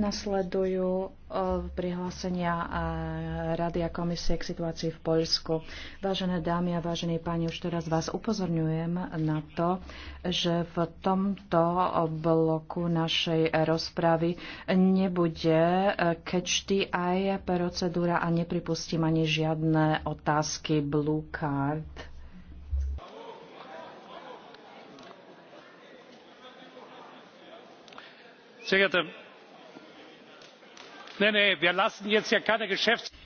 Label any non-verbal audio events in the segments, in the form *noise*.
Nasledujú e, prihlásenia e, Rady a komisie k situácii v Poľsku. Vážené dámy a vážení páni, už teraz vás upozorňujem na to, že v tomto bloku našej rozpravy nebude e, kečty aj procedúra a nepripustím ani žiadne otázky blue card. sehr geehrte! nein nein wir lassen jetzt hier keine geschäftsordnung.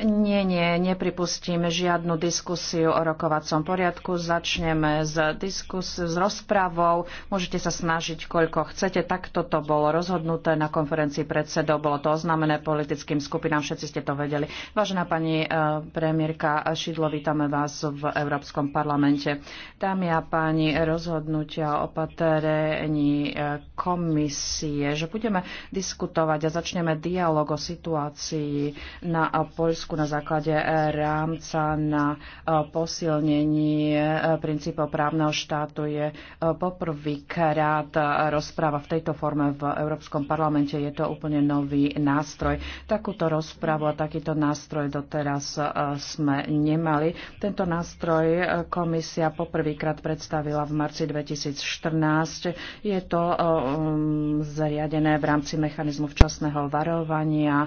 Nie, nie, nepripustíme žiadnu diskusiu o rokovacom poriadku. Začneme s, diskus, s rozpravou. Môžete sa snažiť, koľko chcete. Takto to bolo rozhodnuté na konferencii predsedov. Bolo to oznámené politickým skupinám. Všetci ste to vedeli. Vážená pani eh, premiérka Šidlo, vítame vás v Európskom parlamente. Dámy a páni, rozhodnutia o opatrení eh, komisie, že budeme diskutovať a začneme dialog o situácii na Polsku Turecku na základe eh, rámca na eh, posilnenie eh, princípov právneho štátu je poprvýkrát rozpráva v tejto forme v Európskom parlamente. Je to úplne nový nástroj. Takúto rozprávu a takýto nástroj doteraz sme nemali. Tento nástroj komisia poprvýkrát predstavila v marci 2014. Je to mm, zriadené v rámci mechanizmu včasného varovania.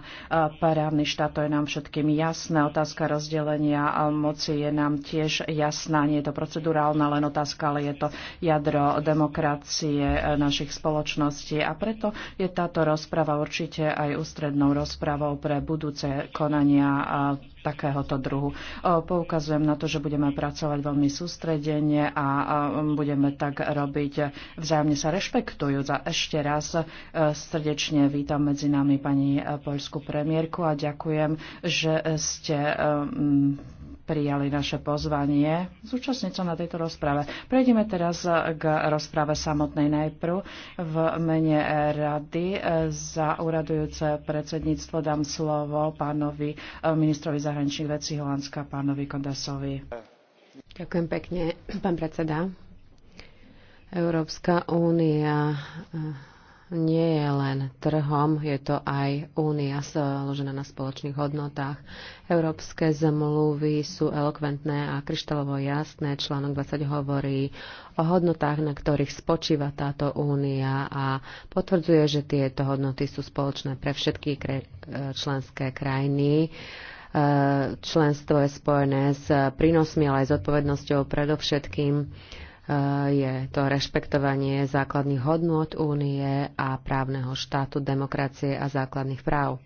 Právny štát to je nám všetky všetkým jasné. Otázka rozdelenia moci je nám tiež jasná. Nie je to procedurálna len otázka, ale je to jadro demokracie e, našich spoločností. A preto je táto rozprava určite aj ústrednou rozpravou pre budúce konania takéhoto druhu. E, poukazujem na to, že budeme pracovať veľmi sústredenie a budeme tak robiť vzájomne sa rešpektujúc. A ešte raz e, srdečne vítam medzi nami pani e, poľskú premiérku a ďakujem, že ste prijali naše pozvanie zúčastniť sa na tejto rozprave. Prejdeme teraz k rozprave samotnej najprv. V mene rady za uradujúce predsedníctvo dám slovo pánovi eh, ministrovi zahraničných vecí Holandska, pánovi Kondasovi. Ďakujem pekne, *clears throat* pán predseda. Európska únia eh, nie je len trhom, je to aj únia založená na spoločných hodnotách. Európske zmluvy sú elokventné a kryštalovo jasné. Článok 20 hovorí o hodnotách, na ktorých spočíva táto únia a potvrdzuje, že tieto hodnoty sú spoločné pre všetky členské krajiny členstvo je spojené s prínosmi, ale aj s odpovednosťou predovšetkým je to rešpektovanie základných hodnôt únie a právneho štátu, demokracie a základných práv.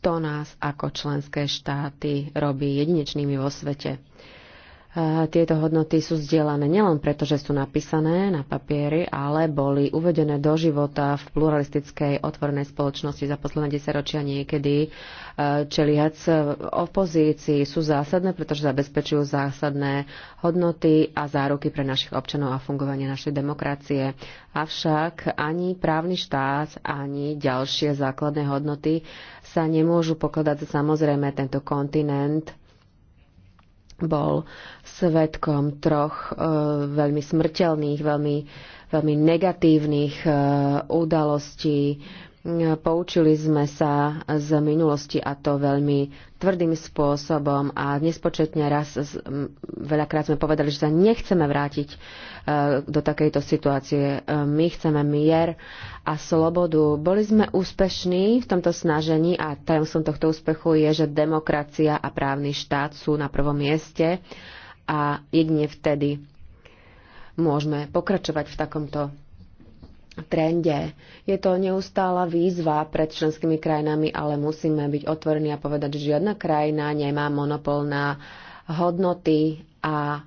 To nás ako členské štáty robí jedinečnými vo svete tieto hodnoty sú zdieľané nielen preto, že sú napísané na papieri, ale boli uvedené do života v pluralistickej otvorenej spoločnosti za posledné desaťročia niekedy e, čeliac e, opozícii sú zásadné, pretože zabezpečujú zásadné hodnoty a záruky pre našich občanov a fungovanie našej demokracie. Avšak ani právny štát, ani ďalšie základné hodnoty sa nemôžu pokladať za samozrejme tento kontinent bol svetkom troch e, veľmi smrteľných, veľmi, veľmi negatívnych e, udalostí Poučili sme sa z minulosti a to veľmi tvrdým spôsobom a nespočetne raz, veľakrát sme povedali, že sa nechceme vrátiť e, do takejto situácie. E, my chceme mier a slobodu. Boli sme úspešní v tomto snažení a tajomstvom tohto úspechu je, že demokracia a právny štát sú na prvom mieste a jedine vtedy môžeme pokračovať v takomto trende. Je to neustála výzva pred členskými krajinami, ale musíme byť otvorení a povedať, že žiadna krajina nemá monopol na hodnoty a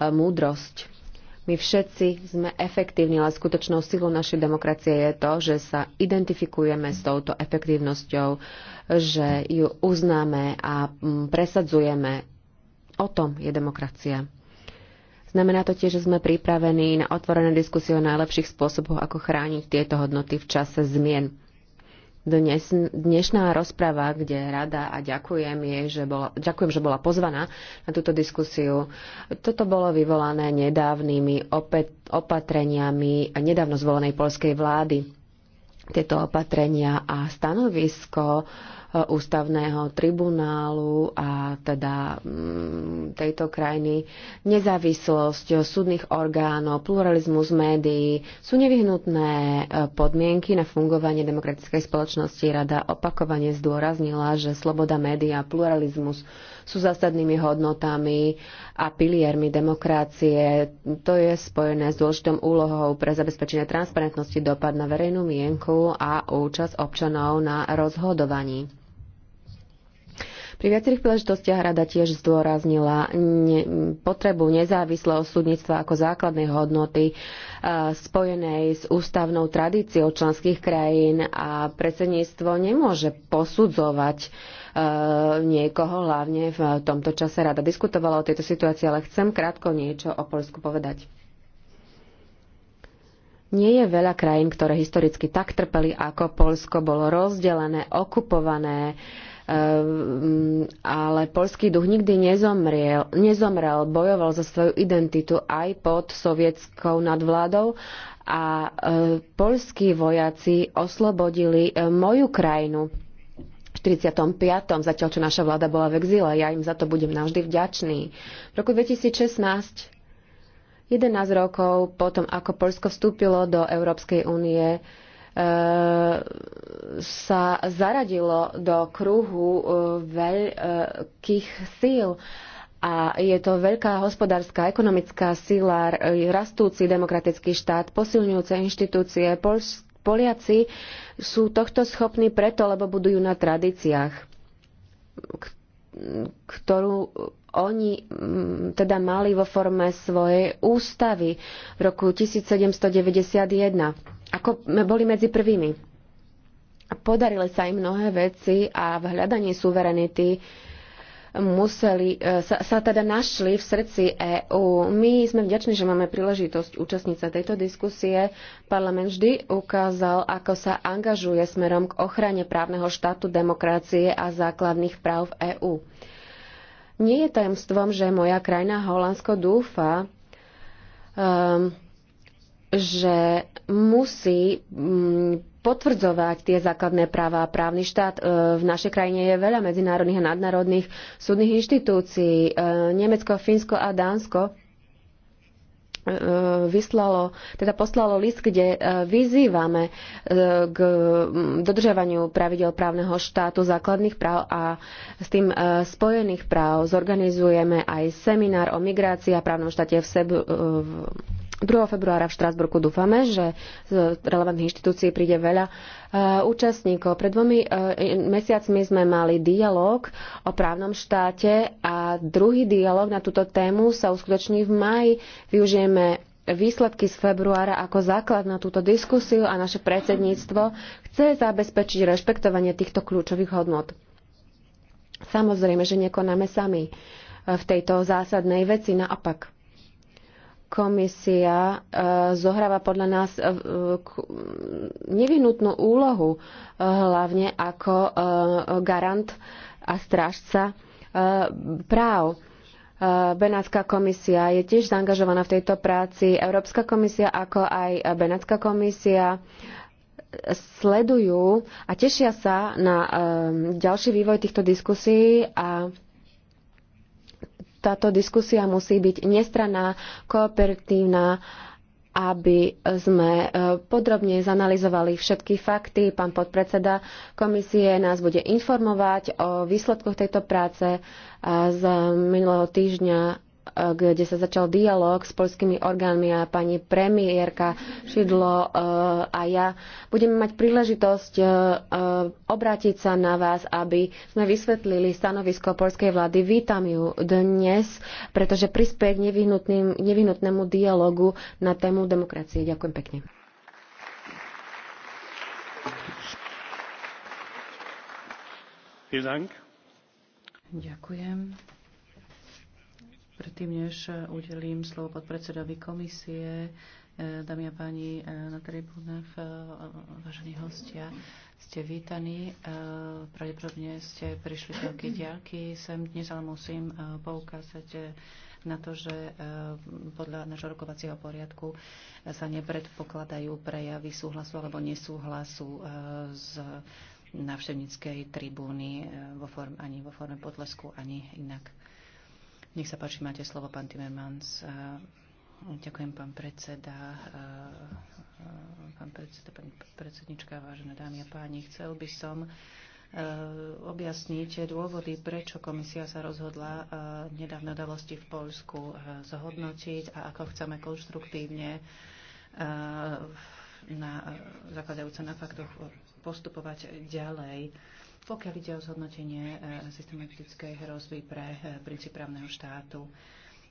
múdrosť. My všetci sme efektívni, ale skutočnou silou našej demokracie je to, že sa identifikujeme s touto efektívnosťou, že ju uznáme a presadzujeme. O tom je demokracia. Znamená to tiež, že sme pripravení na otvorené diskusie o najlepších spôsoboch, ako chrániť tieto hodnoty v čase zmien. Dnes, dnešná rozprava, kde rada a ďakujem je, že bola, ďakujem, že bola pozvaná na túto diskusiu. Toto bolo vyvolané nedávnymi opet, opatreniami nedávno zvolenej polskej vlády tieto opatrenia a stanovisko e, ústavného tribunálu a teda mm, tejto krajiny, nezávislosť súdnych orgánov, pluralizmus médií sú nevyhnutné e, podmienky na fungovanie demokratickej spoločnosti. Rada opakovane zdôraznila, že sloboda médií a pluralizmus sú zásadnými hodnotami a piliermi demokracie. To je spojené s dôležitou úlohou pre zabezpečenie transparentnosti dopad na verejnú mienku občanov a účasť občanov na rozhodovaní. Pri viacerých príležitostiach rada tiež zdôraznila ne, potrebu nezávislého súdnictva ako základnej hodnoty e, spojenej s ústavnou tradíciou členských krajín a predsedníctvo nemôže posudzovať e, niekoho, hlavne v tomto čase rada diskutovala o tejto situácii, ale chcem krátko niečo o Polsku povedať. Nie je veľa krajín, ktoré historicky tak trpeli ako Polsko. Bolo rozdelené, okupované, ehm, ale polský duch nikdy nezomrel nezomrel, bojoval za svoju identitu aj pod sovietskou nadvládou a e, polskí vojaci oslobodili e, moju krajinu 45. zatiaľ čo naša vláda bola v exíle. Ja im za to budem navždy vďačný. V roku 2016 11 rokov potom, ako Polsko vstúpilo do Európskej únie, e, sa zaradilo do kruhu e, veľkých síl a je to veľká hospodárska, ekonomická sila, rastúci demokratický štát, posilňujúce inštitúcie. Pols- Poliaci sú tohto schopní preto, lebo budujú na tradíciách, ktorú oni mm, teda mali vo forme svojej ústavy v roku 1791. Ako boli medzi prvými. Podarili sa im mnohé veci a v hľadaní suverenity museli, e, sa, sa teda našli v srdci EÚ. My sme vďační, že máme príležitosť účastniť sa tejto diskusie. Parlament vždy ukázal, ako sa angažuje smerom k ochrane právneho štátu, demokracie a základných práv v EÚ. Nie je tajomstvom, že moja krajina Holandsko dúfa, um, že musí um, potvrdzovať tie základné práva a právny štát. E, v našej krajine je veľa medzinárodných a nadnárodných súdnych inštitúcií. E, Nemecko, Fínsko a Dánsko E, vyslalo, teda poslalo list, kde e, vyzývame e, k dodržiavaniu pravidel právneho štátu, základných práv a s tým spojených práv. Zorganizujeme aj seminár o migrácii a právnom štáte v, Sebu, v 2. februára v Štrásburku dúfame, že z relevantných inštitúcií príde veľa e, účastníkov. Pred dvomi e, mesiacmi sme mali dialog o právnom štáte a druhý dialog na túto tému sa uskutoční v maji. Využijeme výsledky z februára ako základ na túto diskusiu a naše predsedníctvo chce zabezpečiť rešpektovanie týchto kľúčových hodnot. Samozrejme, že nekonáme sami e, v tejto zásadnej veci, naopak komisia e, zohráva podľa nás e, nevyhnutnú úlohu, e, hlavne ako garant a strážca práv. Benátska komisia je tiež zaangažovaná v tejto práci. Európska komisia ako aj Benátska komisia sledujú a tešia sa na ďalší vývoj týchto diskusí a táto diskusia musí byť nestranná, kooperatívna, aby sme e, podrobne zanalizovali všetky fakty. Pán podpredseda komisie nás bude informovať o výsledkoch tejto práce z minulého týždňa Eh, kde sa začal dialog s polskými orgánmi a pani premiérka Šidlo eh, a ja budeme mať príležitosť eh, obrátiť sa na vás, aby sme vysvetlili stanovisko polskej vlády. Vítam ju dnes, pretože prispie k nevyhnutnému dialogu na tému demokracie. Ďakujem pekne. Ďakujem. Predtým, než eh, udelím slovo podpredsedovi komisie, eh, dámy a páni eh, na tribúnach, vážení hostia, ste vítaní. Pravdepodobne ste prišli z veľkej diaľky sem dnes, ale musím poukázať na to, že podľa nášho rokovacieho poriadku sa nepredpokladajú prejavy súhlasu alebo nesúhlasu z návštevníckej tribúny vo form, ani vo forme potlesku, ani inak. Nech sa páči, máte slovo, pán Timmermans. E, ďakujem, pán predseda, e, e, pán predseda, pani predsednička, vážené dámy a páni. Chcel by som objasniť dôvody, prečo komisia sa rozhodla nedávne udalosti v Polsku zhodnotiť a ako chceme konštruktívne na, zakladajúce na faktoch postupovať ďalej pokiaľ ide o zhodnotenie e, systematickej hrozby pre e, princíp právneho štátu.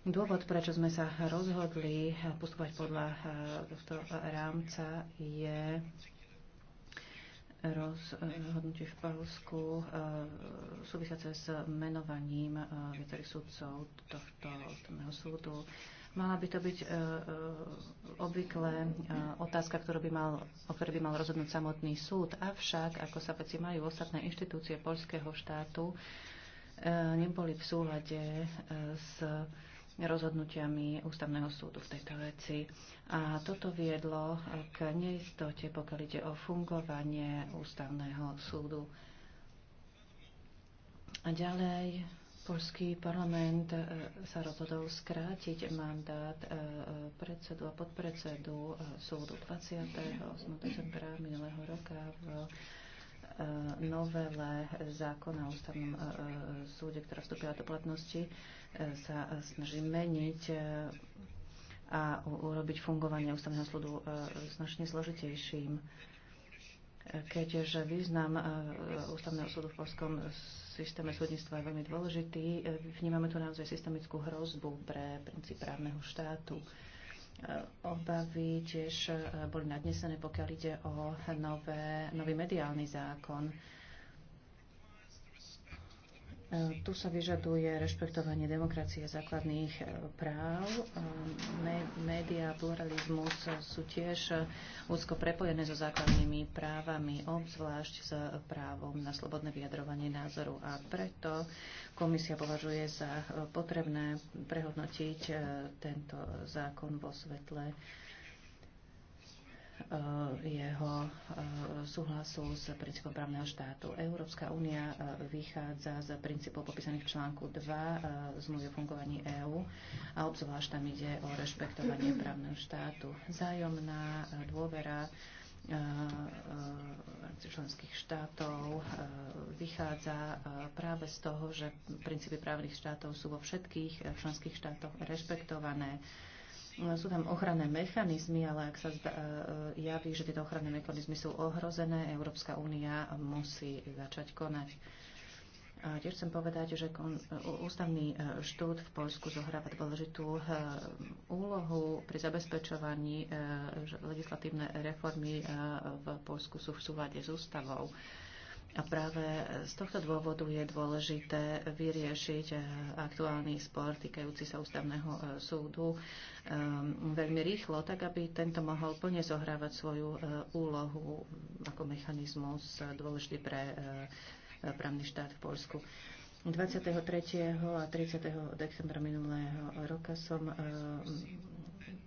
Dôvod, prečo sme sa rozhodli e, postupovať podľa tohto rámca, je rozhodnutie v Polsku súvisiace s menovaním viacerých sudcov tohto súdu. Mala by to byť e, e, obvykle e, otázka, ktorú by mal, o ktorej by mal rozhodnúť samotný súd. Avšak, ako sa veci majú ostatné inštitúcie polského štátu, neboli v súlade s rozhodnutiami ústavného súdu v tejto veci. A toto viedlo k neistote, pokiaľ ide o fungovanie ústavného súdu. A ďalej Polský parlament e, sa rozhodol skrátiť mandát e, e, predsedu a podpredsedu súdu 20. 8. decembra minulého roka v novele zákona o ústavnom súde, ktorá vstúpila do platnosti, sa snaží meniť a urobiť fungovanie ústavného súdu značne zložitejším. Keďže význam ústavného súdu v Polskom systéme súdnictva je veľmi dôležitý. E, vnímame tu naozaj systemickú hrozbu pre princíp právneho štátu. E, obavy tiež e, boli nadnesené, pokiaľ ide o nové, nový mediálny zákon. Tu sa vyžaduje rešpektovanie demokracie základných e, práv. Média a pluralizmus sú tiež úzko prepojené so základnými právami, obzvlášť s právom na slobodné vyjadrovanie názoru. A preto komisia považuje za e, potrebné prehodnotiť e, tento zákon vo svetle Eh, jeho eh, súhlasu s princípom právneho štátu. Európska únia eh, vychádza z princípov popísaných v článku 2 zmluvy o fungovaní EÚ a obzvlášť tam ide o rešpektovanie *clears throat* právneho štátu. Zájomná dôvera členských štátov vychádza práve z toho, že princípy právnych štátov sú vo všetkých členských štátoch rešpektované sú tam ochranné mechanizmy, ale ak sa e, e, javí, že tieto ochranné mechanizmy sú ohrozené, Európska únia musí začať konať. A tiež chcem povedať, že ústavný e, štút v Poľsku zohráva dôležitú úlohu pri zabezpečovaní, že legislatívne reformy v Poľsku sú v súlade s ústavou. A práve z tohto dôvodu je dôležité vyriešiť eh, aktuálny spor týkajúci sa ústavného eh, súdu eh, veľmi rýchlo, tak aby tento mohol plne zohrávať svoju úlohu ako mechanizmus dôležitý pre právny štát v Polsku. 23. a 30. decembra minulého roka som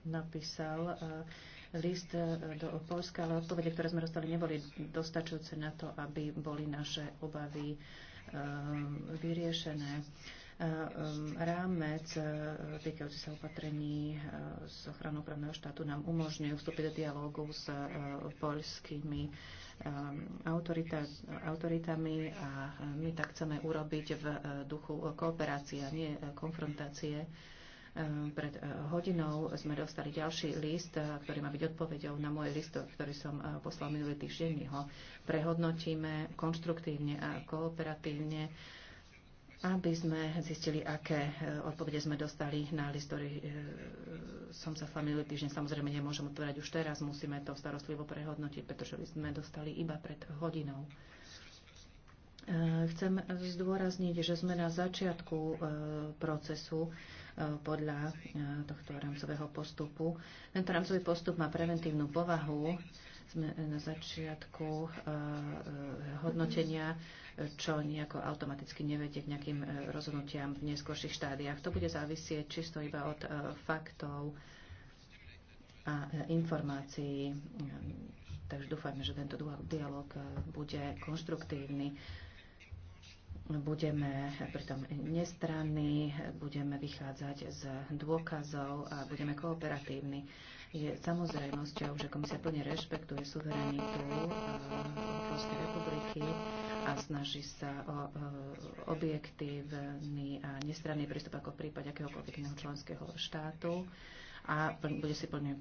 napísal list e, do Polska, ale odpovede, ktoré sme dostali, neboli dostačujúce na to, aby boli naše obavy e, vyriešené. E, rámec týkajúci sa opatrení s ochranou právneho štátu nám umožňuje vstúpiť do dialógu s poľskými autorita, autoritami a my tak chceme urobiť v duchu kooperácie a nie konfrontácie Ehm, pred eh, hodinou sme dostali ďalší list, eh, ktorý má byť odpovedou na môj list, ktorý som eh, poslal minulý týždeň. My ho prehodnotíme konštruktívne a kooperatívne aby sme zistili, aké odpovede sme dostali na list, ktorý som sa slal minulý týždeň. Samozrejme, nemôžem otvárať už teraz, musíme to starostlivo prehodnotiť, pretože sme dostali iba pred hodinou. Chcem zdôrazniť, že sme na začiatku procesu podľa e, tohto rámcového postupu. Tento rámcový postup má preventívnu povahu. Sme na začiatku e, e, hodnotenia, čo nejako automaticky nevedie k nejakým rozhodnutiam v neskôrších štádiách. To bude závisieť čisto iba od faktov a informácií. Takže dúfajme, že tento dialog bude konštruktívny budeme pritom nestranní, budeme vychádzať z dôkazov a budeme kooperatívni. Je samozrejmosťou, že komisia plne rešpektuje suverenitu Európskej republiky a snaží sa o e, objektívny a nestranný prístup ako v prípade akéhokoľvek iného členského štátu a bude si plne,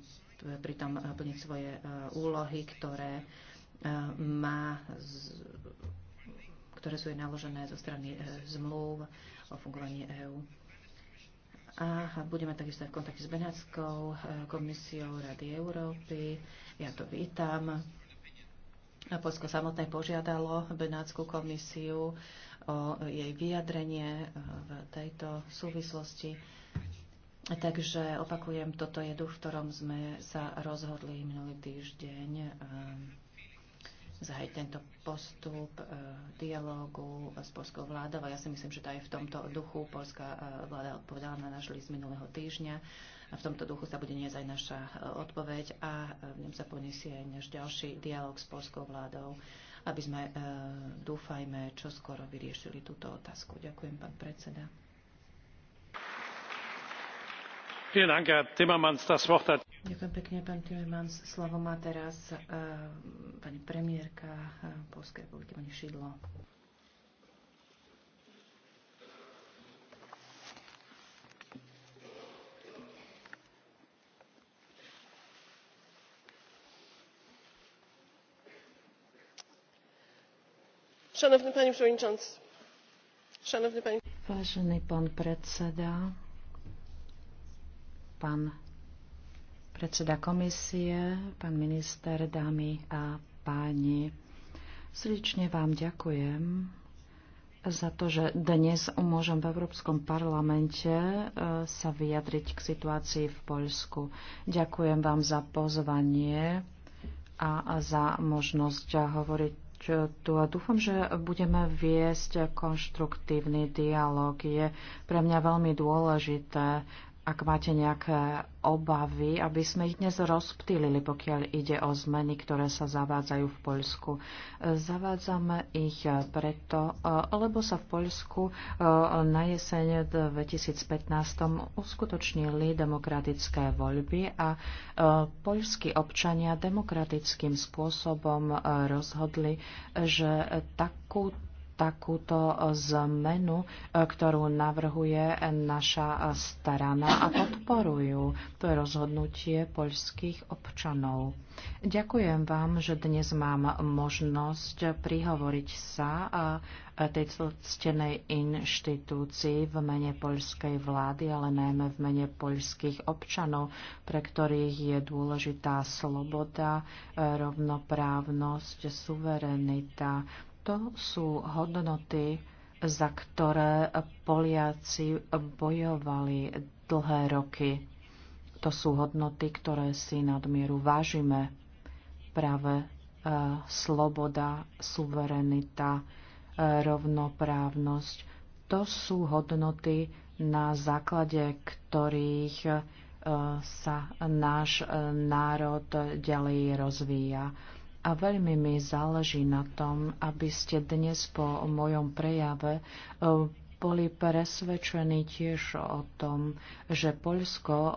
pritom plniť svoje e, úlohy, ktoré e, má ktoré sú aj naložené zo strany e, zmluv o fungovaní EÚ. A budeme takisto v kontakte s Benátskou e, komisiou Rady Európy. Ja to vítam. Polsko samotné požiadalo Benátskú komisiu o jej vyjadrenie e, v tejto súvislosti. Takže opakujem, toto je duch, v ktorom sme sa rozhodli minulý týždeň zahájiť tento postup e, dialógu s polskou vládou. A ja si myslím, že to aj v tomto duchu polská e, vláda odpovedala na náš list minulého týždňa. A v tomto duchu sa bude niesť aj naša e, odpoveď a e, v ňom sa poniesie aj náš ďalší dialóg s polskou vládou, aby sme, e, dúfajme, čo skoro vyriešili túto otázku. Ďakujem, pán predseda. Vielen Dank, Herr Timmermans. Das Wort hat Ďakujem pekne, pán Timmermans. Slovo má teraz uh, pani premiérka uh, Polskej republiky, pani Šidlo. Szanowny panie przewodniczący. Szanowny panie... Vážený Pan predseda, Pan predseda komisie, pán minister, dámy a páni. Srdečne vám ďakujem za to, že dnes môžem v Európskom parlamente e, sa vyjadriť k situácii v Poľsku. Ďakujem vám za pozvanie a za možnosť hovoriť tu a dúfam, že budeme viesť konštruktívny dialog. Je pre mňa veľmi dôležité ak máte nejaké obavy, aby sme ich dnes rozptýlili, pokiaľ ide o zmeny, ktoré sa zavádzajú v Poľsku. Zavádzame ich preto, e, lebo sa v Poľsku e, na jeseň 2015 uskutočnili demokratické voľby a e, poľskí občania demokratickým spôsobom rozhodli, že takúto takúto zmenu, e, ktorú navrhuje naša strana a podporujú. To je rozhodnutie poľských občanov. Ďakujem vám, že dnes mám možnosť prihovoriť sa a tejto ctenej inštitúcii v mene poľskej vlády, ale najmä v mene poľských občanov, pre ktorých je dôležitá sloboda, e, rovnoprávnosť, suverenita. To sú hodnoty, za ktoré Poliaci bojovali dlhé roky. To sú hodnoty, ktoré si nadmieru vážime. Práve e, sloboda, suverenita, e, rovnoprávnosť. To sú hodnoty, na základe ktorých e, sa náš národ ďalej rozvíja a veľmi mi záleží na tom, aby ste dnes po mojom prejave e, boli presvedčení tiež o tom, že Poľsko e,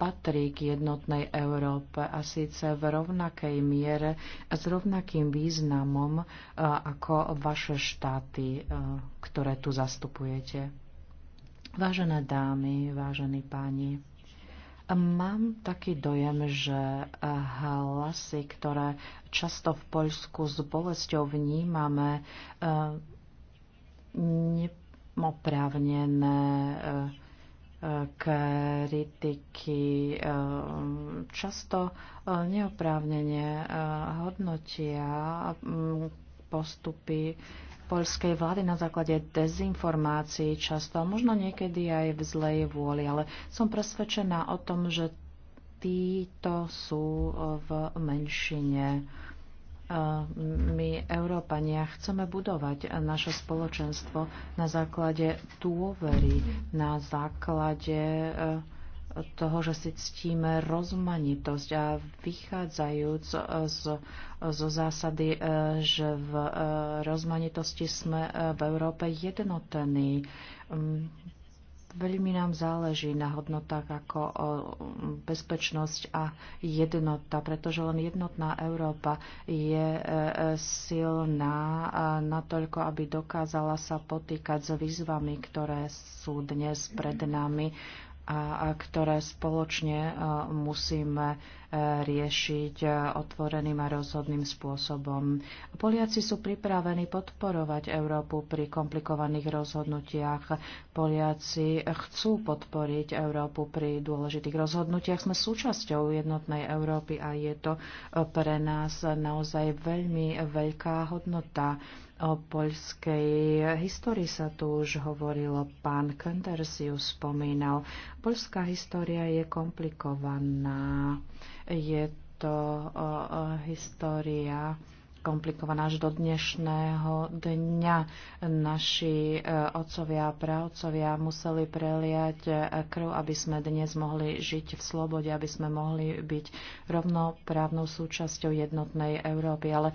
patrí k jednotnej Európe a síce v rovnakej miere a s rovnakým významom e, ako vaše štáty, ktoré tu zastupujete. Vážené dámy, vážení páni, Mám taký dojem, že eh, hlasy, ktoré často v Poľsku s bolesťou vnímame, eh, neoprávnené eh, kritiky často neoprávnenie hodnotia mm, postupy poľskej vlády na základe dezinformácií často, možno niekedy aj v zlej vôli, ale som presvedčená o tom, že títo sú e, v menšine. E, my, Európania, chceme budovať naše spoločenstvo na základe dôvery, na základe e, toho, že si ctíme rozmanitosť a vychádzajúc e, z, zo zásady, e, že v e, rozmanitosti sme v Európe jednotení. Mm, veľmi nám záleží na hodnotách ako bezpečnosť a jednota, pretože len jednotná Európa je silná natoľko, aby dokázala sa potýkať s výzvami, ktoré sú dnes pred nami a ktoré spoločne e, musíme e, riešiť e, otvoreným a rozhodným spôsobom. Poliaci sú pripravení podporovať Európu pri komplikovaných rozhodnutiach. Poliaci chcú podporiť Európu pri dôležitých rozhodnutiach. Sme súčasťou jednotnej Európy a je to pre nás naozaj veľmi veľká hodnota. O poľskej histórii sa tu už hovorilo, pán si ju spomínal. Poľská história je komplikovaná. Je to o, o, história komplikovaná až do dnešného dňa. Naši e, otcovia a pravcovia museli preliať e, krv, aby sme dnes mohli žiť v slobode, aby sme mohli byť rovnoprávnou súčasťou jednotnej Európy. Ale e,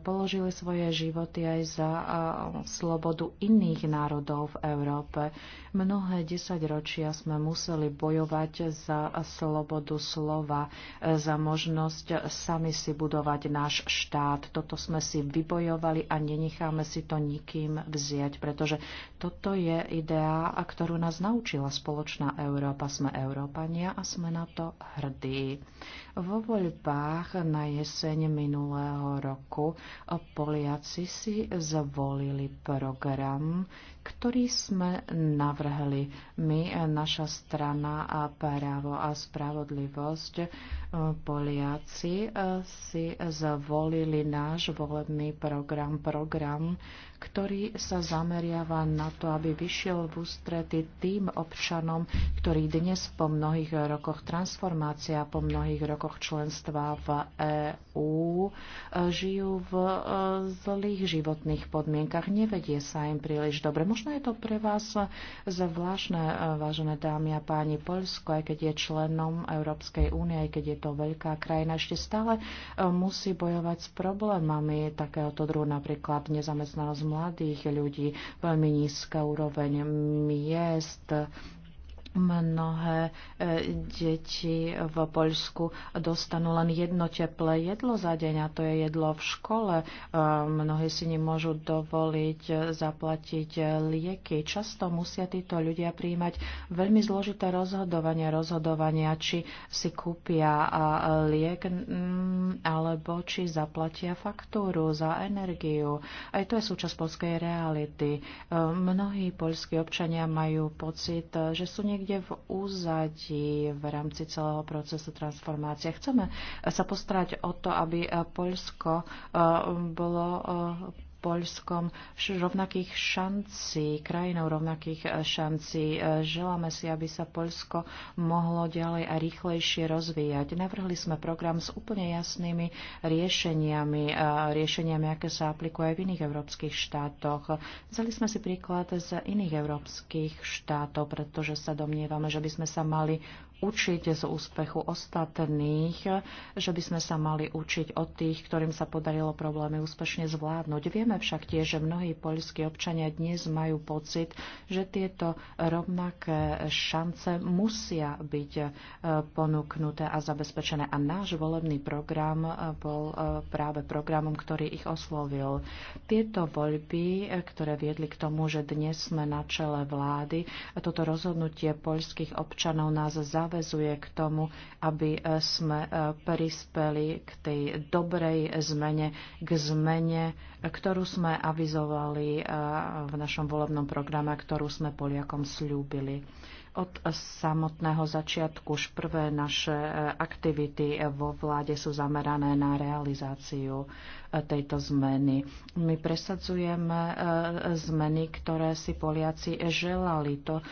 položili svoje životy aj za slobodu iných národov v Európe. Mnohé desaťročia sme museli bojovať za slobodu slova, za možnosť sami si budovať náš štát. To toto sme si vybojovali a nenecháme si to nikým vziať, pretože toto je ideá, ktorú nás naučila spoločná Európa. Sme Európania a sme na to hrdí. Vo voľbách na jeseň minulého roku Poliaci si zvolili program, ktorý sme navrhli. My, naša strana a právo a spravodlivosť, eh, Poliaci eh, si zvolili náš volebný program, program, ktorý sa zameriava na to, aby vyšiel v ústrety tým občanom, ktorí dnes po mnohých rokoch transformácia, po mnohých rokoch členstva v EÚ e, žijú v e, zlých životných podmienkach. Nevedie sa im príliš dobre. Možno je to pre vás zvláštne, e, vážené dámy a páni, Polsko, aj keď je členom Európskej únie, aj keď je to veľká krajina, ešte stále musí bojovať s problémami takéhoto druhu, napríklad nezamestnanosť mladých ľudí, veľmi nízka úroveň miest, Mnohé e, deti v Poľsku dostanú len jedno teplé jedlo za deň a to je jedlo v škole. E, mnohí si nemôžu dovoliť e, zaplatiť lieky. Často musia títo ľudia príjmať veľmi zložité rozhodovanie, rozhodovania, či si kúpia liek alebo či zaplatia faktúru za energiu. Aj to je súčasť polskej reality. Mnohí poľskí občania majú pocit, že sú niekde niekde v úzadí v rámci celého procesu transformácie. Chceme sa postarať o to, aby Poľsko eh, bolo eh, Poľskom rovnakých šancí, krajinou rovnakých e, šancí. E, želáme si, aby sa Poľsko mohlo ďalej a rýchlejšie rozvíjať. Navrhli sme program s úplne jasnými riešeniami, e, riešeniami, aké sa aplikuje aj v iných európskych štátoch. Vzali sme si príklad z iných európskych štátov, pretože sa domnievame, že by sme sa mali učiť z úspechu ostatných, že by sme sa mali učiť od tých, ktorým sa podarilo problémy úspešne zvládnuť. Vieme však tiež, že mnohí poľskí občania dnes majú pocit, že tieto rovnaké šance musia byť e, ponúknuté a zabezpečené. A náš volebný program e, bol e, práve programom, ktorý ich oslovil. Tieto voľby, ktoré viedli k tomu, že dnes sme na čele vlády, toto rozhodnutie poľských občanov nás za záväzuje k tomu, aby e, sme e, prispeli k tej dobrej zmene, k zmene, ktorú sme avizovali e, v našom volebnom programe, ktorú sme Poliakom slúbili od samotného začiatku už prvé naše aktivity vo vláde sú zamerané na realizáciu tejto zmeny. My presadzujeme e, zmeny, ktoré si Poliaci želali. To, e,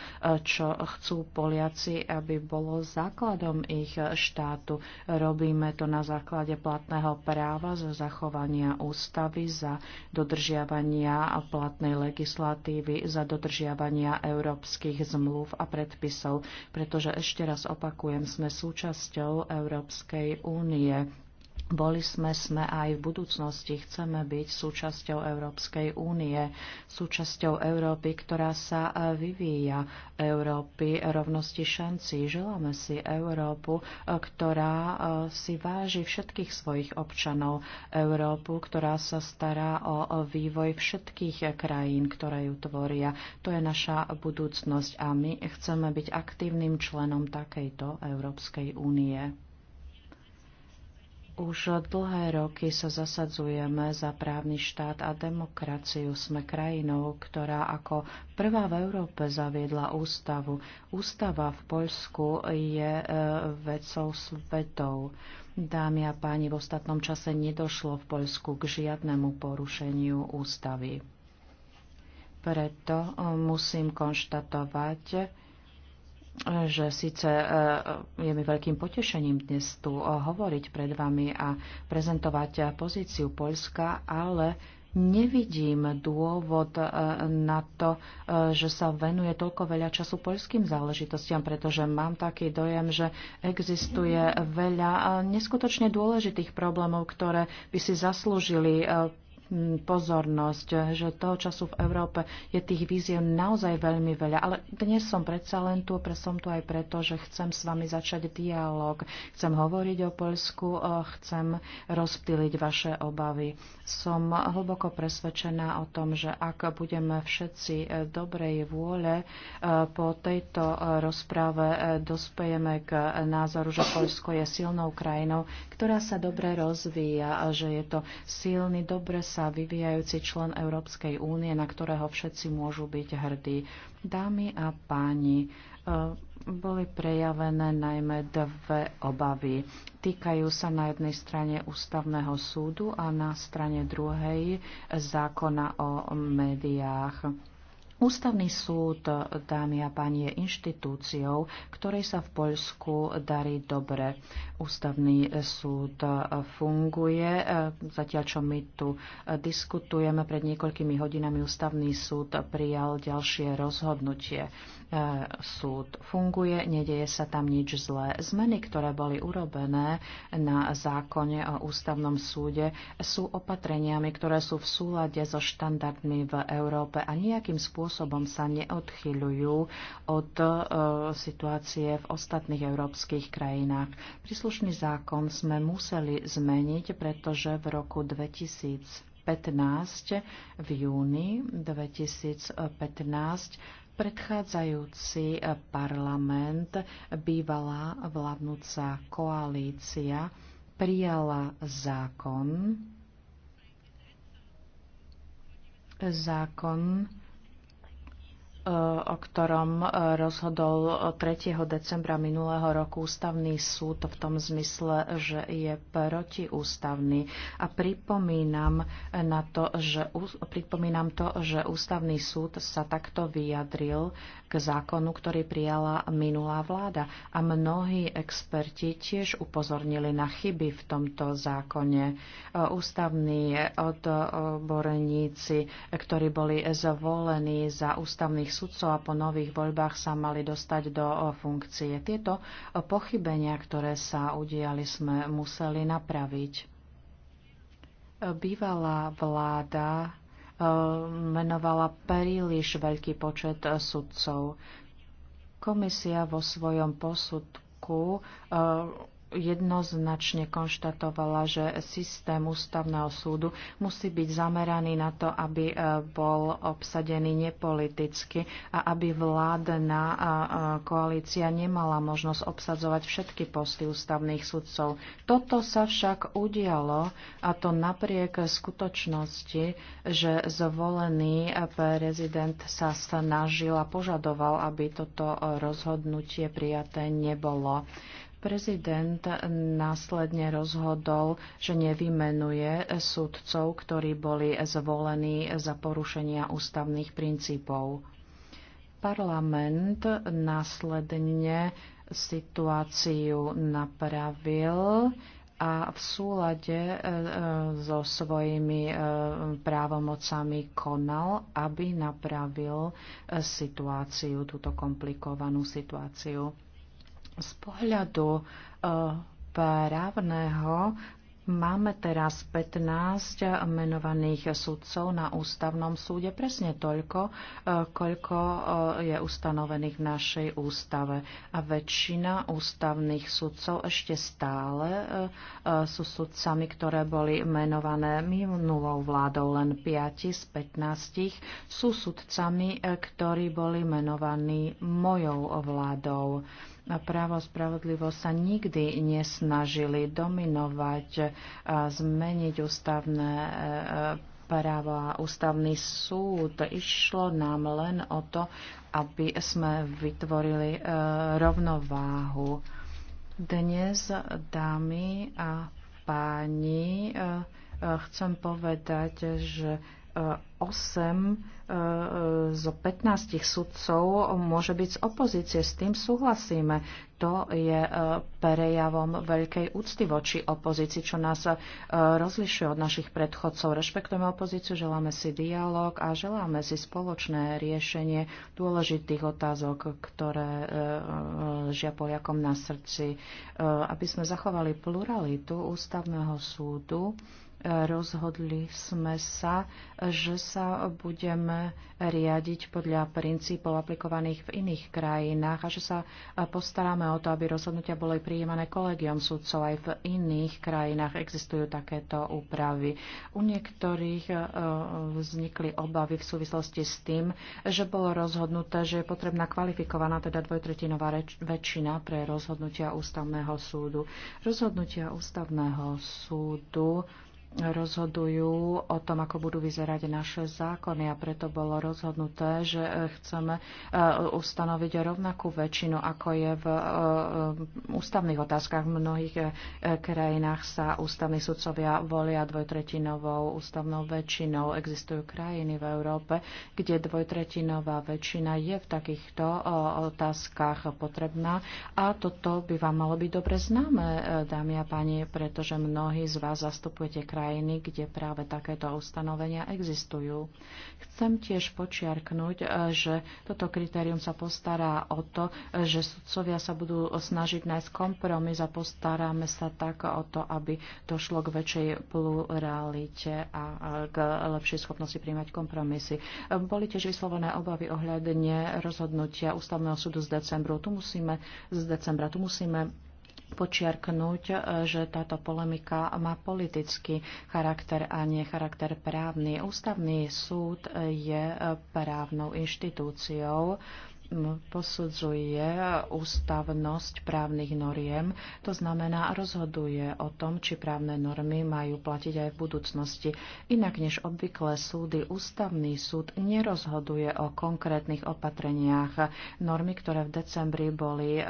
čo chcú Poliaci, aby bolo základom ich štátu. Robíme to na základe platného práva za zachovania ústavy, za dodržiavania platnej legislatívy, za dodržiavania európskych zmluv a predpisov. Pretože ešte raz opakujem, sme súčasťou Európskej únie. Boli sme, sme aj v budúcnosti, chceme byť súčasťou Európskej únie, súčasťou Európy, ktorá sa vyvíja, Európy rovnosti šancí. Želáme si Európu, ktorá eh, si váži všetkých svojich občanov, Európu, ktorá sa stará o vývoj všetkých krajín, ktoré ju tvoria. To je naša budúcnosť a my chceme byť aktívnym členom takejto Európskej únie. Už dlhé roky sa zasadzujeme za právny štát a demokraciu. Sme krajinou, ktorá ako prvá v Európe zaviedla ústavu. Ústava v Poľsku je e, vecou svetov. Dámy a páni, v ostatnom čase nedošlo v Poľsku k žiadnemu porušeniu ústavy. Preto e, musím konštatovať, že síce e, je mi veľkým potešením dnes tu e, hovoriť pred vami a prezentovať e, pozíciu Poľska, ale nevidím dôvod na to, že sa venuje toľko veľa času poľským záležitostiam, pretože mám taký dojem, že existuje veľa neskutočne dôležitých problémov, ktoré by si zaslúžili Mm, pozornosť, že toho času v Európe je tých víziev naozaj veľmi veľa. Ale dnes som predsa len tu, som tu aj preto, že chcem s vami začať dialog. Chcem hovoriť o Poľsku, eh, chcem rozptýliť vaše obavy. Som hlboko presvedčená o tom, že ak budeme všetci eh, dobrej vôle, eh, po tejto rozprave dospejeme k názoru, že Polsko je silnou krajinou, ktorá sa dobre rozvíja a že je to silný, dobre sa sa vyvíjajúci člen Európskej únie, na ktorého všetci môžu byť hrdí. Dámy a páni, e, boli prejavené najmä dve obavy. Týkajú sa na jednej strane ústavného súdu a na strane druhej zákona o médiách. Ústavný súd, dámy a páni, je inštitúciou, ktorej sa v Poľsku darí dobre. Ústavný súd funguje, zatiaľ čo my tu diskutujeme, pred niekoľkými hodinami Ústavný súd prijal ďalšie rozhodnutie. E, súd funguje, nedeje sa tam nič zlé. Zmeny, ktoré boli urobené na zákone o ústavnom súde, sú opatreniami, ktoré sú v súlade so štandardmi v Európe a nejakým spôsobom sa neodchyľujú od e, situácie v ostatných európskych krajinách. Príslušný zákon sme museli zmeniť, pretože v roku 2000 v júni 2015 Predchádzajúci eh, parlament, bývalá vládnúca koalícia, prijala zákon, zákon, E, o ktorom e, rozhodol 3. decembra minulého roku ústavný súd v tom zmysle, že je protiústavný. A pripomínam, na to, že, pripomínam to, že ústavný súd sa takto vyjadril, k zákonu, ktorý prijala minulá vláda. A mnohí experti tiež upozornili na chyby v tomto zákone. Ústavní odborníci, ktorí boli zvolení za ústavných sudcov a po nových voľbách sa mali dostať do funkcie. Tieto pochybenia, ktoré sa udiali, sme museli napraviť. Bývalá vláda Ehm, menovala príliš veľký počet eh, sudcov. Komisia vo svojom posudku eh, jednoznačne konštatovala, že systém ústavného súdu musí byť zameraný na to, aby e, bol obsadený nepoliticky a aby vládna e, e, koalícia nemala možnosť obsadzovať všetky posty ústavných sudcov. Toto sa však udialo a to napriek skutočnosti, že zvolený prezident sa snažil a požadoval, aby toto rozhodnutie prijaté nebolo. Prezident následne rozhodol, že nevymenuje sudcov, ktorí boli zvolení za porušenia ústavných princípov. Parlament následne situáciu napravil a v súlade e, e, so svojimi e, právomocami konal, aby napravil situáciu, túto komplikovanú situáciu. Z pohľadu e, právneho Máme teraz 15 menovaných sudcov na ústavnom súde, presne toľko, e, koľko e, je ustanovených v našej ústave. A väčšina ústavných sudcov ešte stále sú sudcami, ktoré boli menované minulou vládou. Len 5 z 15 sú sudcami, ktorí boli menovaní mojou vládou a právo a spravodlivosť sa nikdy nesnažili dominovať a zmeniť ústavné e, právo a ústavný súd. Išlo nám len o to, aby sme vytvorili e, rovnováhu. Dnes, dámy a páni, e, chcem povedať, že 8 zo 15 sudcov môže byť z opozície. S tým súhlasíme. To je e, prejavom veľkej úcty voči opozícii, čo nás e, rozlišuje od našich predchodcov. Rešpektujeme opozíciu, želáme si dialog a želáme si spoločné riešenie dôležitých otázok, ktoré e, žia Poliakom na srdci. Aby sme zachovali pluralitu ústavného súdu, rozhodli sme sa, že sa budeme riadiť podľa princípov aplikovaných v iných krajinách a že sa postaráme o to, aby rozhodnutia boli prijímané kolegiom súdcov aj v iných krajinách. Existujú takéto úpravy. U niektorých e, vznikli obavy v súvislosti s tým, že bolo rozhodnuté, že je potrebná kvalifikovaná, teda dvojtretinová väčšina pre rozhodnutia ústavného súdu. Rozhodnutia ústavného súdu rozhodujú o tom, ako budú vyzerať naše zákony a preto bolo rozhodnuté, že e, chceme e, ustanoviť rovnakú väčšinu, ako je v e, ústavných otázkach. V mnohých krajinách sa ústavní sudcovia volia dvojtretinovou ústavnou väčšinou. Existujú krajiny v Európe, kde dvojtretinová väčšina je v takýchto otázkach potrebná a toto by vám malo byť dobre známe, dámy a páni, pretože mnohí z vás zastupujete krajiny krajiny, kde práve takéto ustanovenia existujú. Chcem tiež počiarknúť, eh, že toto kritérium sa postará o to, eh, že sudcovia sa budú snažiť nájsť kompromis a postaráme sa tak o to, aby došlo k väčšej pluralite a k lepšej schopnosti príjmať kompromisy. Eh, boli tiež vyslovené obavy ohľadne rozhodnutia ústavného súdu z decembru. Tu musíme z decembra. Tu musíme počiarknúť, e, že táto polemika má politický charakter a nie charakter právny. Ústavný súd je e, právnou inštitúciou posudzuje ústavnosť právnych noriem, to znamená rozhoduje o tom, či právne normy majú platiť aj v budúcnosti. Inak než obvykle súdy, ústavný súd nerozhoduje o konkrétnych opatreniach. Normy, ktoré v decembri boli e,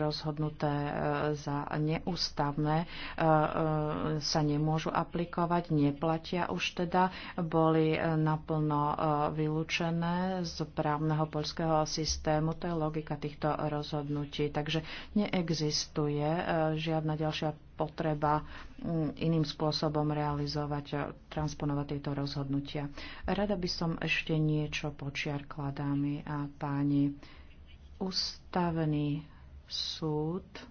rozhodnuté e, za neústavné, e, sa nemôžu aplikovať, neplatia už teda, boli naplno vylúčené z právneho poľského systému systému. To je logika týchto rozhodnutí. Takže neexistuje e, žiadna ďalšia potreba iným spôsobom realizovať, e, transponovať tieto rozhodnutia. Rada by som ešte niečo počiarkla, dámy a páni. Ústavný súd e,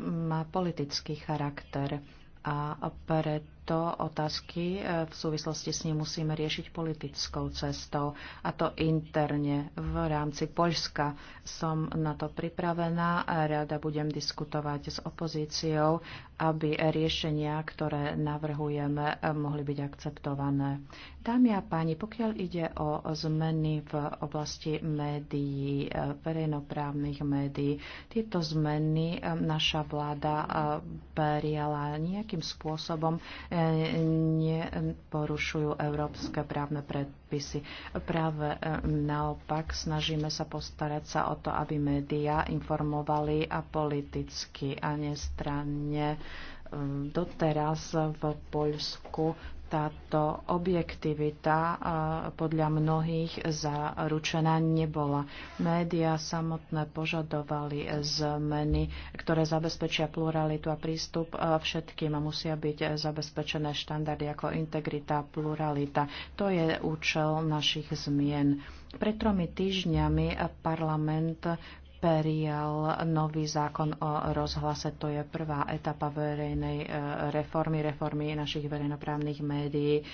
má politický charakter a pred tieto otázky e, v súvislosti s ním musíme riešiť politickou cestou, a to interne v rámci Poľska. Som na to pripravená a rada budem diskutovať s opozíciou, aby riešenia, ktoré navrhujeme, e, mohli byť akceptované. Dámy a páni, pokiaľ ide o zmeny v oblasti médií, e, verejnoprávnych médií, tieto zmeny naša vláda prijala nejakým spôsobom neporušujú európske právne predpisy. Práve e, naopak snažíme sa postarať sa o to, aby médiá informovali a politicky a nestranne e, doteraz v Poľsku táto objektivita podľa mnohých zaručená nebola. Média samotné požadovali zmeny, ktoré zabezpečia pluralitu a prístup všetkým a musia byť zabezpečené štandardy ako integrita a pluralita. To je účel našich zmien. Pred tromi týždňami parlament Periel, nový zákon o rozhlase. To je prvá etapa verejnej e, reformy, reformy našich verejnoprávnych médií.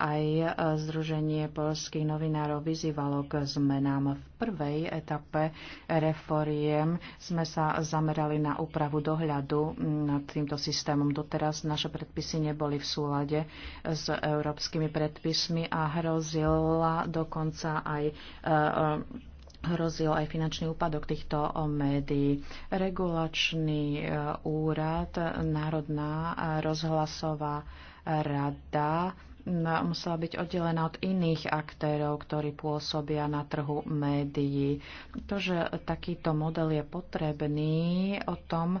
Aj e, Združenie polských novinárov vyzývalo k zmenám. V prvej etape reforiem sme sa zamerali na úpravu dohľadu nad týmto systémom. Doteraz naše predpisy neboli v súlade s európskymi predpismi a hrozila dokonca aj e, hrozil aj finančný úpadok týchto médií. Regulačný e, úrad, Národná rozhlasová rada musela byť oddelená od iných aktérov, ktorí pôsobia na trhu médií. To, že takýto model je potrebný, o tom e,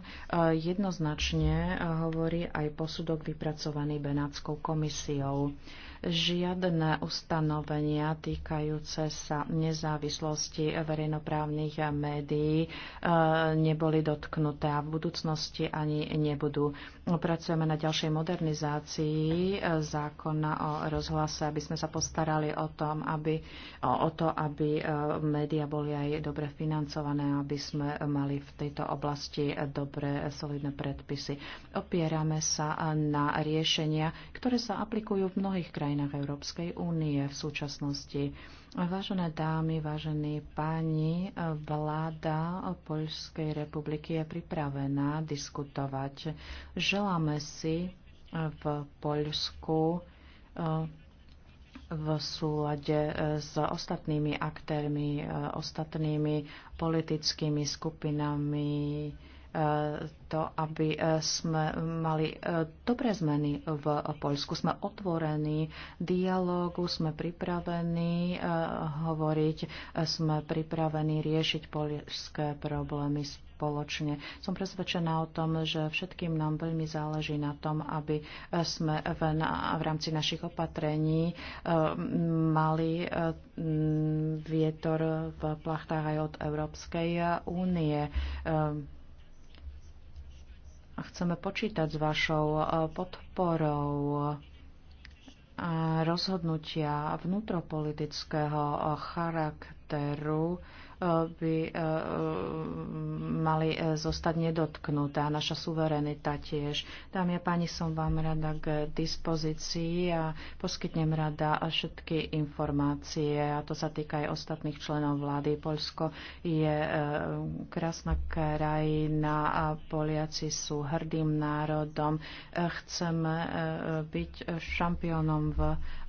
jednoznačne e, hovorí aj posudok vypracovaný Benátskou komisiou žiadne ustanovenia týkajúce sa nezávislosti verejnoprávnych médií e, neboli dotknuté a v budúcnosti ani nebudú. Pracujeme na ďalšej modernizácii e, zákona o rozhlase, aby sme sa postarali o, tom, aby, o to, aby e, médiá boli aj dobre financované, aby sme mali v tejto oblasti dobré solidné predpisy. Opierame sa na riešenia, ktoré sa aplikujú v mnohých krajinách krajinách Európskej únie v súčasnosti. Vážené dámy, vážení páni, vláda Poľskej republiky je pripravená diskutovať. Želáme si v Poľsku eh, v súlade eh, s ostatnými aktérmi, eh, ostatnými politickými skupinami, to, aby e, sme mali e, dobré zmeny v Poľsku. Sme otvorení dialógu, sme pripravení e, hovoriť, sme pripravení riešiť poľské problémy spoločne. Som presvedčená o tom, že všetkým nám veľmi záleží na tom, aby sme v, na, v rámci našich opatrení mali vietor v plachtách aj od Európskej únie chceme počítať s vašou e, podporou rozhodnutia vnútropolitického e, charakteru by eh, eh, mali eh, zostať nedotknutá. Naša suverenita tiež. Dámy a páni, som vám rada k dispozícii a poskytnem rada všetky informácie a to sa týka aj ostatných členov vlády. Polsko je krásna krajina a Poliaci sú hrdým národom. Chceme byť šampiónom v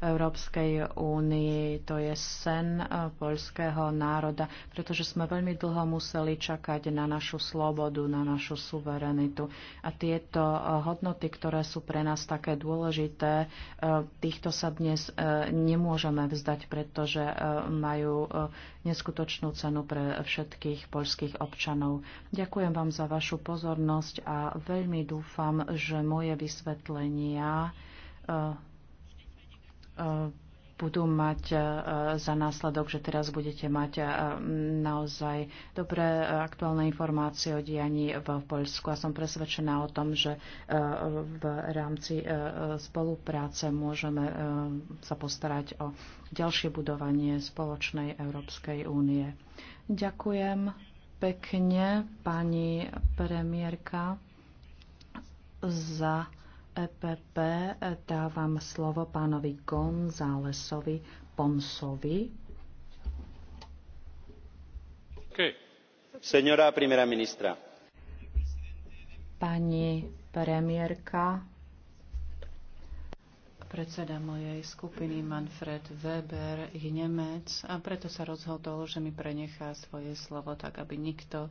Európskej únii. To je sen polského národa. Pre pretože sme veľmi dlho museli čakať na našu slobodu, na našu suverenitu. A tieto eh, hodnoty, ktoré sú pre nás také dôležité, eh, týchto sa dnes eh, nemôžeme vzdať, pretože majú neskutočnú cenu pre všetkých poľských občanov. Ďakujem vám za vašu pozornosť a veľmi dúfam, že moje vysvetlenia budú mať e, za následok, že teraz budete mať e, naozaj dobré e, aktuálne informácie o dianí v Poľsku. A som presvedčená o tom, že v rámci spolupráce môžeme sa postarať o ďalšie budovanie spoločnej Európskej únie. Ďakujem pekne, pani premiérka, za EPP e, dávam slovo pánovi Gonzálesovi Ponsovi. Okay. Senora primera ministra. Pani premiérka, predseda mojej skupiny Manfred Weber je Nemec a preto sa rozhodol, že mi prenechá svoje slovo tak, aby nikto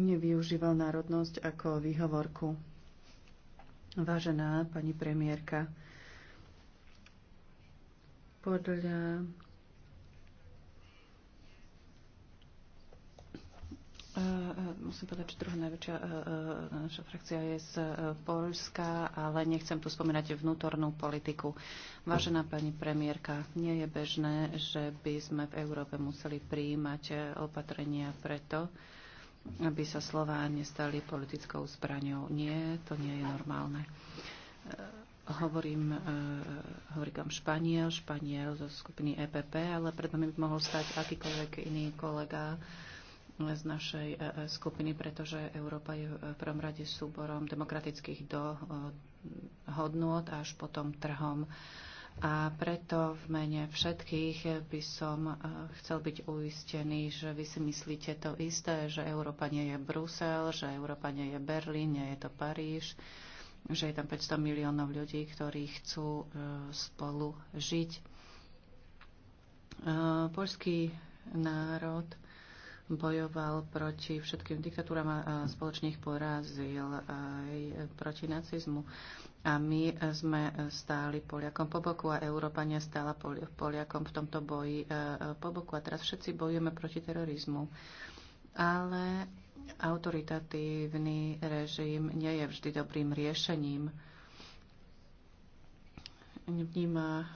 nevyužíval národnosť ako výhovorku. Vážená pani premiérka, podľa eh, Musím povedať, že druhá najväčšia eh, eh, naša frakcia je z Polska, ale nechcem tu spomínať vnútornú politiku. Vážená pani premiérka, nie je bežné, že by sme v Európe museli prijímať opatrenia preto, aby sa slová nestali politickou zbraňou. Nie, to nie je normálne. E, hovorím, e, hovorím Španiel, Španiel zo skupiny EPP, ale pred nami by mohol stať akýkoľvek iný kolega z našej e, skupiny, pretože Európa je v prvom rade súborom demokratických do, hodnôt a až potom trhom a preto v mene všetkých by som eh, chcel byť uistený, že vy si myslíte to isté, že Európa nie je Brusel, že Európa nie je Berlín, nie je to Paríž, že je tam 500 miliónov ľudí, ktorí chcú eh, spolu žiť. Eh, Polský národ bojoval proti všetkým diktatúram a spoločne ich porazil aj proti nacizmu. A my e, sme e, stáli Poliakom po boku a Európania stála Poliakom v tomto boji e, po boku. A teraz všetci bojujeme proti terorizmu. Ale autoritatívny režim nie je vždy dobrým riešením vníma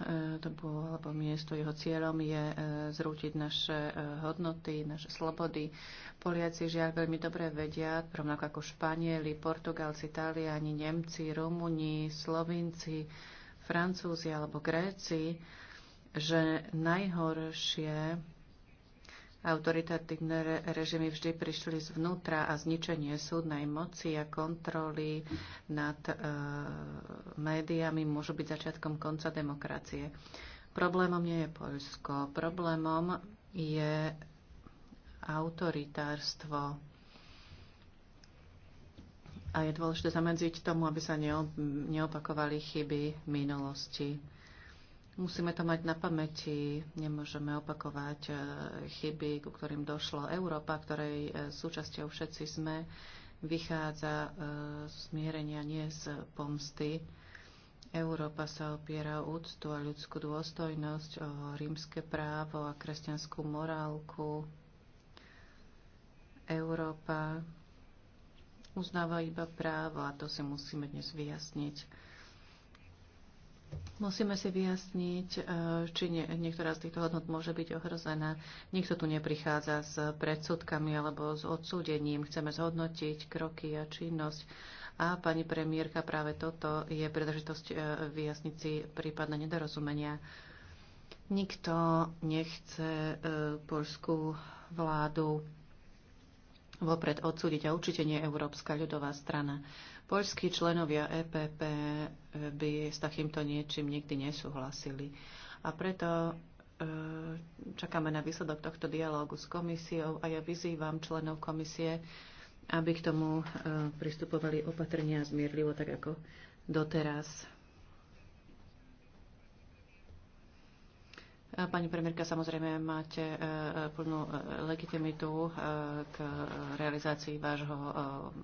dobu e, alebo miesto. Jeho cieľom je e, zrútiť naše e, hodnoty, naše slobody. Poliaci žiaľ veľmi dobre vedia, rovnako ako Španieli, Portugalci, Taliani, Nemci, Rumuni, Slovinci, Francúzi alebo Gréci, že najhoršie Autoritatívne režimy vždy prišli zvnútra a zničenie súdnej moci a kontroly nad e, médiami môžu byť začiatkom konca demokracie. Problémom nie je Poľsko, problémom je autoritárstvo. A je dôležité zamedziť tomu, aby sa neopakovali chyby minulosti Musíme to mať na pamäti, nemôžeme opakovať e, chyby, ku ktorým došlo. Európa, ktorej e, súčasťou všetci sme, vychádza e, z mierenia, nie z pomsty. Európa sa opiera o úctu a ľudskú dôstojnosť, o rímske právo a kresťanskú morálku. Európa uznáva iba právo a to si musíme dnes vyjasniť. Musíme si vyjasniť, e, či nie, niektorá z týchto hodnot môže byť ohrozená. Nikto tu neprichádza s predsudkami alebo s odsúdením. Chceme zhodnotiť kroky a činnosť. A pani premiérka, práve toto je príležitosť e, vyjasniť si prípadné nedorozumenia. Nikto nechce e, poľskú vládu vopred odsúdiť a určite nie Európska ľudová strana. Poľskí členovia EPP eh, by s takýmto niečím nikdy nesúhlasili. A preto eh, čakáme na výsledok tohto dialógu s komisiou a ja vyzývam členov komisie, aby k tomu eh, pristupovali opatrne a zmierlivo, tak ako doteraz. Pani premiérka, samozrejme máte e, e, plnú e, legitimitu k realizácii vášho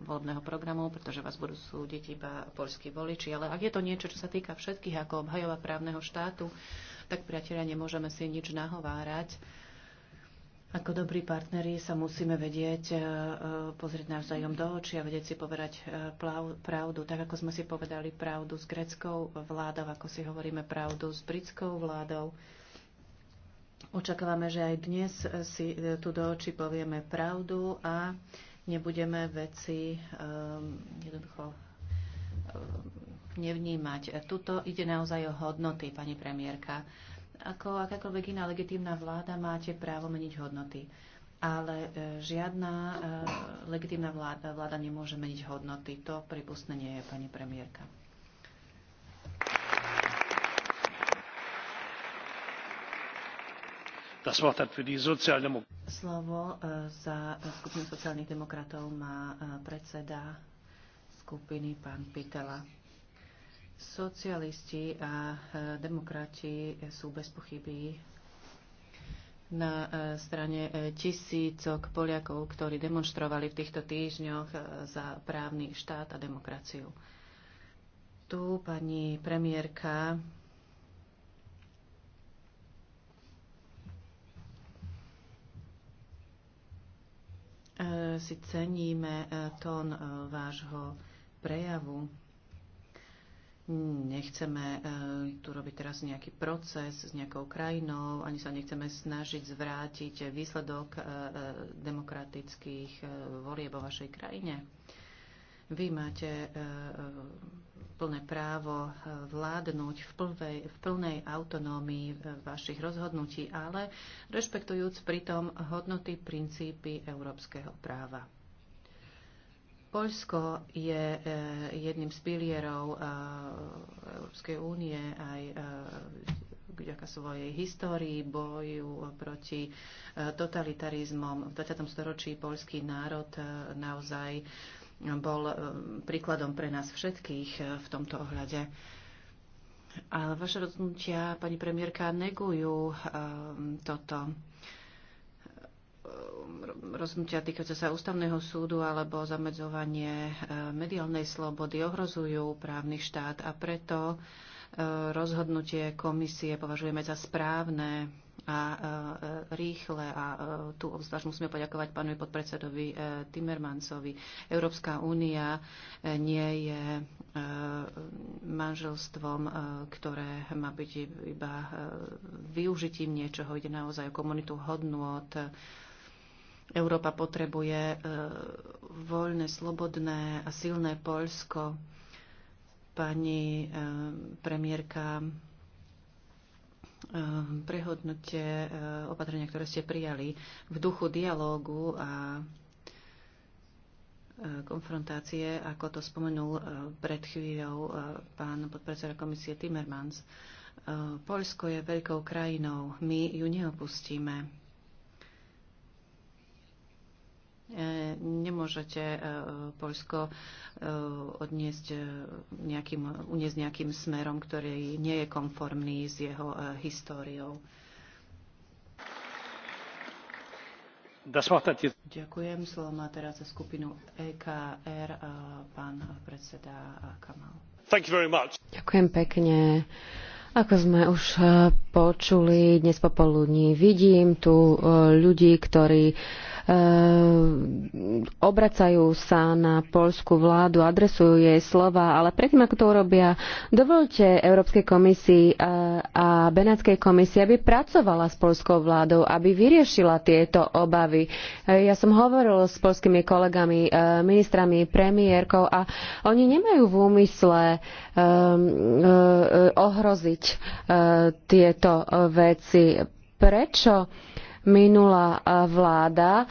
volebného programu, pretože vás budú súdiť iba polskí voliči. Ale ak je to niečo, čo sa týka všetkých ako obhajova právneho štátu, tak priateľa nemôžeme si nič nahovárať. Ako dobrí partneri sa musíme vedieť, pozrieť navzájom do očí a vedieť si poverať pravdu. Tak ako sme si povedali pravdu s greckou vládou, ako si hovoríme pravdu s britskou vládou, Očakávame, že aj dnes eh, si eh, tu do očí povieme pravdu a nebudeme veci um, jednoducho ehm, nevnímať. E, tuto ide naozaj o hodnoty, pani premiérka. Ako akákoľvek iná legitímna vláda máte právo meniť hodnoty. Ale e, žiadna e, legitímna vláda, vláda nemôže meniť hodnoty. To pripustné nie je, pani premiérka. Slovo e, za skupinu sociálnych demokratov má e, predseda skupiny pán Pitela. Socialisti a e, demokrati sú bez pochyby na strane tisícok Poliakov, ktorí demonstrovali v týchto týždňoch za právny štát a demokraciu. Tu pani premiérka E, si ceníme e, tón e, vášho prejavu. Nechceme tu robiť teraz nejaký proces s nejakou krajinou, ani sa nechceme snažiť zvrátiť výsledok demokratických volieb vo vašej krajine. Vy máte plné právo eh, vládnuť v, plnej, v plnej autonómii eh, vašich rozhodnutí, ale rešpektujúc pritom hodnoty princípy európskeho práva. Poľsko je eh, jedným z pilierov Európskej únie aj vďaka svojej histórii, boju proti totalitarizmom. V 20. storočí poľský národ naozaj bol eh, príkladom pre nás všetkých eh, v tomto ohľade. Ale vaše rozhodnutia, pani premiérka, negujú eh, toto rozhodnutia týkajúce sa ústavného súdu alebo zamedzovanie mediálnej slobody ohrozujú právny štát a preto rozhodnutie komisie považujeme za správne a e, rýchle. A e, tu obzvlášť musíme poďakovať pánovi podpredsedovi e, Timmermansovi. Európska únia nie je manželstvom, ktoré má byť iba využitím niečoho. Ide naozaj o komunitu od Európa potrebuje voľné, slobodné a silné Polsko. Pani premiérka Eh, prehodnote eh, opatrenia, ktoré ste prijali v duchu dialógu a eh, konfrontácie, ako to spomenul pred chvíľou pán podpredseda komisie Timmermans. Poľsko je veľkou krajinou, my ju neopustíme. nemôžete e, Polsko e, odniesť e, nejakým, uniesť nejakým smerom, ktorý nie je konformný s jeho históriou. Ďakujem. Slovo má teraz za skupinu EKR a pán predseda Kamal. Ďakujem pekne. Ako sme už počuli dnes popoludní, vidím tu ľudí, ktorí Eh, obracajú sa na polskú vládu, adresujú jej slova, ale predtým, ako to urobia, dovolte Európskej komisii eh, a Benátskej komisii, aby pracovala s polskou vládou, aby vyriešila tieto obavy. Eh, ja som hovoril s polskými kolegami, ministrami, premiérkou a oni nemajú v úmysle ohroziť tieto veci. Prečo? minulá e, vláda e,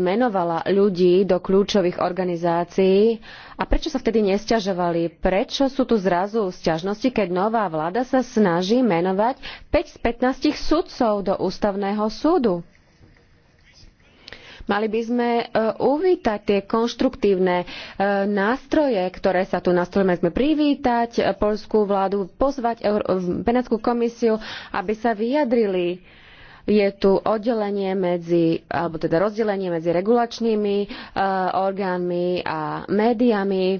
menovala ľudí do kľúčových organizácií a prečo sa vtedy nesťažovali? Prečo sú tu zrazu sťažnosti, keď nová vláda sa snaží menovať 5 z 15 sudcov do ústavného súdu? Mali by sme e, uvítať tie konštruktívne nástroje, ktoré sa tu nastrojíme. Sme privítať polskú vládu, pozvať Benátskú komisiu, aby sa vyjadrili je tu oddelenie medzi, alebo teda rozdelenie medzi regulačnými e, orgánmi a médiami.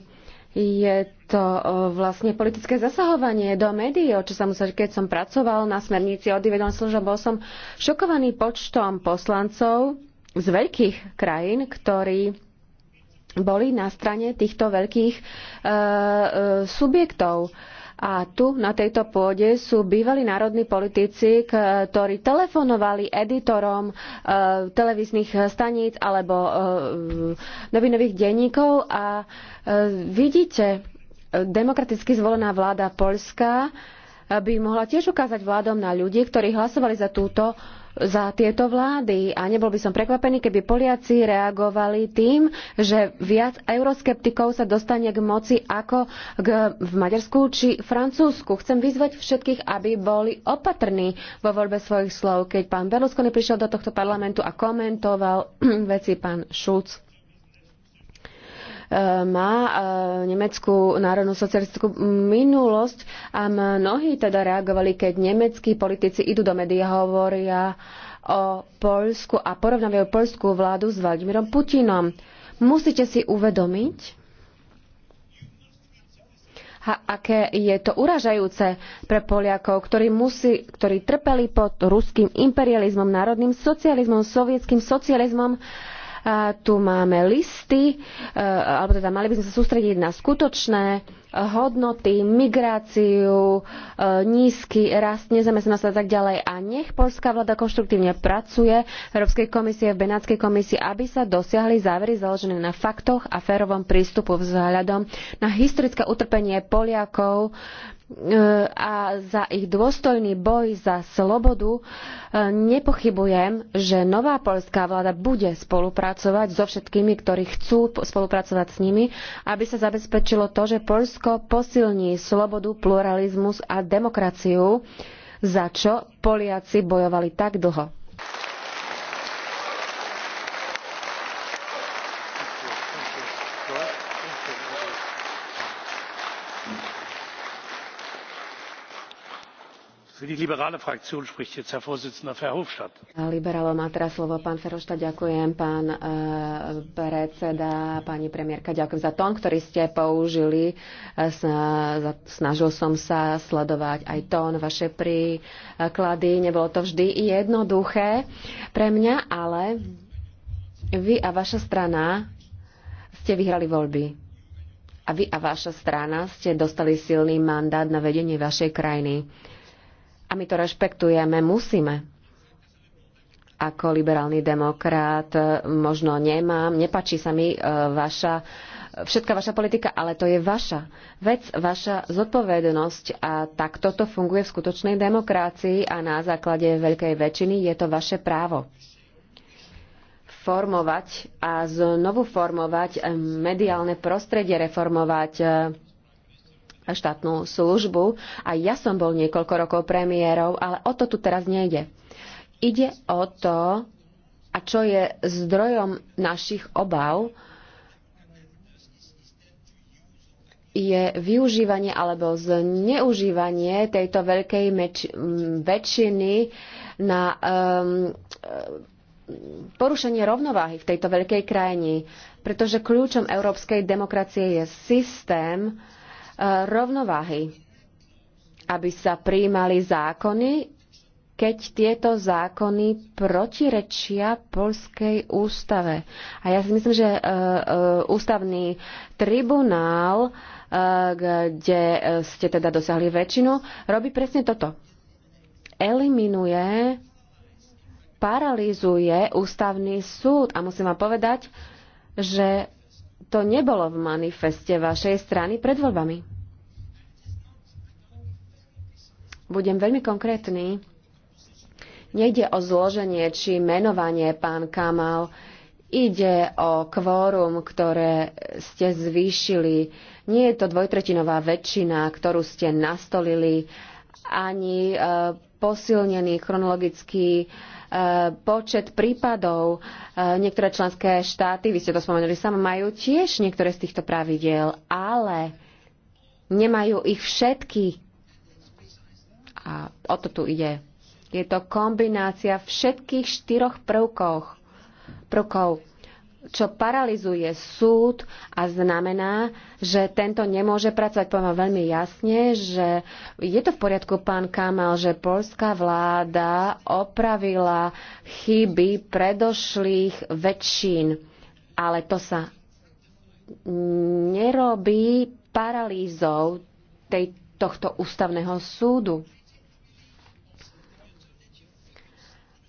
Je to e, vlastne politické zasahovanie do médií, o čo sa musel, keď som pracoval na smernici od dividelných služob, bol som šokovaný počtom poslancov z veľkých krajín, ktorí boli na strane týchto veľkých uh, subjektov. Uh, a tu na tejto pôde sú bývalí národní politici, ktorí telefonovali editorom e, televíznych staníc alebo e, novinových denníkov a e, vidíte, demokraticky zvolená vláda Poľska by mohla tiež ukázať vládom na ľudí, ktorí hlasovali za túto za tieto vlády a nebol by som prekvapený, keby Poliaci reagovali tým, že viac euroskeptikov sa dostane k moci ako k, v Maďarsku či Francúzsku. Chcem vyzvať všetkých, aby boli opatrní vo voľbe svojich slov, keď pán Berlusconi prišiel do tohto parlamentu a komentoval *clears throat* veci pán Schulz. E, má e, nemeckú národnú socialistickú minulosť a mnohí teda reagovali, keď nemeckí politici idú do médií a hovoria o Polsku a porovnávajú polskú vládu s Vladimírom Putinom. Musíte si uvedomiť, a aké je to uražajúce pre Poliakov, ktorí, musí, ktorí trpeli pod ruským imperializmom, národným socializmom, sovietským socializmom tu máme listy, e, alebo teda mali by sme sa sústrediť na skutočné hodnoty, migráciu, e, nízky rast, nezamestnanosť a tak ďalej. A nech polská vláda konštruktívne pracuje Európskej komisie v Benátskej komisii, aby sa dosiahli závery založené na faktoch a férovom prístupu vzhľadom na historické utrpenie Poliakov E, a za ich dôstojný boj za slobodu e, nepochybujem, že nová poľská vláda bude spolupracovať so všetkými, ktorí chcú spolupracovať s nimi, aby sa zabezpečilo to, že Poľsko posilní slobodu, pluralizmus a demokraciu, za čo Poliaci bojovali tak dlho. liberálom má teraz slovo pán ferošta ďakujem pán e, predseda pani premiérka ďakujem za tón ktorý ste použili e, snažil som sa sledovať aj tón vaše príklady nebolo to vždy jednoduché pre mňa ale vy a vaša strana ste vyhrali voľby a vy a vaša strana ste dostali silný mandát na vedenie vašej krajiny. A my to rešpektujeme, musíme. Ako liberálny demokrat e, možno nemám, nepačí sa mi e, vaša, všetká vaša politika, ale to je vaša vec, vaša zodpovednosť a tak toto funguje v skutočnej demokrácii a na základe veľkej väčšiny je to vaše právo formovať a znovu formovať e, mediálne prostredie, reformovať štátnu službu a ja som bol niekoľko rokov premiérov, ale o to tu teraz nejde. Ide o to, a čo je zdrojom našich obav, je využívanie alebo zneužívanie tejto veľkej meč- väčšiny na um, porušenie rovnováhy v tejto veľkej krajine. Pretože kľúčom európskej demokracie je systém, E, rovnováhy, aby sa prijímali zákony, keď tieto zákony protirečia Polskej ústave. A ja si myslím, že e, e, ústavný tribunál, kde ste teda dosiahli väčšinu, robí presne toto. Eliminuje, paralizuje ústavný súd. A musím vám povedať, že to nebolo v manifeste vašej strany pred voľbami. Budem veľmi konkrétny. Nejde o zloženie či menovanie, pán Kamal. Ide o kvórum, ktoré ste zvýšili. Nie je to dvojtretinová väčšina, ktorú ste nastolili, ani eh, posilnený chronologický e, počet prípadov. E, niektoré členské štáty, vy ste to spomenuli sami, majú tiež niektoré z týchto pravidiel, ale nemajú ich všetky. A o to tu ide. Je to kombinácia všetkých štyroch prvkov. prvkov čo paralizuje súd a znamená, že tento nemôže pracovať. Poviem veľmi jasne, že je to v poriadku, pán Kamal, že polská vláda opravila chyby predošlých väčšín, ale to sa nerobí paralýzou tej, tohto ústavného súdu.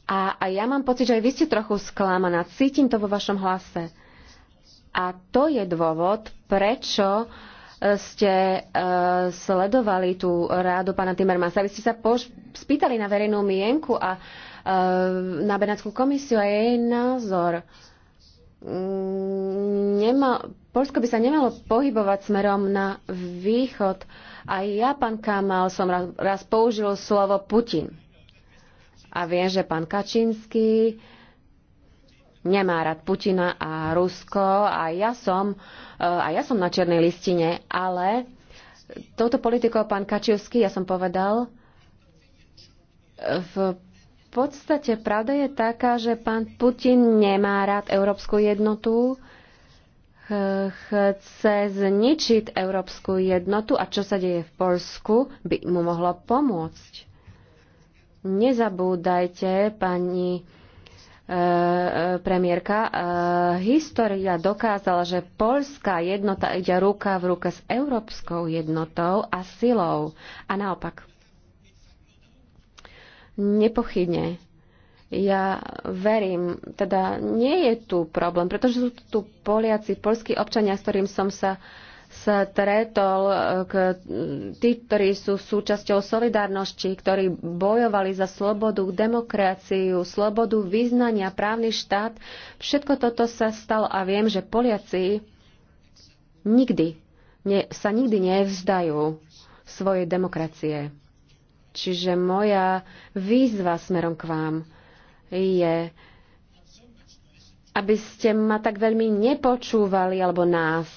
A, a ja mám pocit, že aj vy ste trochu sklamaná. Cítim to vo vašom hlase. A to je dôvod, prečo e, ste uh, sledovali tú rádu pána Timmermansa. Vy ste sa poš- spýtali na verejnú mienku a uh, na Benátskú komisiu a jej názor. Mm, nema, Polsko by sa nemalo pohybovať smerom na východ. A ja, pán Kamal, som raz, raz použil slovo Putin. A viem, že pán Kačínsky nemá rád Putina a Rusko a ja som, e, a ja som na čiernej listine, ale touto politikou pán Kačivský, ja som povedal, v podstate pravda je taká, že pán Putin nemá rád európsku jednotu, chce zničiť európsku jednotu a čo sa deje v Polsku, by mu mohlo pomôcť. Nezabúdajte, pani e, e, premiérka, e, história dokázala, že poľská jednota ide ruka v ruke s európskou jednotou a silou. A naopak. Nepochybne. Ja verím, teda nie je tu problém, pretože sú tu Poliaci, polskí občania, s ktorým som sa e, stretol e, k tí, ktorí sú súčasťou solidárnosti, ktorí bojovali za slobodu, demokraciu, slobodu vyznania, právny štát. Všetko toto sa stalo a viem, že Poliaci nikdy ne, sa nikdy nevzdajú svojej demokracie. Čiže moja výzva smerom k vám je, aby ste ma tak veľmi nepočúvali alebo nás,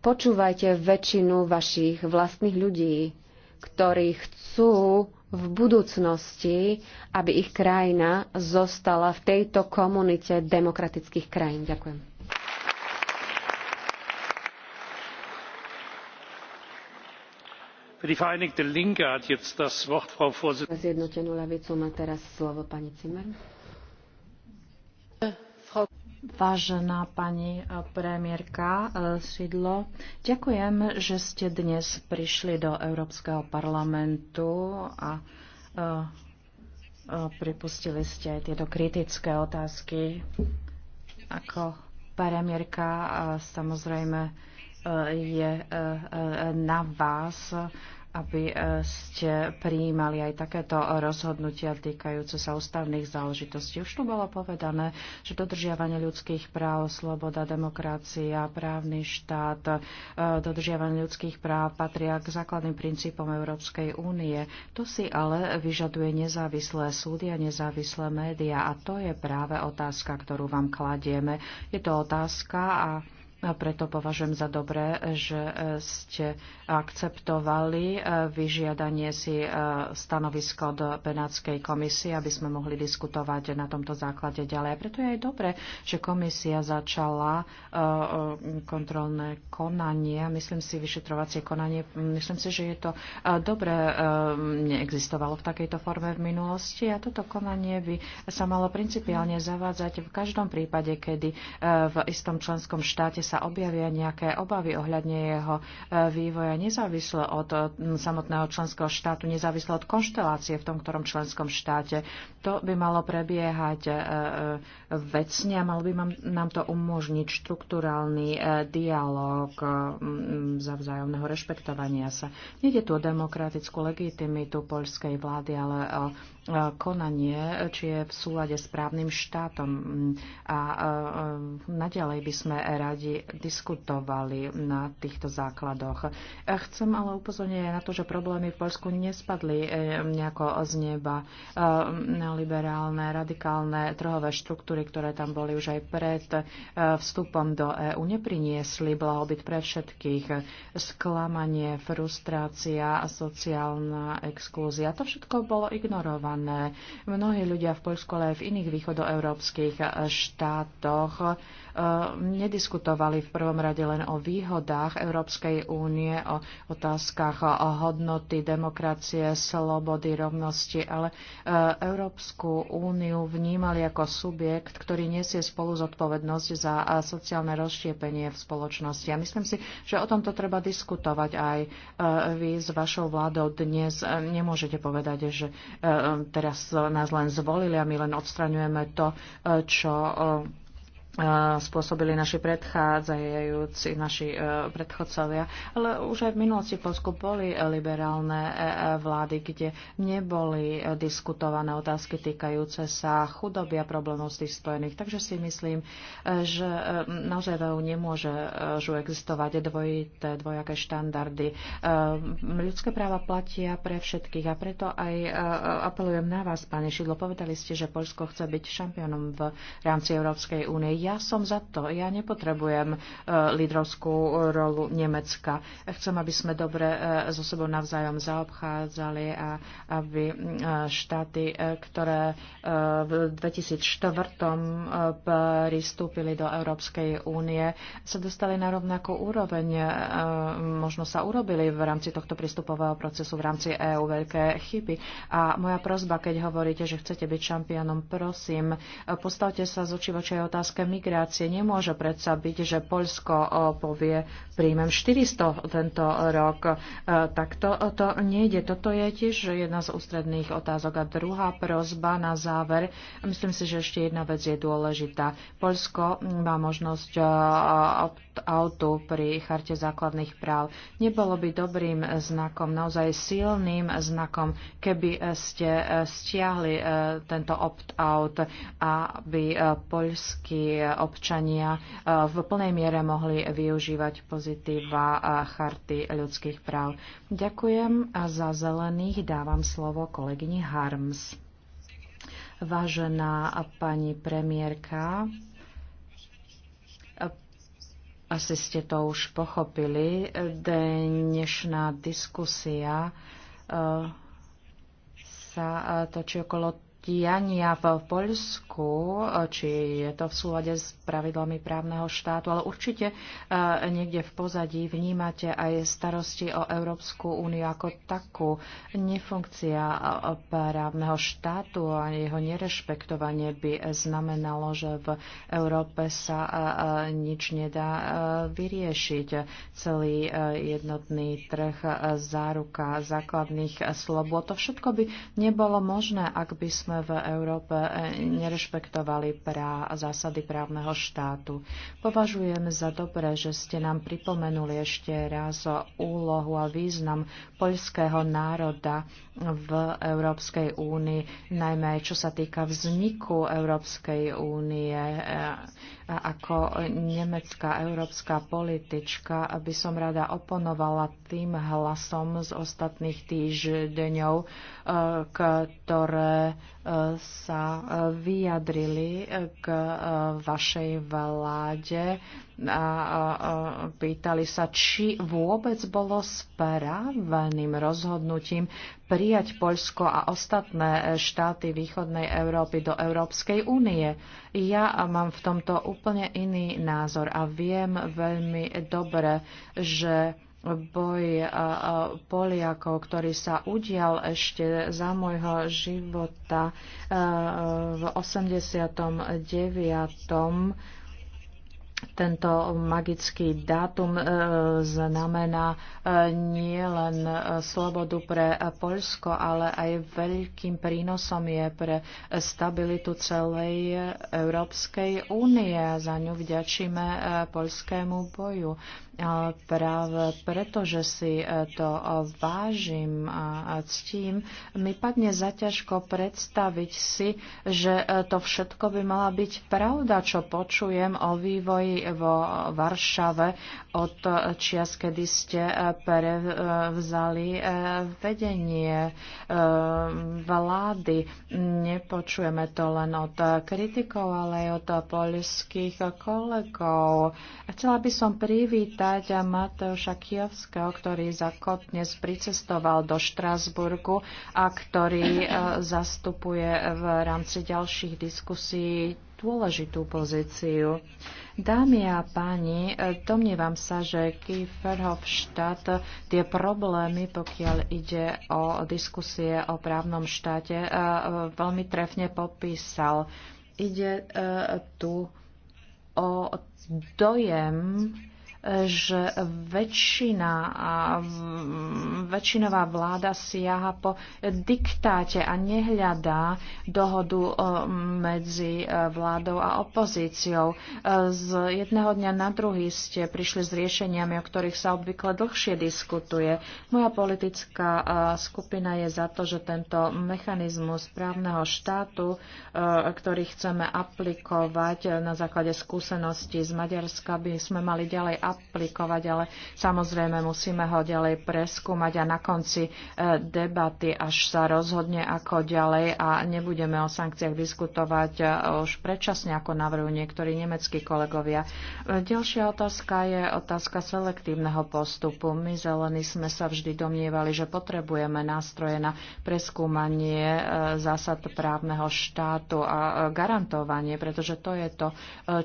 Počúvajte väčšinu vašich vlastných ľudí, ktorí chcú v budúcnosti, aby ich krajina zostala v tejto komunite demokratických krajín. Ďakujem. Zjednotenú ľavicu má teraz slovo pani Zimmer. Vážená pani e, premiérka Sidlo, e, ďakujem, že ste dnes prišli do Európskeho parlamentu a e, pripustili ste aj tieto kritické otázky. Ako premiérka samozrejme je na vás, aby e, ste prijímali aj takéto rozhodnutia týkajúce sa ústavných záležitostí. Už tu bolo povedané, že dodržiavanie ľudských práv, sloboda, demokracia, právny štát, e, dodržiavanie ľudských práv patria k základným princípom Európskej únie. To si ale vyžaduje nezávislé súdy a nezávislé médiá a to je práve otázka, ktorú vám kladieme. Je to otázka a a preto považujem za dobré, že e, ste akceptovali e, vyžiadanie si e, stanovisko do Benátskej komisie, aby sme mohli diskutovať na tomto základe ďalej. A preto je aj dobré, že komisia začala kontrolné konanie, myslím si vyšetrovacie konanie, myslím si, že je to dobré, neexistovalo v takejto forme v minulosti a toto konanie by sa malo principiálne zavádzať v každom prípade, kedy v istom členskom štáte sa objavia nejaké obavy ohľadne jeho e, vývoja nezávisle od samotného členského štátu, nezávisle od konštelácie v tom ktorom členskom štáte. To by malo prebiehať e, e, vecne a mal by nám to umožniť štruktúrálny dialog za vzájomného rešpektovania sa. Nede tu o demokratickú legitimitu poľskej vlády, ale o konanie, či je v súlade s právnym štátom. A naďalej by sme radi diskutovali na týchto základoch. Chcem ale upozorniť na to, že problémy v Polsku nespadli e, nejako z neba. Neoliberálne, radikálne trhové štruktúry, ktoré tam boli už aj pred e, vstupom do EÚ, nepriniesli blahobyt pre všetkých. Sklamanie, frustrácia, sociálna exklúzia, to všetko bolo ignorované vzdelané. Mnohí ľudia v Poľsku, ale aj v iných východoeurópskych štátoch Ehm, nediskutovali v prvom rade len o výhodách Európskej únie, o otázkach o hodnoty, demokracie, slobody, rovnosti, ale ehm, Európsku úniu vnímali ako subjekt, ktorý nesie spolu zodpovednosť za sociálne rozštiepenie v spoločnosti. A myslím si, že o tomto treba diskutovať aj ehm, vy s vašou vládou dnes. Nemôžete povedať, že teraz nás len zvolili a my len odstraňujeme to, čo spôsobili naši predchádzajúci, naši e, predchodcovia. Ale už aj v minulosti v Polsku boli liberálne e, e, vlády, kde neboli diskutované otázky týkajúce sa chudoby a problémov z tých spojených. Takže si myslím, že naozaj nemôže že existovať dvojité, dvojaké štandardy. Ľudské práva platia pre všetkých a preto aj apelujem na vás, pani Šidlo. Povedali ste, že Polsko chce byť šampiónom v rámci Európskej únie. Ja ja som za to. Ja nepotrebujem e, lídrovskú rolu Nemecka. Chcem, aby sme dobre e, so sebou navzájom zaobchádzali a aby e, štáty, ktoré v 2004 pristúpili do Európskej únie, sa dostali na rovnakú úroveň. Možno sa urobili v rámci tohto prístupového procesu v rámci EÚ veľké chyby. A moja prozba, keď hovoríte, že chcete byť šampiónom, prosím, postavte sa z očí otázke migrácie. Nemôže predsa byť, že Polsko eh, povie, príjmem 400 tento rok. Eh, tak to nejde. Toto je tiež jedna z ústredných otázok. A druhá prozba na záver. Myslím si, že ešte jedna vec je dôležitá. Polsko má možnosť eh, autu pri charte základných práv. Nebolo by dobrým znakom, naozaj silným znakom, keby ste stiahli tento opt-out, aby poľský občania e, v plnej miere mohli využívať pozitíva a charty ľudských práv. Ďakujem a za zelených dávam slovo kolegyni Harms. Vážená pani premiérka, asi ste to už pochopili, dnešná diskusia e, sa točí okolo diania v Poľsku, eh, či je to v súlade s pravidlami právneho štátu, ale určite eh, niekde v pozadí vnímate aj starosti o Európsku úniu ako takú. Nefunkcia eh, právneho štátu a jeho nerešpektovanie by znamenalo, že v Európe sa nič nedá vyriešiť. Celý jednotný trh, záruka základných slobod, to všetko by nebolo možné, ak by sme sme v Európe e, nerešpektovali prá a zásady právneho štátu. Považujem za dobré, že ste nám pripomenuli ešte raz úlohu a význam poľského národa v Európskej únii, najmä čo sa týka vzniku Európskej únie. E, ako nemecká európska politička by som rada oponovala tým hlasom z ostatných týždňov, e, ktoré sa eh, vyjadrili eh, k eh, vašej vláde a pýtali sa, či vôbec bolo správnym rozhodnutím prijať Poľsko a ostatné štáty východnej Európy do Európskej únie. Ja mám v tomto úplne iný názor a viem veľmi dobre, že boj Poliakov, ktorý sa udial ešte za môjho života v 89. Tento magický dátum e, znamená e, nielen e, slobodu pre Polsko, ale aj veľkým prínosom je pre stabilitu celej Európskej únie. Za ňu vďačíme polskému boju. Ale práve preto, že si e, to e, vážim a ctím, mi padne zaťažko predstaviť si, že e, to všetko by mala byť pravda, čo počujem o vývoji vo Varšave od čias, kedy ste prevzali vedenie vlády. Nepočujeme to len od kritikov, ale aj od poľských kolegov. Chcela by som privítať privítať Mateoša Kijovského, ktorý za kotnes dnes pricestoval do Štrásburgu a ktorý e, zastupuje v rámci ďalších diskusí dôležitú pozíciu. Dámy a páni, e, domnievam sa, že štát tie problémy, pokiaľ ide o diskusie o právnom štáte, e, veľmi trefne popísal. Ide tu o dojem že väčšina, väčšinová vláda siaha po diktáte a nehľadá dohodu medzi e, vládou a opozíciou. E, z jedného dňa na druhý ste prišli s riešeniami, o ktorých sa obvykle dlhšie diskutuje. Moja politická e, skupina je za to, že tento mechanizmus právneho štátu, ktorý chceme aplikovať na základe skúseností z Maďarska, by sme mali ďalej aplikovať aplikovať, ale samozrejme musíme ho ďalej preskúmať a na konci e, debaty, až sa rozhodne ako ďalej a nebudeme o sankciách diskutovať e, už predčasne, ako navrhujú niektorí nemeckí kolegovia. E, ďalšia otázka je otázka selektívneho postupu. My zelení sme sa vždy domnievali, že potrebujeme nástroje na preskúmanie zásad právneho štátu a garantovanie, pretože to je to,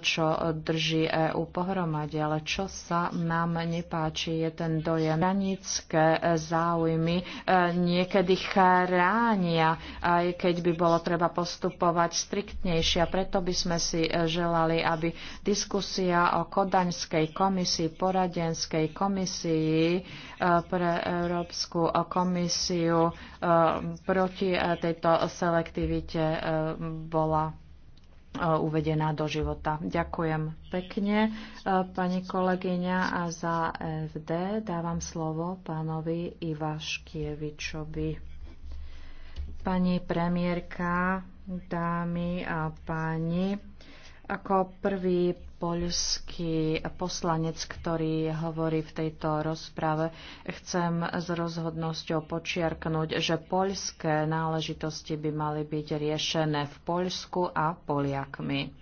čo drží EU pohromade. Ale čo sa nám nepáči, je ten dojem. hranické e, záujmy e, niekedy chránia, aj keď by bolo treba postupovať striktnejšie. A preto by sme si e, želali, aby diskusia o Kodaňskej komisii, poradenskej komisii pre Európsku komisiu proti tejto selektivite bola Eh, uvedená do života. Ďakujem pekne, eh, pani kolegyňa, a za FD dávam slovo pánovi Ivaškievičovi. Pani premiérka, dámy a páni, ako prvý poľský poslanec, ktorý hovorí v tejto rozprave, chcem s rozhodnosťou počiarknúť, že poľské náležitosti by mali byť riešené v Poľsku a Poliakmi.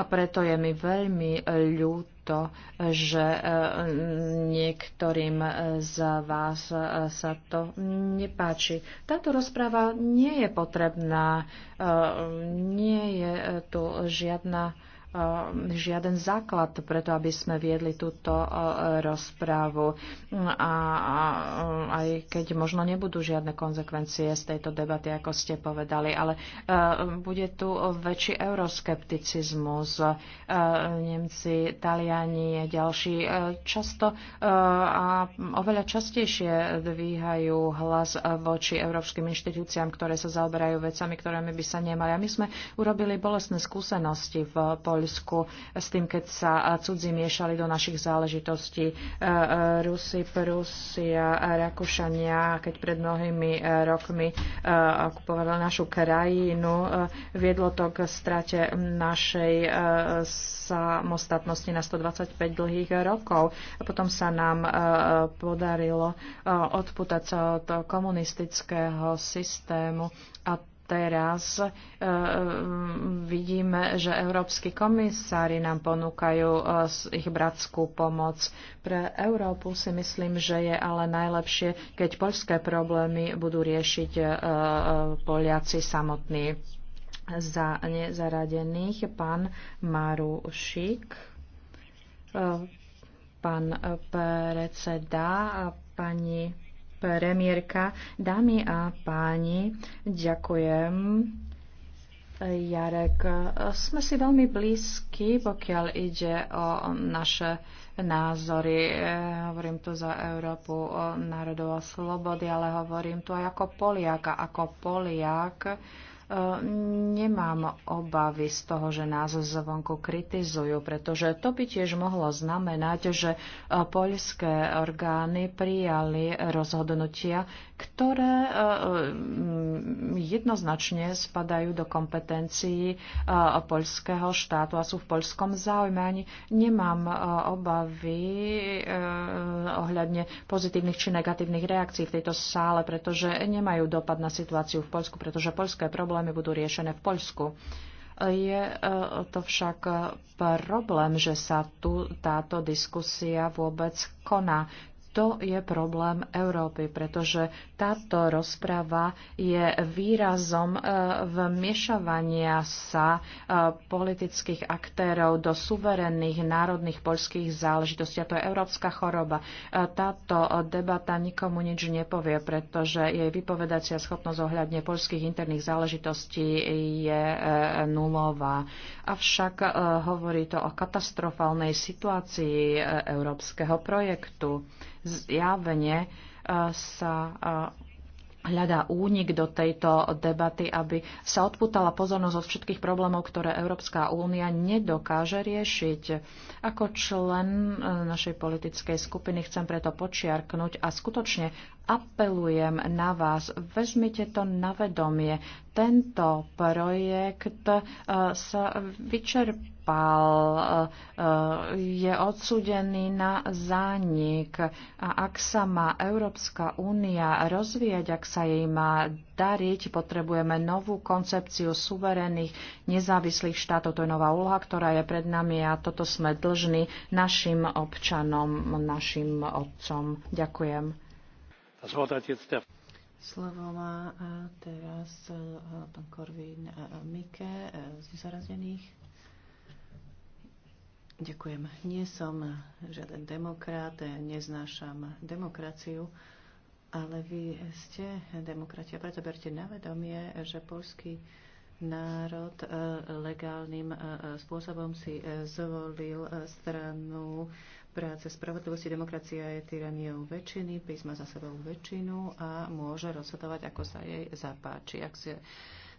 A preto je mi veľmi e, ľúto, že e, niektorým e, z vás sa to nepáči. Táto rozpráva nie je potrebná, nie je tu žiadna Um, žiaden základ preto, aby sme viedli túto uh, rozprávu. A um, aj keď možno nebudú žiadne konzekvencie z tejto debaty, ako ste povedali, ale uh, bude tu väčší euroskepticizmus. Uh, Nemci, Taliani, ďalší často a oveľa častejšie dvíhajú hlas voči európskym inštitúciám, ktoré sa zaoberajú vecami, ktorými by sa nemali. A my sme urobili bolestné skúsenosti v Polsku Poľsku s tým, keď sa cudzí miešali do našich záležitostí. E, e, Rusi, Prusia, Rakúšania, keď pred mnohými e, rokmi okupovali našu krajinu, viedlo to k strate našej samostatnosti na 125 dlhých rokov. potom sa nám podarilo odputať sa od komunistického systému a teraz e, e, vidíme, že európsky komisári nám ponúkajú e, ich bratskú pomoc. Pre Európu si myslím, že je ale najlepšie, keď poľské problémy budú riešiť Poliaci samotní. Za nezaradených pán Marušik, pán predseda a pani premiérka, dámy a páni, ďakujem. Jarek, sme si veľmi blízki, pokiaľ ide o naše názory. Hovorím tu za Európu národov a slobody, ale hovorím tu aj ako Poliak. A ako Poliak nemám obavy z toho, že nás zvonku kritizujú, pretože to by tiež mohlo znamenať, že poľské orgány prijali rozhodnutia, ktoré e, e, jednoznačne spadajú do kompetencií e, poľského štátu a sú v poľskom záujme. Ani nemám obavy ohľadne pozitívnych či negatívnych reakcií v tejto sále, pretože nemajú dopad na situáciu v Poľsku, pretože poľské problémy budú riešené v Poľsku. Je to však problém, že sa tu táto diskusia vôbec koná to je problém Európy, pretože táto rozprava je výrazom e, vmiešavania sa e, politických aktérov do suverénnych národných poľských záležitostí. A to je európska choroba. E, táto debata nikomu nič nepovie, pretože jej vypovedacia schopnosť ohľadne poľských interných záležitostí je nulová. Avšak hovorí to o katastrofálnej situácii európskeho projektu zjavne e, sa e, hľadá únik do tejto debaty, aby sa odputala pozornosť od všetkých problémov, ktoré Európska únia nedokáže riešiť. Ako člen e, našej politickej skupiny chcem preto počiarknúť a skutočne apelujem na vás, vezmite to na vedomie. Tento projekt sa vyčerpá Opal eh, eh, je odsudený na zánik. A ak sa má Európska únia rozvíjať, ak sa jej má dariť, potrebujeme novú koncepciu suverénnych nezávislých štátov. To je nová úloha, ktorá je pred nami a toto sme dlžní našim občanom, našim otcom. Ďakujem. Slovo má eh, teraz pán Korvin Mike z nezarazených. Ďakujem. Nie som žiaden demokrat, neznášam demokraciu, ale vy ste demokratia. Preto berte na vedomie, že polský národ e, legálnym e, spôsobom si e, zvolil stranu práce spravodlivosti. Demokracia je tyraniou väčšiny, písma za sebou väčšinu a môže rozhodovať, ako sa jej zapáči. Ak si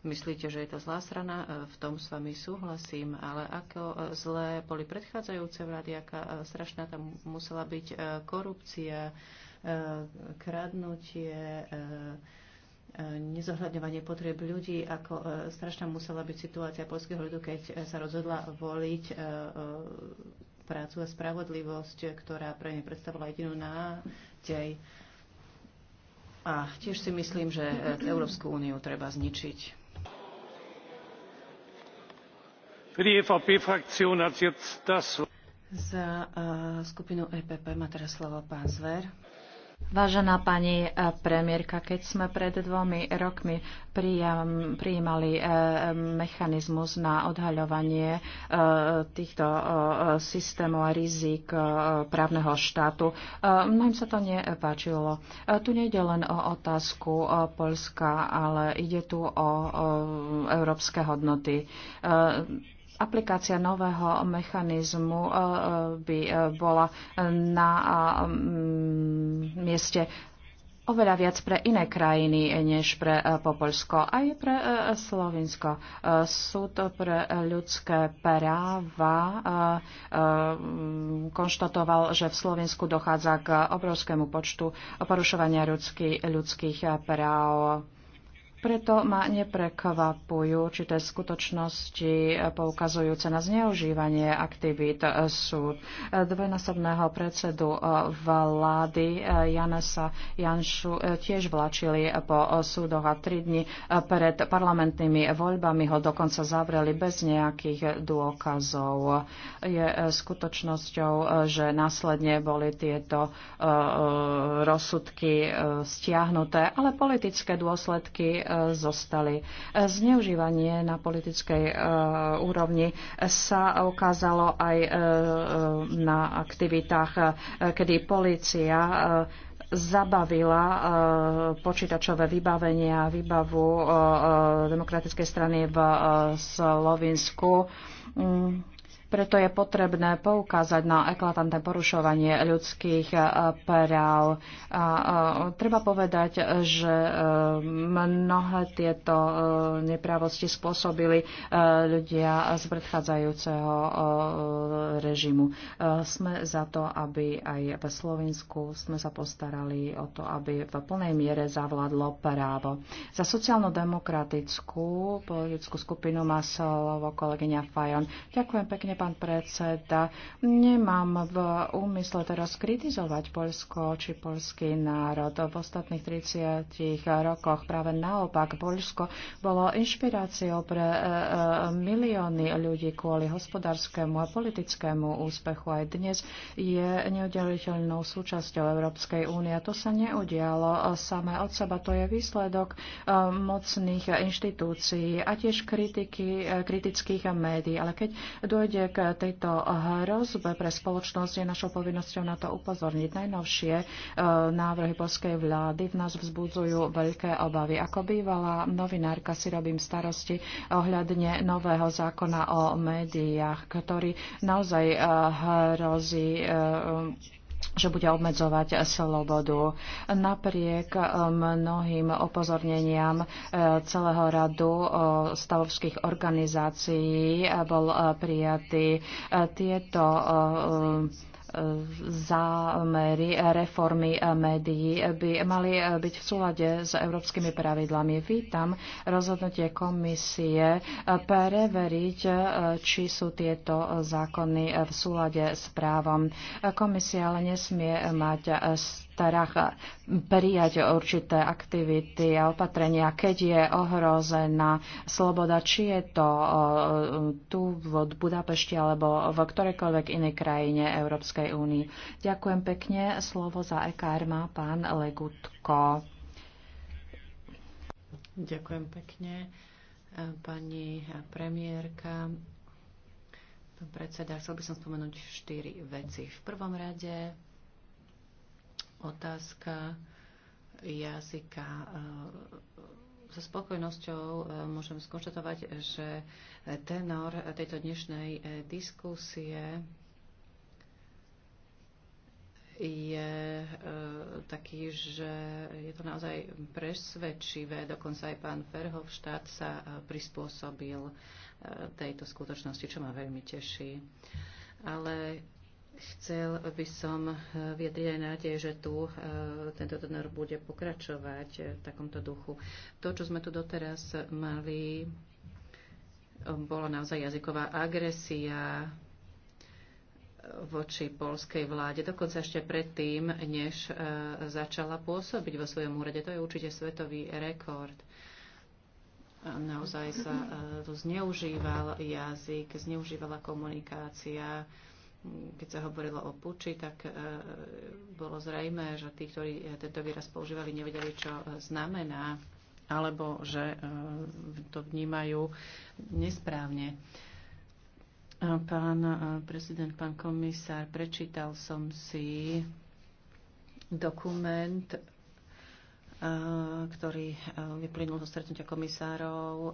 Myslíte, že je to zlá strana? E, v tom s vami súhlasím, ale ako e, zlé boli predchádzajúce vlády, aká e, strašná tam musela byť korupcia, kradnutie, nezohľadňovanie potrieb ľudí, ako strašná musela byť situácia polského ľudu, keď sa rozhodla voliť prácu a spravodlivosť, ktorá pre ne predstavovala jedinú nádej. A tiež si myslím, že Európsku úniu treba zničiť. za eh, skupinu epp má teraz slovo pán zver. Vážená pani eh, premiérka, keď sme pred dvomi rokmi prijímali eh, mechanizmus na odhaľovanie týchto systémov a rizík právneho štátu, mnohým sa to nepáčilo. Tu nejde len o otázku Polska, ale ide tu o európske hodnoty aplikácia nového mechanizmu e, e, by e, bola na mm, mieste oveľa viac pre iné krajiny než pre Popolsko, aj pre Slovinsko. to pre ľudské práva mm, konštatoval, že v Slovensku dochádza k obrovskému počtu porušovania ľudských práv. Preto ma neprekvapujú určité skutočnosti eh, poukazujúce na zneužívanie aktivít eh, súd. Eh, dvojnásobného predsedu vlády Janesa Janšu tiež vlačili po súdoch a tri dni pred parlamentnými voľbami ho dokonca zavreli bez nejakých dôkazov. Je skutočnosťou, že následne boli tieto rozsudky stiahnuté, ale politické dôsledky zostali. Zneužívanie na politickej e, úrovni sa ukázalo aj e, na aktivitách, kedy policia e, zabavila počítačové vybavenia a výbavu demokratickej strany v Slovinsku mm, preto je potrebné poukázať na eklatantné porušovanie ľudských eh, práv. A eh, treba povedať, že eh, mnohé tieto nepravosti spôsobili ľudia z predchádzajúceho režimu. Sme za to, aby aj v Slovensku sme sa postarali o to, aby v plnej miere zavládlo právo. Za sociálno-demokratickú politickú skupinu má slovo kolegyňa Fajon. Ďakujem pekne pán predseda. Nemám v úmysle teraz kritizovať Polsko či polský národ. V ostatných 30 rokoch práve naopak Polsko bolo inšpiráciou pre e, e, milióny ľudí kvôli hospodárskému a politickému úspechu. Aj dnes je neoddeliteľnou súčasťou Európskej únie. To sa neudialo e, samé od seba. To je výsledok mocných inštitúcií a tiež kritiky, kritických médií. Ale keď dojde Napriek tejto hrozbe pre spoločnosť je našou povinnosťou na to upozorniť. Najnovšie e, návrhy polskej vlády v nás vzbudzujú veľké obavy. Ako bývalá novinárka si robím starosti ohľadne nového zákona o médiách, ktorý naozaj e, hrozí e, že bude obmedzovať slobodu. Napriek eh, mnohým opozorneniam eh, celého radu eh, stavovských organizácií bol prijatý tieto zámery reformy médií by mali byť v súlade s európskymi pravidlami. Vítam rozhodnutie komisie preveriť, či sú tieto zákony v súlade s právom. Komisia ale nesmie mať starách prijať určité aktivity a opatrenia, keď je ohrozená sloboda, či je to tu v Budapešti alebo v ktorejkoľvek inej krajine Európskej únii. Ďakujem pekne. Slovo za EKR má pán Legutko. Ďakujem pekne. Pani premiérka, pán predseda, chcel by som spomenúť štyri veci. V prvom rade Otázka jazyka. E, so spokojnosťou e, môžem skonštatovať, že tenor tejto dnešnej e, diskusie je taký, že je to naozaj presvedčivé. Dokonca aj pán Ferhovštát sa prispôsobil tejto skutočnosti, čo ma veľmi teší. Ale Chcel by som eh, vyjadriť aj nádej, že tu eh, tento tenor bude pokračovať eh, v takomto duchu. To, čo sme tu doteraz mali, bola naozaj jazyková agresia, voči polskej vláde, dokonca ešte predtým, než začala pôsobiť vo svojom úrade. To je určite svetový rekord. Naozaj sa zneužíval jazyk, zneužívala komunikácia keď sa hovorilo o puči, tak e, bolo zrejme, že tí, ktorí e, tento výraz používali, nevedeli, čo e, znamená, alebo že to vnímajú nesprávne. Pán prezident, pán komisár, prečítal som si dokument Eh, ktorý eh, vyplynul zo stretnutia komisárov. Eh,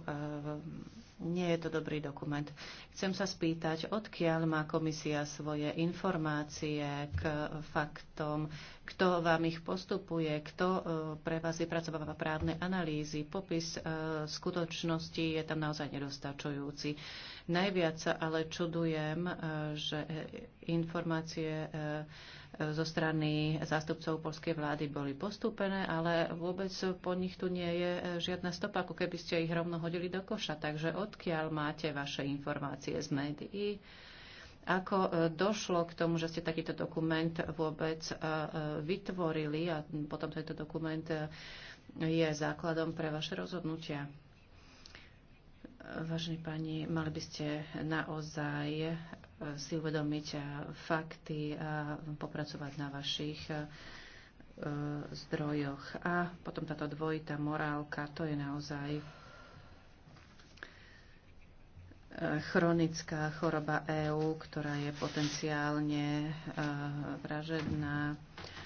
nie je to dobrý dokument. Chcem sa spýtať, odkiaľ má komisia svoje informácie k faktom, kto vám ich postupuje, kto pre vás vypracováva právne analýzy, popis skutočnosti je tam naozaj nedostačujúci. Najviac sa ale čudujem, že informácie zo strany zástupcov polskej vlády boli postúpené, ale vôbec po nich tu nie je e, žiadna stopa, ako keby ste ich rovno hodili do koša. Takže odkiaľ máte vaše informácie z médií? Ako e, došlo k tomu, že ste takýto dokument vôbec e, vytvorili a potom tento dokument je základom pre vaše rozhodnutia? Vážení pani, mali by ste naozaj E, si uvedomiť e, fakty a popracovať na vašich e, zdrojoch. A potom táto dvojitá morálka, to je naozaj chronická choroba EÚ, ktorá je potenciálne vražedná. Uh,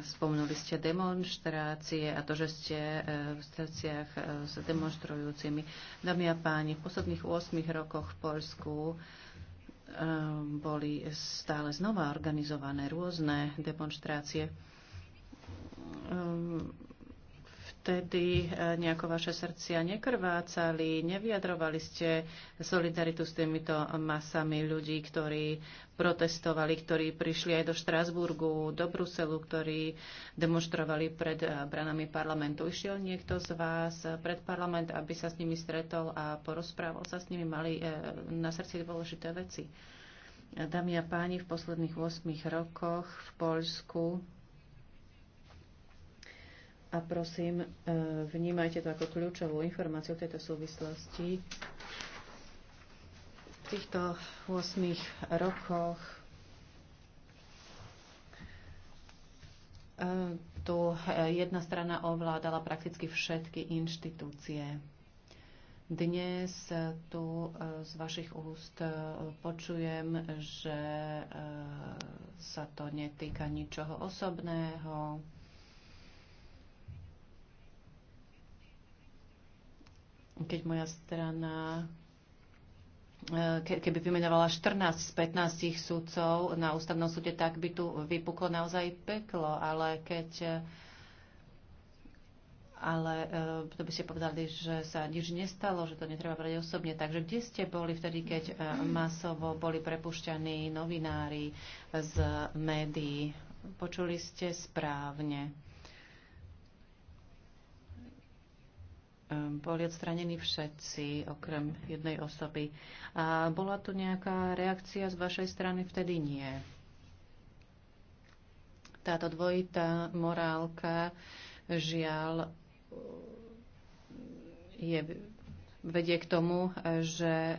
Spomnuli ste demonstrácie a to, že ste e, v streciach e, s demonstrujúcimi. Dámy a páni, v posledných 8 rokoch v Polsku e, boli stále znova organizované rôzne demonstrácie vtedy e, nejako vaše srdcia nekrvácali, nevyjadrovali ste solidaritu s týmito masami ľudí, ktorí protestovali, ktorí prišli aj do Štrásburgu, do Bruselu, ktorí demonstrovali pred e, branami parlamentu. Išiel niekto z vás e, pred parlament, aby sa s nimi stretol a porozprával sa s nimi, mali na srdci dôležité veci. Dámy a páni, v posledných 8 rokoch v Poľsku a prosím, e, vnímajte to ako kľúčovú informáciu v tejto súvislosti. V týchto 8 rokoch e, tu jedna strana ovládala prakticky všetky inštitúcie. Dnes tu e, z vašich úst počujem, že sa to netýka ničoho osobného, keď moja strana e, keby vymenovala 14 z 15 sudcov na ústavnom súde, tak by tu vypuklo naozaj peklo, ale keď e, ale e, to by ste povedali, že sa nič nestalo, že to netreba brať osobne. Takže kde ste boli vtedy, keď masovo boli prepušťaní novinári z médií? Počuli ste správne. Ehm, boli odstranení všetci, okrem jednej osoby. A bola tu nejaká reakcia z vašej strany? Vtedy nie. Táto dvojitá morálka, žiaľ, je, vedie k tomu, že eh,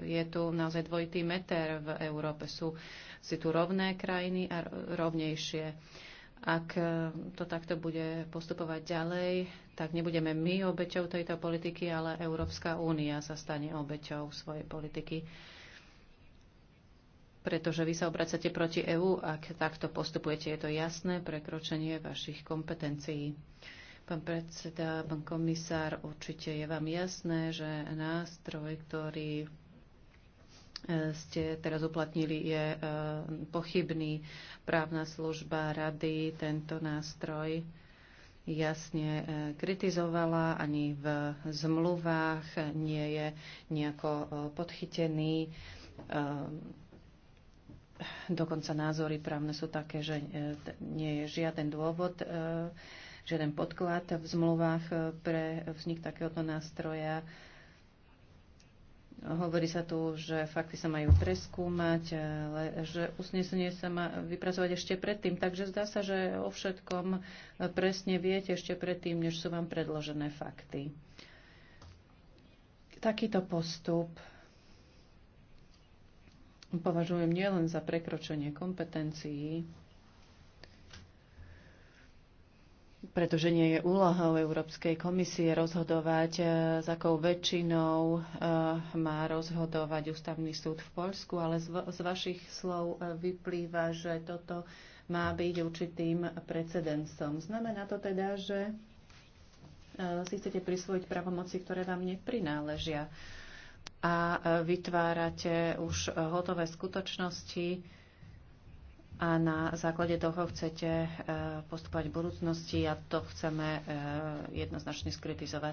je tu naozaj dvojitý meter v Európe. Sú si tu rovné krajiny a rovnejšie. Ak e, to takto bude postupovať ďalej, tak nebudeme my obeťou tejto politiky, ale Európska únia sa stane obeťou svojej politiky. Pretože vy sa obracate proti EÚ, ak takto postupujete. Je to jasné prekročenie vašich kompetencií. Pán predseda, pán komisár, určite je vám jasné, že nástroj, ktorý ste teraz uplatnili, je eh, pochybný. Právna služba rady tento nástroj jasne eh, kritizovala, ani v zmluvách nie je nejako eh, podchytený. Dokonca názory právne sú také, že nie je žiaden dôvod, žiaden podklad v zmluvách pre vznik takéhoto nástroja Hovorí sa tu, že fakty sa majú preskúmať, ale že usnesenie sa má vypracovať ešte predtým. Takže zdá sa, že o všetkom presne viete ešte predtým, než sú vám predložené fakty. Takýto postup považujem nielen za prekročenie kompetencií, pretože nie je úlohou Európskej komisie rozhodovať, e, s akou väčšinou e, má rozhodovať ústavný súd v Poľsku, ale z vašich slov e, vyplýva, že toto má byť určitým precedensom. Znamená to teda, že si chcete prisvojiť pravomoci, ktoré vám neprináležia a vytvárate už hotové skutočnosti, a na základe toho chcete e, postupovať v budúcnosti a to chceme e, jednoznačne skritizovať.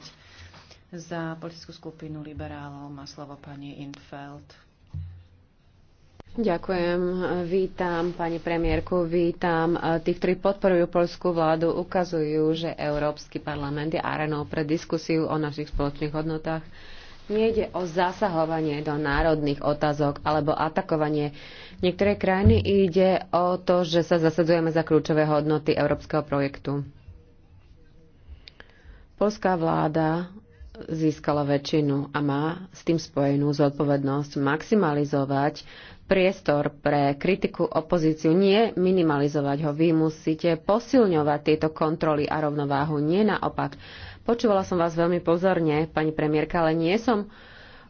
Za politickú skupinu liberálov má slovo pani Infeld. Ďakujem. Vítam pani premiérku, vítam e, tých, ktorí podporujú polskú vládu, ukazujú, že Európsky parlament je arenou pre diskusiu o našich spoločných hodnotách Nejde o zasahovanie do národných otázok alebo atakovanie. Niektoré krajiny ide o to, že sa zasadzujeme za kľúčové hodnoty európskeho projektu. Polská vláda získala väčšinu a má s tým spojenú zodpovednosť maximalizovať priestor pre kritiku opozíciu, nie minimalizovať ho. Vy musíte posilňovať tieto kontroly a rovnováhu, nie naopak. Počúvala som vás veľmi pozorne, pani premiérka, ale nie som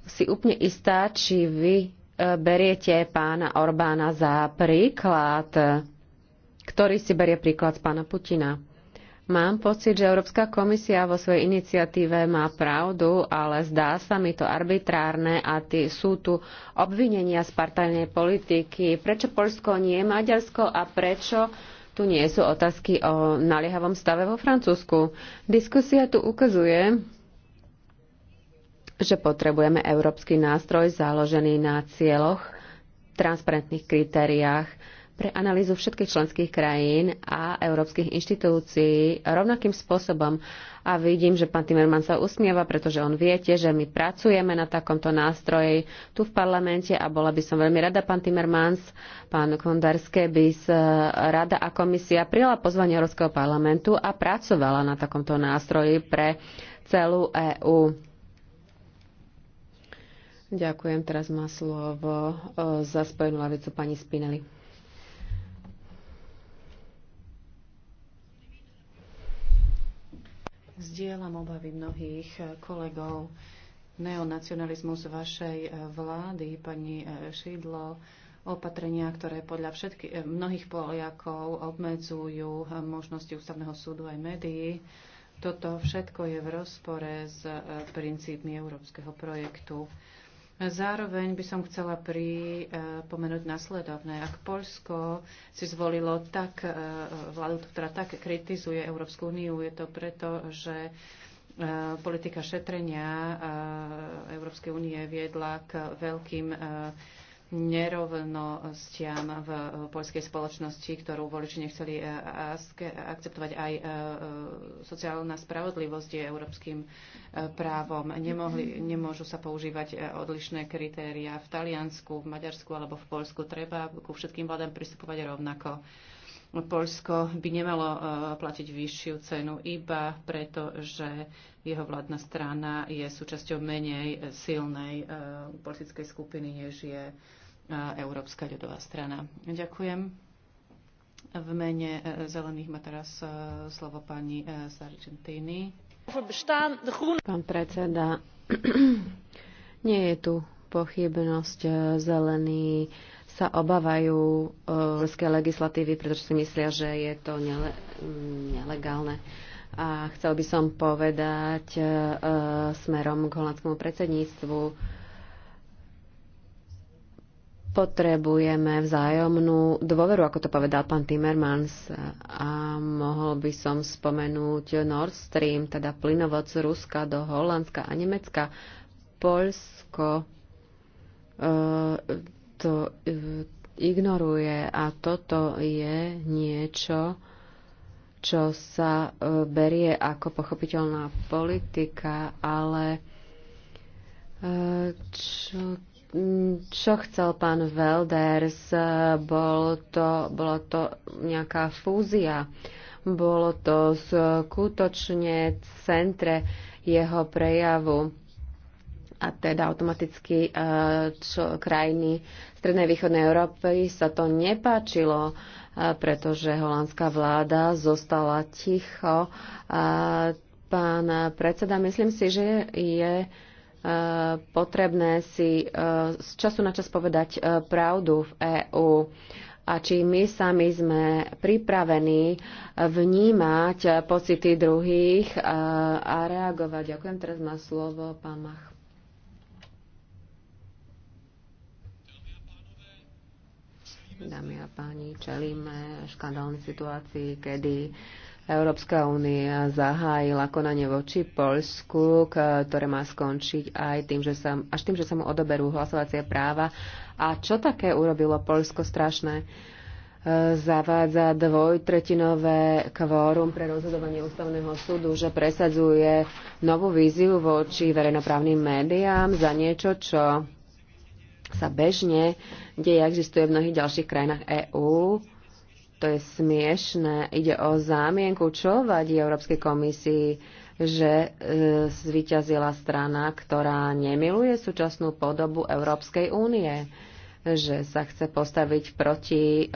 si úplne istá, či vy e, beriete pána Orbána za príklad, ktorý si berie príklad z pána Putina. Mám pocit, že Európska komisia vo svojej iniciatíve má pravdu, ale zdá sa mi to arbitrárne a tí sú tu obvinenia z partajnej politiky. Prečo Polsko nie je Maďarsko a prečo uh, tu nie sú otázky o naliehavom stave vo Francúzsku. Diskusia tu ukazuje, že potrebujeme európsky nástroj založený na cieľoch, transparentných kritériách, pre analýzu všetkých členských krajín a európskych inštitúcií rovnakým spôsobom. A vidím, že pán Timerman sa usmieva, pretože on viete, že my pracujeme na takomto nástroji tu v parlamente a bola by som veľmi rada, pán Timmermans, pán Kondarské by sa e, rada a komisia prijala pozvanie Európskeho parlamentu a pracovala na takomto nástroji pre celú EÚ. Ďakujem, teraz má slovo e, za spojenú lavicu pani Spinelli. Zdieľam obavy mnohých eh, kolegov. Neonacionalizmus vašej eh, vlády, pani eh, Šidlo, opatrenia, ktoré podľa všetky, mnohých Poliakov obmedzujú možnosti ústavného súdu aj médií. Toto všetko je v rozpore s princípmi európskeho projektu. Zároveň by som chcela pripomenúť e, nasledovné. Ak Polsko si zvolilo tak e, vládu, ktorá tak kritizuje Európsku úniu, je to preto, že e, politika šetrenia Európskej únie viedla k veľkým nerovnostiam v eh, poľskej spoločnosti, ktorú voliči nechceli eh, akceptovať. Aj eh, sociálna spravodlivosť je európskym právom. Nemohli, nemôžu sa používať odlišné kritéria v Taliansku, v Maďarsku alebo v Polsku. Treba ku všetkým vládam pristupovať rovnako. Polsko by nemalo platiť vyššiu cenu iba preto, že jeho vládna strana je súčasťou menej silnej politickej skupiny, než je Európska ľudová strana. Ďakujem. V mene e, zelených má teraz e, slovo pani e, Sargentini. Pán predseda, *clears throat* nie je tu pochybnosť. Zelení sa obávajú ruskej legislatívy, pretože si myslia, že je to nele, mm, nelegálne. A chcel by som povedať smerom k holandskému predsedníctvu, potrebujeme vzájomnú dôveru, ako to povedal pán Timmermans. A mohol by som spomenúť Nord Stream, teda plynovod z Ruska do Holandska a Nemecka. Polsko e, to e, ignoruje a toto je niečo, čo sa e, berie ako pochopiteľná politika, ale čo čo chcel pán Velders? Bolo to, bolo to nejaká fúzia. Bolo to skutočne centre jeho prejavu a teda automaticky eh, čo, krajiny Strednej východnej Európy sa to nepáčilo, eh, pretože holandská vláda zostala ticho. Pán predseda, myslím si, že je potrebné si e, z času na čas povedať e, pravdu v EÚ a či my sami sme pripravení e, vnímať pocity druhých a reagovať. Ďakujem, teraz má slovo pán Mach. Dámy a páni, čelíme škandálnej situácii, kedy uh, Európska únia zahájila konanie voči Polsku, ktoré má skončiť aj tým, že sa, až tým, že sa mu odoberú hlasovacie práva. A čo také urobilo Polsko strašné? zavádza dvojtretinové kvórum pre rozhodovanie ústavného súdu, že presadzuje novú víziu voči verejnoprávnym médiám za niečo, čo sa bežne deje, existuje v mnohých ďalších krajinách EÚ to je smiešné. Ide o zámienku, čo vadí Európskej komisii, že e, zvyťazila strana, ktorá nemiluje súčasnú podobu Európskej únie, že sa chce postaviť proti e,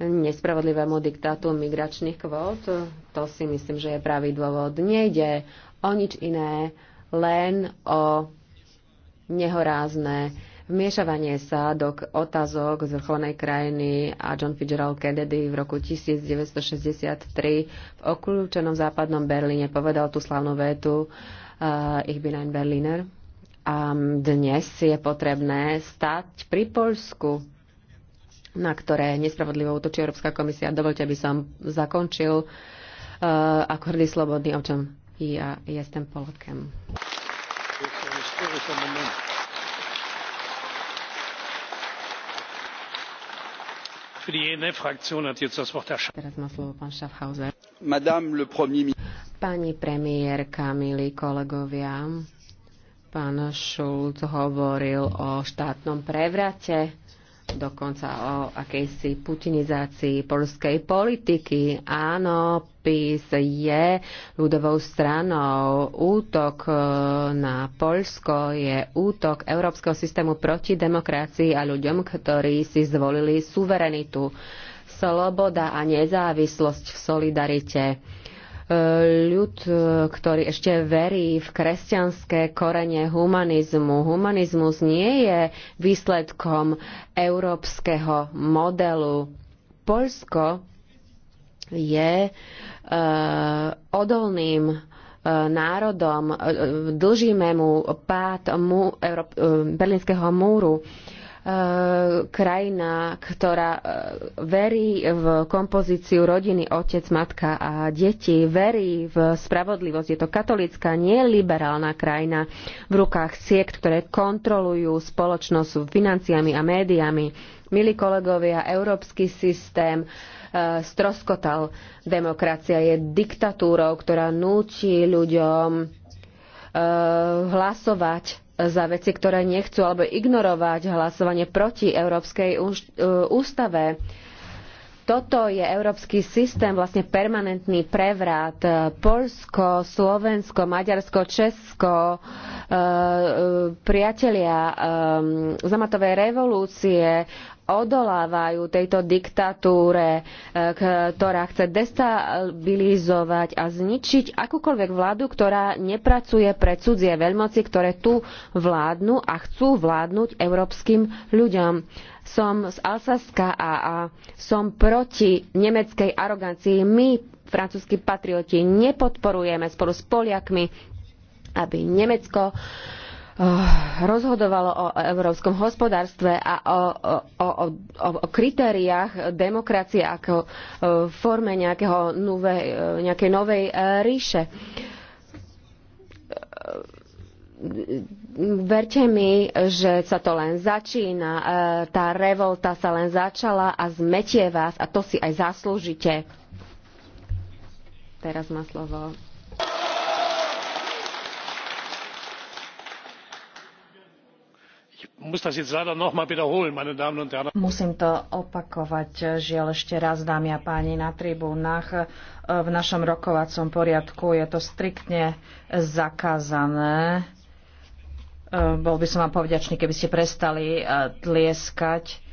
nespravodlivému diktátu migračných kvót. To si myslím, že je pravý dôvod. Nejde o nič iné, len o nehorázne Vmiešavanie sa do otázok z vrcholnej krajiny a John Fitzgerald Kennedy v roku 1963 v okľúčenom západnom Berlíne povedal tú slavnú vetu uh, Ich bin ein Berliner. A dnes je potrebné stať pri Polsku, na ktoré nespravodlivo útočí Európska komisia. Dovolte, aby som zakončil uh, ako hrdý slobodný občan. Ja jestem Polakem. Thank you. E Pani premiérka, milí kolegovia, pán Schulz hovoril o štátnom prevrate dokonca o akejsi putinizácii polskej politiky. Áno, PIS je ľudovou stranou. Útok e, na Polsko je útok európskeho systému proti demokracii a ľuďom, ktorí si zvolili suverenitu, sloboda a nezávislosť v solidarite ľud, ktorý ešte verí v kresťanské korene humanizmu. Humanizmus nie je výsledkom európskeho modelu. Polsko je e, odolným e, národom, e, dlžíme mu pád mu, Euró- Berlínskeho múru Eh, krajina, ktorá eh, verí v kompozíciu rodiny, otec, matka a deti, verí v spravodlivosť. Je to katolická, neliberálna krajina v rukách siekt, ktoré kontrolujú spoločnosť financiami a médiami. Milí kolegovia, európsky systém eh, stroskotal. Demokracia je diktatúrou, ktorá núti ľuďom hlasovať za veci, ktoré nechcú, alebo ignorovať hlasovanie proti Európskej e, ústave. Toto je európsky systém, vlastne permanentný prevrat. Polsko, Slovensko, Maďarsko, Česko, e, e, priatelia zamatové revolúcie odolávajú tejto diktatúre, e, ktorá chce destabilizovať a zničiť akúkoľvek vládu, ktorá nepracuje pre cudzie veľmoci, ktoré tu vládnu a chcú vládnuť európskym ľuďom. Som z Alsaska a, a som proti nemeckej arogancii. My, francúzski patrioti, nepodporujeme spolu s Poliakmi, aby Nemecko uh, Eh, rozhodovalo o európskom hospodárstve a o, o, o, o kritériách demokracie ako v eh, forme nejakého nové, eh, nejakej novej ríše. Verte mi, že sa to len začína, tá revolta sa len začala a zmetie vás a to si aj zaslúžite. Teraz má slovo Musím to opakovať, eh, žiaľ ešte raz, dámy a páni, na tribúnach. Eh, v našom rokovacom poriadku je to striktne zakázané. Eh, bol by som vám povďačný, keby ste prestali tlieskať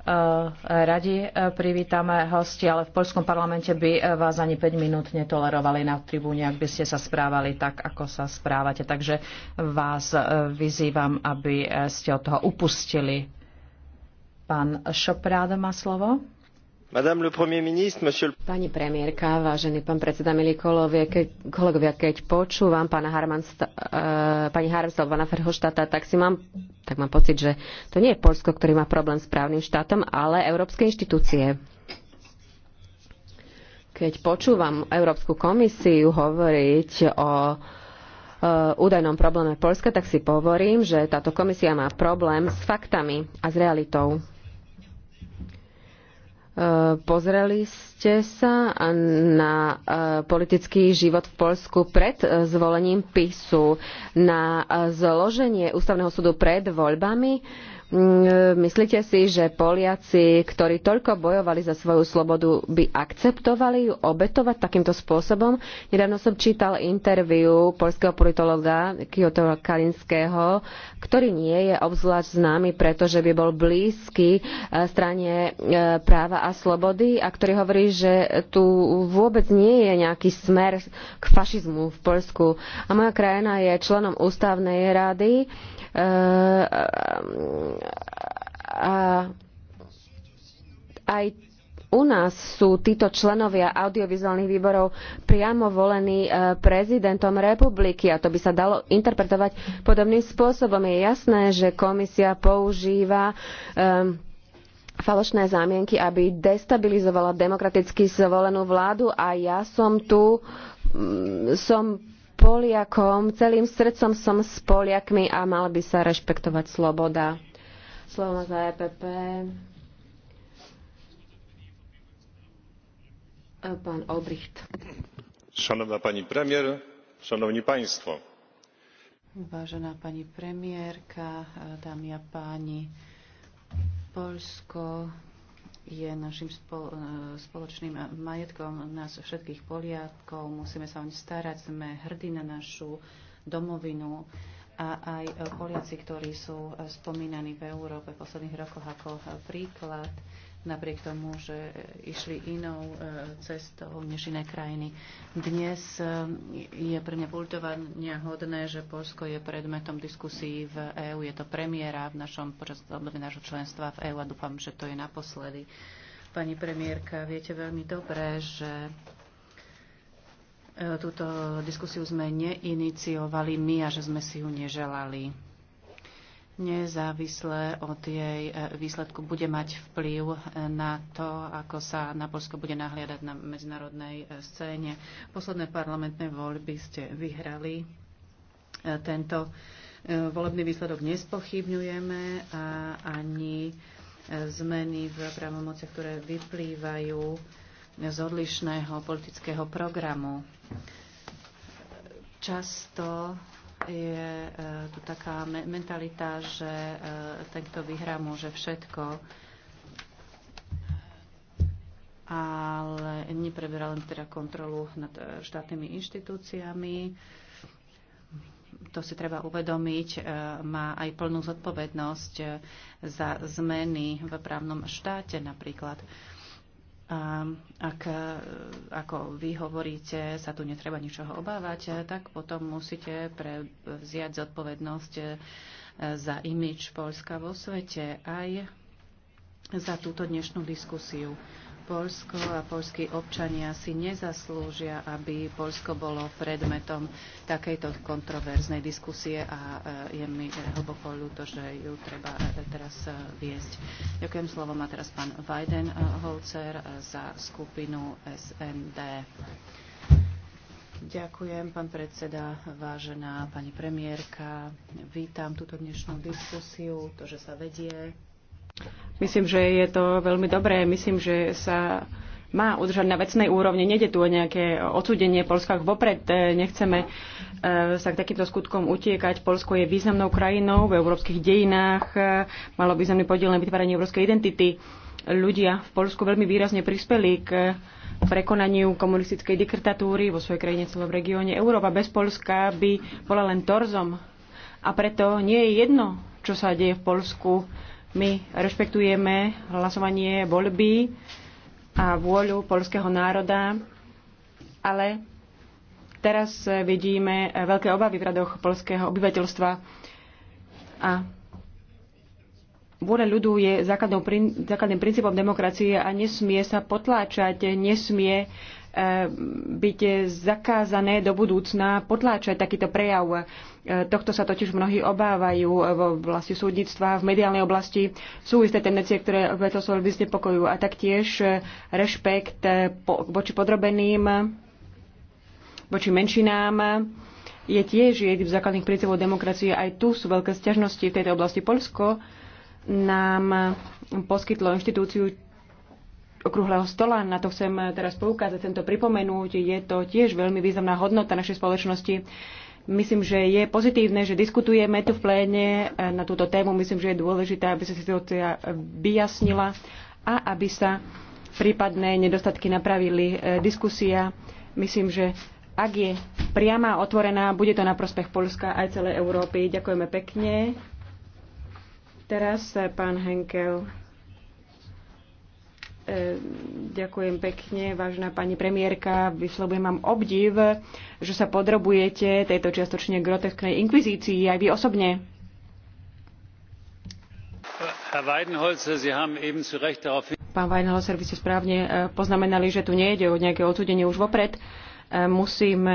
Eh, radi eh, privítame hosti, ale v Polskom parlamente by eh, vás ani 5 minút netolerovali na tribúne, ak by ste sa správali tak, ako sa správate. Takže vás vyzývam, aby ste od toho upustili. Pán Šoprád má slovo. Pani premiérka, vážený pán predseda, milí kolegovia, keď, počúvam eh, pani Harmsel, pána Ferhoštata, tak si mám, tak mám pocit, že to nie je Poľsko, ktorý má problém s právnym štátom, ale európske inštitúcie. Keď počúvam Európsku komisiu hovoriť o eh, údajnom probléme Polska, tak si povorím, že táto komisia má problém s faktami a s realitou. Eh, pozreli ste sa na eh, politický život v Polsku pred eh, zvolením PISu, na zloženie ústavného súdu pred voľbami Mm, myslíte si, že Poliaci, ktorí toľko bojovali za svoju slobodu, by akceptovali ju obetovať takýmto spôsobom? Nedávno som čítal interviu polského politologa Kyoto Kalinského, ktorý nie je obzvlášť známy, pretože by bol blízky e, strane e, práva a slobody a ktorý hovorí, že tu vôbec nie je nejaký smer k fašizmu v Polsku. A moja krajina je členom ústavnej rady e, a aj u nás sú títo členovia audiovizuálnych výborov priamo volení e, prezidentom republiky a to by sa dalo interpretovať podobným spôsobom. Je jasné, že komisia používa um, falošné zámienky, aby destabilizovala demokraticky zvolenú vládu a ja som tu, um, som Poliakom, celým srdcom som s Poliakmi a mala by sa rešpektovať sloboda Slovo má za EPP. Pán Obricht. Szanowna pani premier, szanowni państwo. Vážená pani premiérka, dámy a páni, Polsko je našim spoločným majetkom nás všetkých Poliakov. Musíme sa oň starať, sme hrdí na našu domovinu a aj e, Poliaci, ktorí sú e, spomínaní v Európe v posledných rokoch ako e, príklad, napriek tomu, že išli inou cestou než iné krajiny. Dnes je pre mňa pultovania hodné, že Polsko je predmetom diskusí v EÚ. Je to premiéra v našom počas nášho členstva v EÚ a dúfam, že to je naposledy. Pani premiérka, viete veľmi dobre, že túto diskusiu sme neiniciovali my a že sme si ju neželali. Nezávisle od jej e, výsledku bude mať vplyv na to, ako sa na Polsko bude nahliadať na medzinárodnej e, scéne. Posledné parlamentné voľby ste vyhrali. E, tento volebný výsledok nespochybňujeme a ani zmeny v právomociach, ktoré vyplývajú z odlišného politického programu. Často je e, tu taká mentalita, že e, ten, kto vyhrá, môže všetko ale nepreberá len teda kontrolu nad e, štátnymi inštitúciami. To si treba uvedomiť. Má aj plnú zodpovednosť za zmeny v právnom štáte napríklad. A ak, ako vy hovoríte, sa tu netreba ničoho obávať, tak potom musíte vziať zodpovednosť e, za imič Polska vo svete aj za túto dnešnú diskusiu. Polsko a polskí občania si nezaslúžia, aby Polsko bolo predmetom takejto kontroverznej diskusie a e, je mi e, hlboko ľúto, že ju treba e, teraz viesť. Ďakujem slovo má teraz pán Weidenholzer za skupinu SND. Ďakujem, pán predseda, vážená pani premiérka. Vítam túto dnešnú diskusiu, to, že sa vedie Myslím, že je to veľmi dobré. Myslím, že sa má udržať na vecnej úrovni. Nede tu o nejaké odsudenie Polska vopred. Eh, nechceme eh, sa k takýmto skutkom utiekať. Polsko je významnou krajinou v európskych dejinách. Eh, malo významný podiel na vytváraní európskej identity. Ľudia v Polsku veľmi výrazne prispeli k prekonaniu komunistickej diktatúry vo svojej krajine celom regióne. Európa bez Polska by bola len torzom. A preto nie je jedno, čo sa deje v Polsku my rešpektujeme hlasovanie voľby a vôľu polského národa, ale teraz vidíme veľké obavy v radoch polského obyvateľstva a Vôľa ľudu je základným princípom demokracie a nesmie sa potláčať, nesmie e, byť zakázané do budúcna potláčať takýto prejav. E, tohto sa totiž mnohí obávajú vo vlasti súdnictva, v mediálnej oblasti. Sú isté tendencie, ktoré obyvateľstvo veľmi znepokojujú a taktiež e, rešpekt e, voči podrobeným, voči menšinám je tiež jedným z základných princípov demokracie. Aj tu sú veľké sťažnosti v tejto oblasti. Polsko nám poskytlo inštitúciu okrúhleho stola. Na to chcem teraz poukázať, chcem to pripomenúť. Je to tiež veľmi významná hodnota našej spoločnosti. Myslím, že je pozitívne, že diskutujeme tu v pléne e, na túto tému. Myslím, že je dôležité, aby sa situácia vyjasnila a aby sa prípadné nedostatky napravili. E, diskusia, myslím, že ak je priama a otvorená, bude to na prospech Polska aj celej Európy. Ďakujeme pekne. Teraz e, pán Henkel. E, ďakujem pekne, vážna pani premiérka. Vyslovujem vám obdiv, že sa podrobujete tejto čiastočne grotesknej inkvizícii aj vy osobne. Pán Weidenholzer, vy ste správne e, poznamenali, že tu nejde o nejaké odsudenie už vopred. E, musím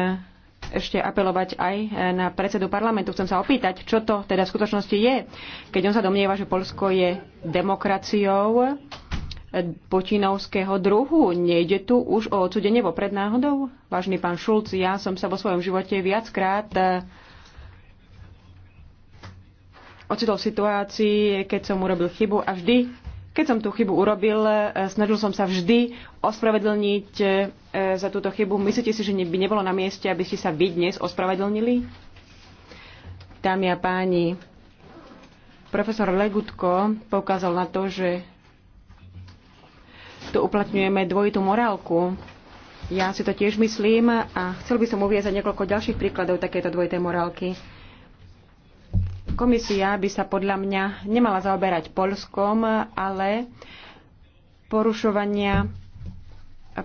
ešte apelovať aj na predsedu parlamentu. Chcem sa opýtať, čo to teda v skutočnosti je, keď on sa domnieva, že Polsko je demokraciou potinovského druhu. Nejde tu už o odsudenie vopred náhodou? Vážny pán Šulc, ja som sa vo svojom živote viackrát e, ocitol v situácii, keď som urobil chybu a vždy, keď som tú chybu urobil, e, snažil som sa vždy ospravedlniť e, za túto chybu. Myslíte si, že by nebolo na mieste, aby ste sa vy dnes ospravedlnili? Dámy a páni, profesor Legutko poukázal na to, že tu uplatňujeme dvojitú morálku. Ja si to tiež myslím a chcel by som uviezať niekoľko ďalších príkladov takéto dvojitej morálky. Komisia by sa podľa mňa nemala zaoberať Polskom, ale porušovania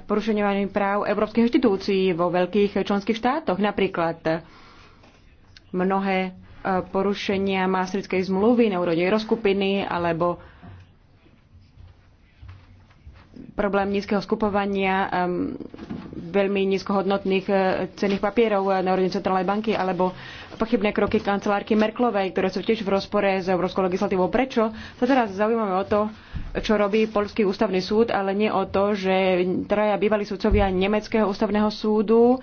porušovaním práv európskych inštitúcií vo veľkých členských štátoch. Napríklad mnohé e, porušenia Maastrichtskej zmluvy na úrode rozkupiny alebo problém nízkeho skupovania veľmi nízkohodnotných eh, cenných papierov eh, Národnej centrálnej banky alebo pochybné kroky kancelárky Merklovej, ktoré sú tiež v rozpore s európskou legislatívou. Prečo sa teraz zaujímame o to, čo robí Polský ústavný súd, ale nie o to, že traja bývalí súdcovia Nemeckého ústavného súdu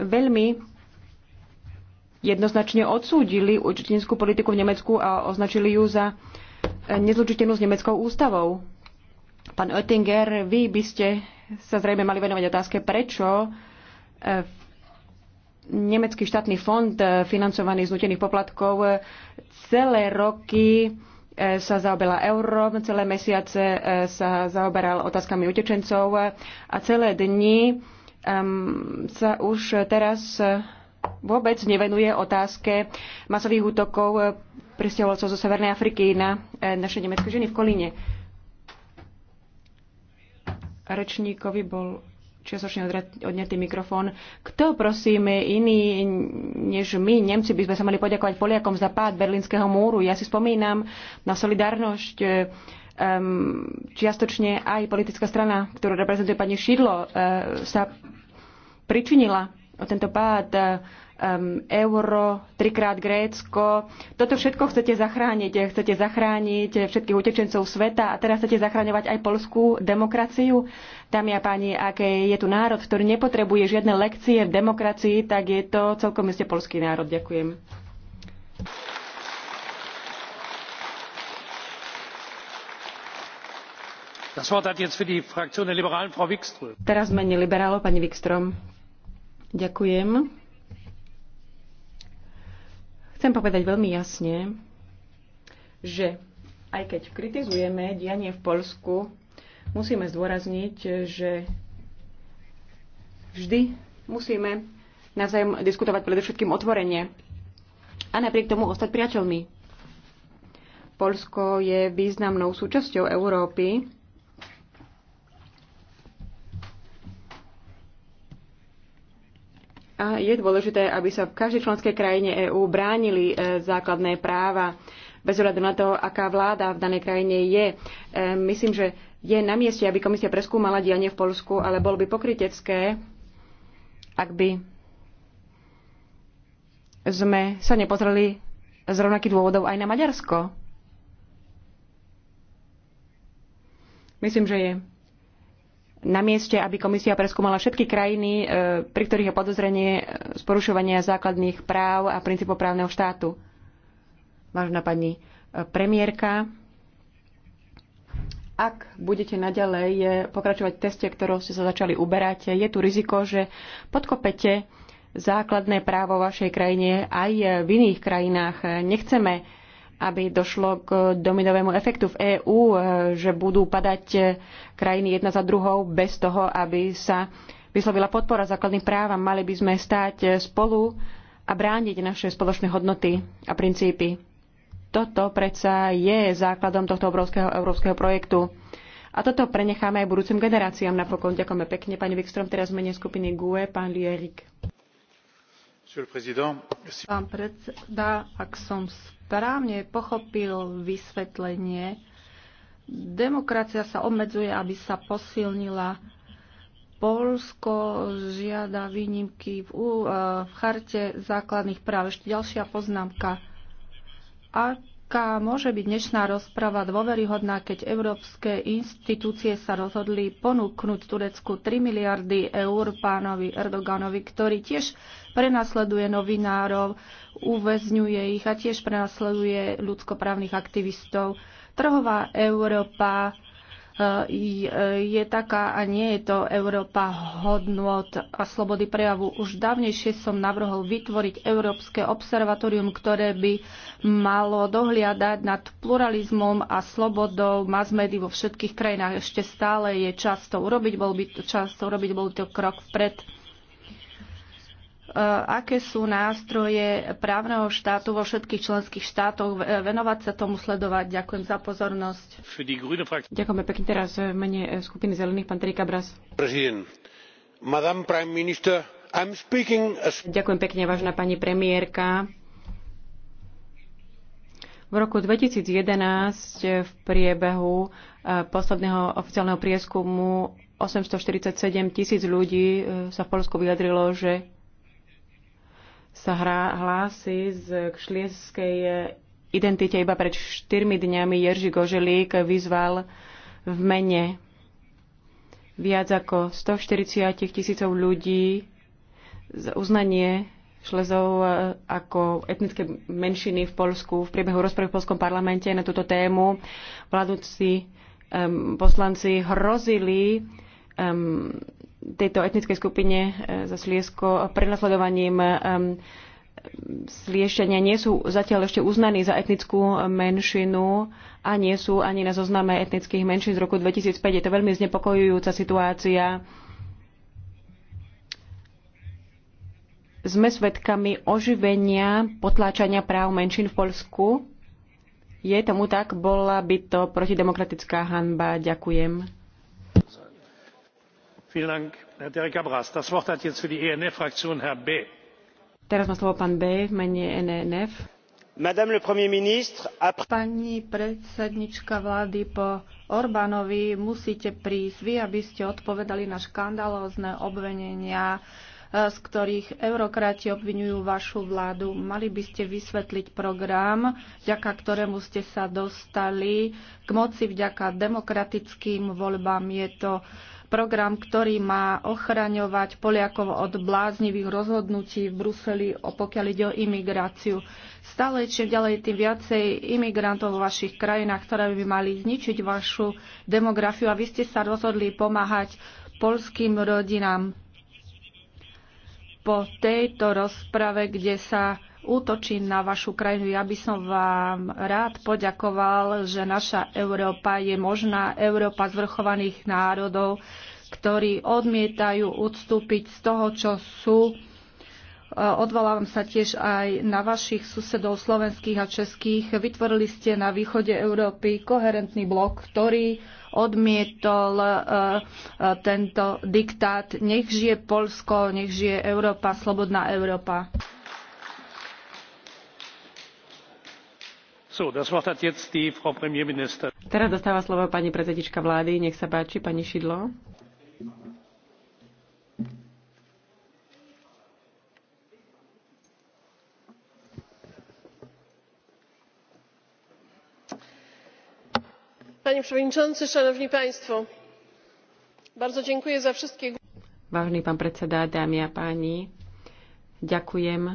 veľmi jednoznačne odsúdili čínsku politiku v Nemecku a označili ju za eh, nezlučiteľnú s nemeckou ústavou. Pán Oettinger, vy by ste sa zrejme mali venovať otázke, prečo e, nemecký štátny fond e, financovaný z nutených poplatkov e, celé roky sa zaoberala eurom, celé mesiace sa zaoberal otázkami utečencov a celé dni sa už teraz vôbec nevenuje otázke masových útokov presťahovalcov zo Severnej Afriky na naše nemecké ženy v Kolíne. Rečníkovi bol čiastočne odňatý mikrofón. Kto, prosím, iný než my, Nemci, by sme sa mali poďakovať Poliakom za pád Berlínskeho múru? Ja si spomínam na solidárnosť um, eh, čiastočne aj politická strana, ktorú reprezentuje pani Šidlo, uh, sa pričinila o tento pád. Uh, um, euro, trikrát Grécko. Toto všetko chcete zachrániť. Chcete zachrániť všetkých utečencov sveta a teraz chcete zachráňovať aj polskú demokraciu. Tam a pani aké je tu národ, ktorý nepotrebuje žiadne lekcie v demokracii, tak je to celkom iste polský národ. Ďakujem. Teraz mene liberálov pani Wikström. Ďakujem. Chcem povedať veľmi jasne, že aj keď kritizujeme dianie v Polsku, musíme zdôrazniť, že vždy musíme navzájom diskutovať predovšetkým otvorenie a napriek tomu ostať priateľmi. Polsko je významnou súčasťou Európy A je dôležité, aby sa v každej členskej krajine EÚ bránili e, základné práva bez ohľadu na to, aká vláda v danej krajine je. E, myslím, že je na mieste, aby komisia preskúmala dianie v Polsku, ale bolo by pokrytecké, ak by sme sa nepozreli z rovnakých dôvodov aj na Maďarsko. Myslím, že je na mieste, aby komisia preskúmala všetky krajiny, e, pri ktorých je podozrenie z porušovania základných práv a princípov právneho štátu. Vážená pani e, premiérka, ak budete naďalej e, pokračovať v teste, ktorou ste sa začali uberať, je tu riziko, že podkopete základné právo vašej krajine aj v iných krajinách. Nechceme aby došlo k dominovému efektu v EÚ, e, že budú padať e, krajiny jedna za druhou bez toho, aby sa vyslovila podpora základných práv a mali by sme stáť e, spolu a brániť naše spoločné hodnoty a princípy. Toto predsa je základom tohto obrovského európskeho projektu. A toto prenecháme aj budúcim generáciám. Napokon ďakujeme pekne. Pani Wikström, teraz mene skupiny GUE, pán Lierik. Pán predseda, ak som správne pochopil vysvetlenie, demokracia sa obmedzuje, aby sa posilnila. Polsko žiada výnimky v, e, v charte základných práv. Ešte ďalšia poznámka. Aká môže byť dnešná rozprava dôveryhodná, keď európske inštitúcie sa rozhodli ponúknuť Turecku 3 miliardy eur pánovi Erdoganovi, ktorý tiež prenasleduje novinárov, uväzňuje ich a tiež prenasleduje ľudskoprávnych aktivistov. Trhová Európa eh, eh, je taká a nie je to Európa hodnot a slobody prejavu. Už dávnejšie som navrhol vytvoriť Európske observatórium, ktoré by malo dohliadať nad pluralizmom a slobodou mass vo všetkých krajinách. Ešte stále je čas to urobiť, bol by to, čas to urobiť, bol by to krok vpred. Eh, aké sú nástroje právneho štátu vo všetkých členských štátoch, eh, venovať sa tomu, sledovať. Ďakujem za pozornosť. Ďakujeme pekne teraz eh, v mene skupiny Zelených, pán Terika Bras. Ďakujem pekne, vážna pani premiérka. V roku 2011 v priebehu posledného oficiálneho prieskumu 847 tisíc ľudí sa v Polsku vyjadrilo, že sa hrá, hlási z, k šlieskej e, identite iba pred štyrmi dňami Jerži Goželík vyzval v mene viac ako 140 tisícov ľudí za uznanie šlezov e, ako etnické menšiny v Polsku. V priebehu rozpravy v Polskom parlamente na túto tému vládúci um, poslanci hrozili um, tejto etnickej skupine e, za Sliesko prenasledovaním e, Sliešťania nie sú zatiaľ ešte uznaní za etnickú menšinu a nie sú ani na zozname etnických menšín z roku 2005. Je to veľmi znepokojujúca situácia. Sme svedkami oživenia potláčania práv menšín v Polsku. Je tomu tak, bola by to protidemokratická hanba. Ďakujem. E teraz má slovo pán bay v mene enf. pani predsedníčka vlády po orbánovi musíte prísť vy aby ste odpovedali na škandalózne obvinenia eh, z ktorých eurokrati obviňujú vašu vládu. Mali by ste vysvetliť program, vďaka ktorému ste sa dostali k moci vďaka demokratickým voľbám. Je to program, ktorý má ochraňovať Poliakov od bláznivých rozhodnutí v Bruseli, pokiaľ ide o imigráciu. Stále čím ďalej, tým viacej imigrantov vo vašich krajinách, ktoré by mali zničiť vašu demografiu a vy ste sa rozhodli pomáhať polským rodinám. Po tejto rozprave, kde sa útočím na vašu krajinu. Ja by som vám rád poďakoval, že naša Európa je možná Európa zvrchovaných národov, ktorí odmietajú odstúpiť z toho, čo sú. E, Odvolávam sa tiež aj na vašich susedov slovenských a českých. Vytvorili ste na východe Európy koherentný blok, ktorý odmietol e, e, tento diktát. Nech žije Polsko, nech žije Európa, slobodná Európa. Teraz dostáva slovo pani predsedička vlády. Nech sa páči, pani Šidlo. panie przewodniczący! szanowni państwo! bardzo dziękuję za wszystkie. vážený pán predseda dámy a páni ďakujem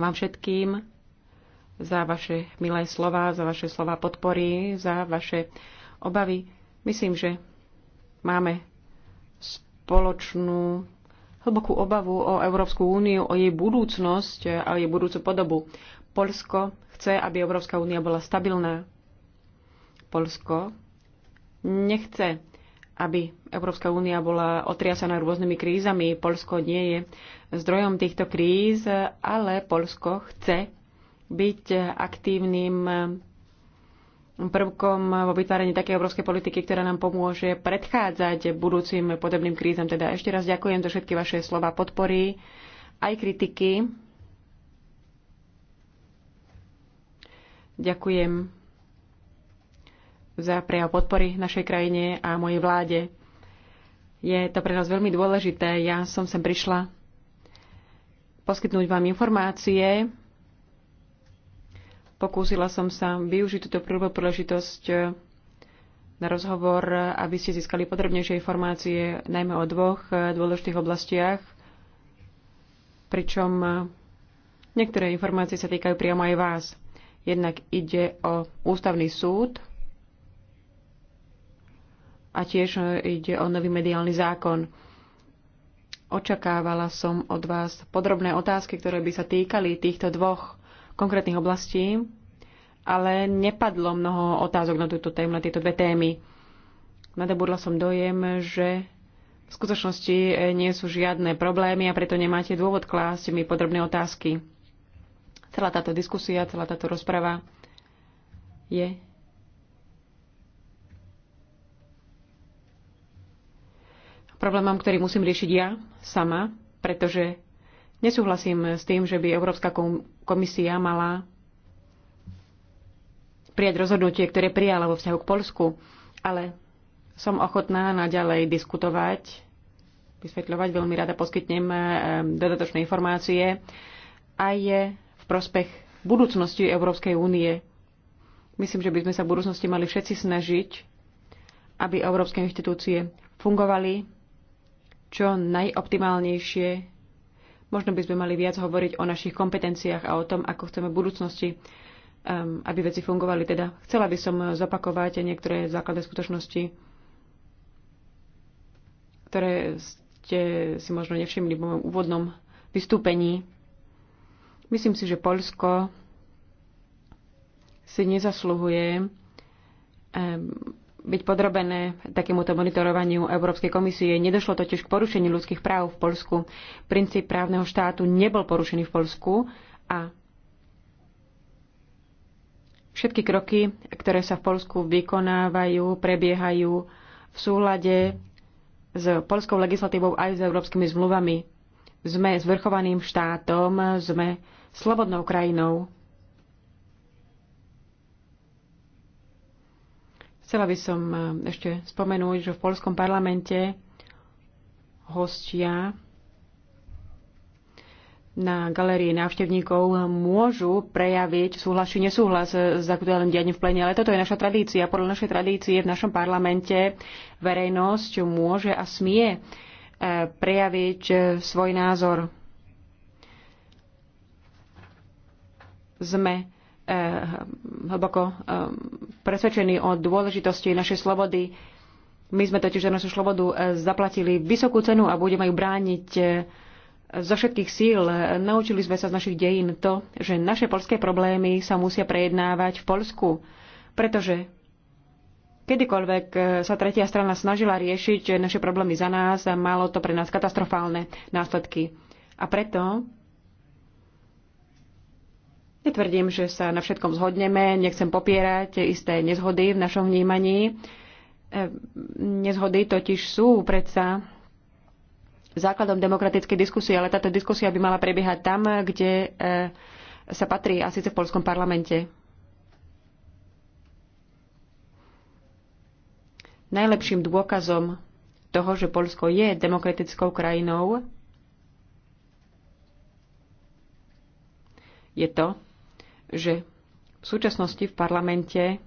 vám všetkým za vaše milé slova, za vaše slova podpory, za vaše obavy. Myslím, že máme spoločnú hlbokú obavu o Európsku úniu, o jej budúcnosť a jej budúcu podobu. Polsko chce, aby Európska únia bola stabilná. Polsko nechce, aby Európska únia bola otriasaná rôznymi krízami. Polsko nie je zdrojom týchto kríz, ale Polsko chce, byť aktívnym prvkom vo vytváraní takej európskej politiky, ktorá nám pomôže predchádzať budúcim podobným krízam. Teda ešte raz ďakujem za všetky vaše slova podpory, aj kritiky. Ďakujem za prejav podpory našej krajine a mojej vláde. Je to pre nás veľmi dôležité. Ja som sem prišla poskytnúť vám informácie Pokúsila som sa využiť túto prvú príležitosť eh, na rozhovor, aby ste získali podrobnejšie informácie najmä o dvoch eh, dôležitých oblastiach, pričom eh, niektoré informácie sa týkajú priamo aj vás. Jednak ide o ústavný súd a tiež ide o nový mediálny zákon. Očakávala som od vás podrobné otázky, ktoré by sa týkali týchto dvoch konkrétnych oblastí, ale nepadlo mnoho otázok na túto tému, na tieto dve témy. Nadobudla som dojem, že v skutočnosti e, nie sú žiadne problémy a preto nemáte dôvod klásť mi podrobné otázky. Celá táto diskusia, celá táto rozprava je problémom, ktorý musím riešiť ja sama, pretože Nesúhlasím s tým, že by Európska komisia mala prijať rozhodnutie, ktoré prijala vo vzťahu k Polsku, ale som ochotná naďalej diskutovať, vysvetľovať. Veľmi rada poskytnem eh, dodatočné informácie aj je v prospech budúcnosti Európskej únie. Myslím, že by sme sa v budúcnosti mali všetci snažiť, aby európske inštitúcie fungovali čo najoptimálnejšie Možno by sme mali viac hovoriť o našich kompetenciách a o tom, ako chceme v budúcnosti, um, aby veci fungovali. Teda chcela by som zopakovať niektoré základné skutočnosti, ktoré ste si možno nevšimli v mojom úvodnom vystúpení. Myslím si, že Polsko si nezasluhuje um, byť podrobené takémuto monitorovaniu Európskej komisie. Nedošlo totiž k porušeniu ľudských práv v Polsku. Princíp právneho štátu nebol porušený v Polsku a všetky kroky, ktoré sa v Polsku vykonávajú, prebiehajú v súlade s polskou legislatívou aj s európskymi zmluvami. Sme zvrchovaným štátom, sme slobodnou krajinou Chcela by som eh, ešte spomenúť, že v Polskom parlamente hostia na galerii návštevníkov môžu prejaviť súhlas či nesúhlas s aktuálnym dianím v plene, ale toto je naša tradícia. Podľa našej tradície v našom parlamente verejnosť môže a smie eh, prejaviť eh, svoj názor. Sme Eh, hlboko eh, presvedčení o dôležitosti našej slobody. My sme totiž za našu slobodu eh, zaplatili vysokú cenu a budeme ju brániť zo všetkých síl. Naučili sme sa z našich dejín to, že naše polské problémy sa musia prejednávať v Polsku, pretože kedykoľvek sa tretia strana snažila riešiť naše problémy za nás, malo to pre nás katastrofálne následky. A preto Netvrdím, že sa na všetkom zhodneme, nechcem popierať isté nezhody v našom vnímaní. E, nezhody totiž sú predsa základom demokratickej diskusie, ale táto diskusia by mala prebiehať tam, kde e, sa patrí, a síce v Polskom parlamente. Najlepším dôkazom toho, že Polsko je demokratickou krajinou, je to, že v súčasnosti v parlamente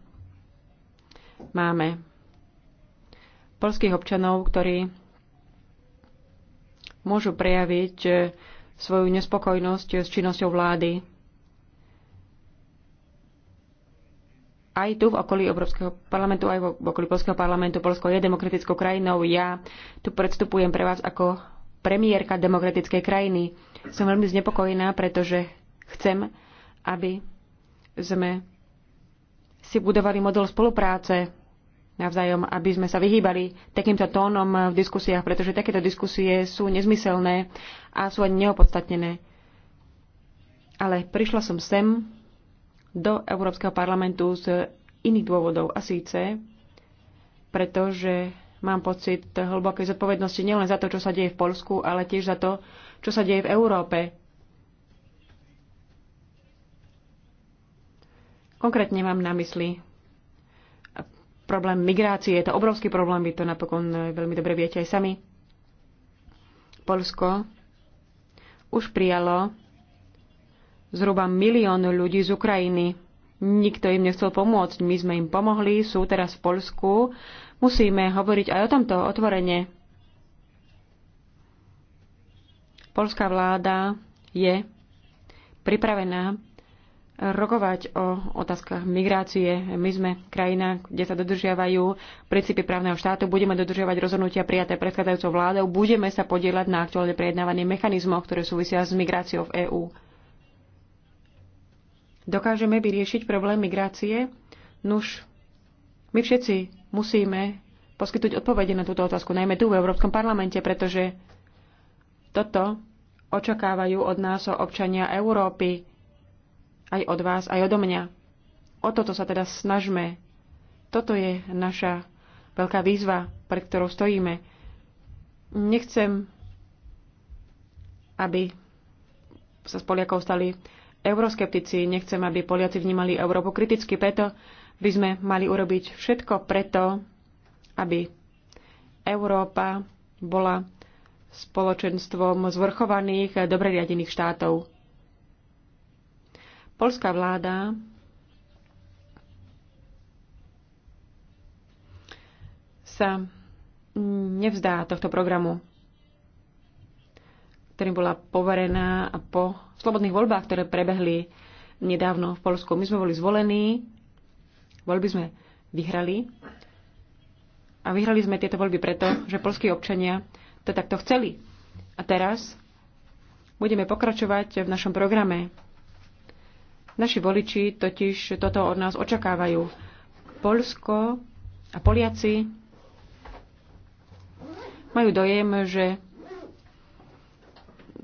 máme polských občanov, ktorí môžu prejaviť e, svoju nespokojnosť s činnosťou vlády aj tu v okolí Európskeho parlamentu, aj v okolí Polského parlamentu. Polsko je demokratickou krajinou. Ja tu predstupujem pre vás ako premiérka demokratickej krajiny. Som veľmi znepokojená, pretože chcem, aby sme si budovali model spolupráce navzájom, aby sme sa vyhýbali takýmto tónom v diskusiách, pretože takéto diskusie sú nezmyselné a sú ani neopodstatnené. Ale prišla som sem do Európskeho parlamentu z iných dôvodov a síce, pretože mám pocit hlbokej zodpovednosti nielen za to, čo sa deje v Polsku, ale tiež za to, čo sa deje v Európe. Konkrétne mám na mysli problém migrácie. Je to obrovský problém, vy to napokon veľmi dobre viete aj sami. Polsko už prijalo zhruba milión ľudí z Ukrajiny. Nikto im nechcel pomôcť, my sme im pomohli, sú teraz v Polsku. Musíme hovoriť aj o tomto otvorene. Polská vláda je pripravená rokovať o otázkach migrácie. My sme krajina, kde sa dodržiavajú princípy právneho štátu, budeme dodržiavať rozhodnutia prijaté predchádzajúcou vládou, budeme sa podielať na aktuálne prejednávaných mechanizmoch, ktoré súvisia s migráciou v EÚ. Dokážeme vyriešiť problém migrácie? Nuž, my všetci musíme poskytnúť odpovede na túto otázku, najmä tu v Európskom parlamente, pretože toto očakávajú od nás občania Európy aj od vás, aj odo mňa. O toto sa teda snažme. Toto je naša veľká výzva, pred ktorou stojíme. Nechcem, aby sa z Poliakov stali euroskeptici, nechcem, aby Poliaci vnímali Európu kriticky, preto by sme mali urobiť všetko preto, aby Európa bola spoločenstvom zvrchovaných, dobre riadených štátov. Polská vláda sa nevzdá tohto programu, ktorým bola poverená po slobodných voľbách, ktoré prebehli nedávno v Polsku. My sme boli zvolení, voľby sme vyhrali a vyhrali sme tieto voľby preto, že polskí občania to takto chceli. A teraz budeme pokračovať v našom programe Naši voliči totiž toto od nás očakávajú. Polsko a Poliaci majú dojem, že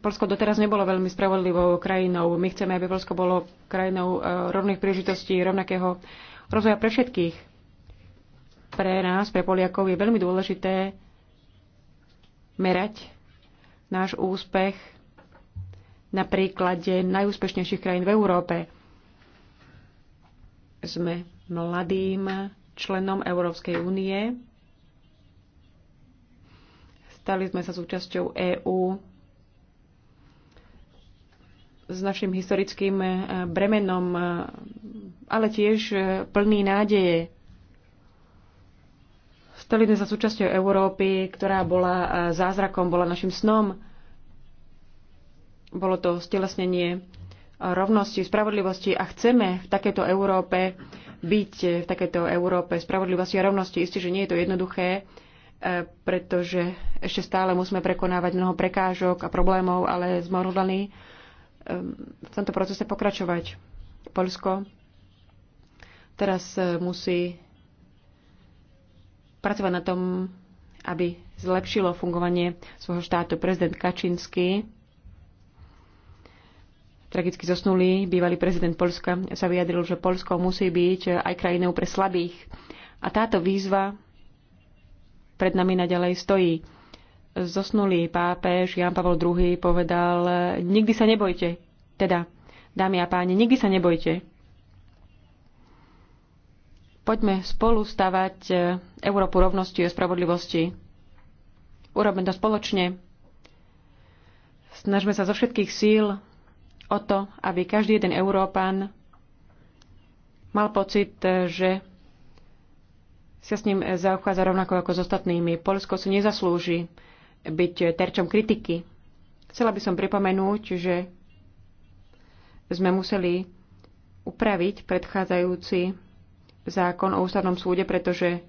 Polsko doteraz nebolo veľmi spravodlivou krajinou. My chceme, aby Polsko bolo krajinou e, rovných príležitostí, rovnakého rozvoja pre všetkých. Pre nás, pre Poliakov, je veľmi dôležité merať náš úspech na príklade najúspešnejších krajín v Európe. Sme mladým členom Európskej únie. Stali sme sa súčasťou EÚ s našim historickým eh, bremenom, eh, ale tiež eh, plný nádeje. Stali sme sa súčasťou Európy, ktorá bola zázrakom, bola našim snom. Bolo to stelesnenie rovnosti, spravodlivosti a chceme v takejto Európe byť, v takejto Európe spravodlivosti a rovnosti. Isté, že nie je to jednoduché, e, pretože ešte stále musíme prekonávať mnoho prekážok a problémov, ale sme odhodlaní e, v tomto procese pokračovať. Polsko teraz e, musí pracovať na tom, aby zlepšilo fungovanie svojho štátu. Prezident Kačinsky tragicky zosnulý bývalý prezident Polska sa vyjadril, že Polsko musí byť aj krajinou pre slabých. A táto výzva pred nami naďalej stojí. Zosnulý pápež Jan Pavel II povedal, nikdy sa nebojte. Teda, dámy a páni, nikdy sa nebojte. Poďme spolu stavať e, Európu rovnosti a spravodlivosti. Urobme to spoločne. Snažme sa zo všetkých síl o to, aby každý jeden Európan mal pocit, že sa s ním zaochádza rovnako ako s ostatnými. Polsko si nezaslúži byť terčom kritiky. Chcela by som pripomenúť, že sme museli upraviť predchádzajúci zákon o ústavnom súde, pretože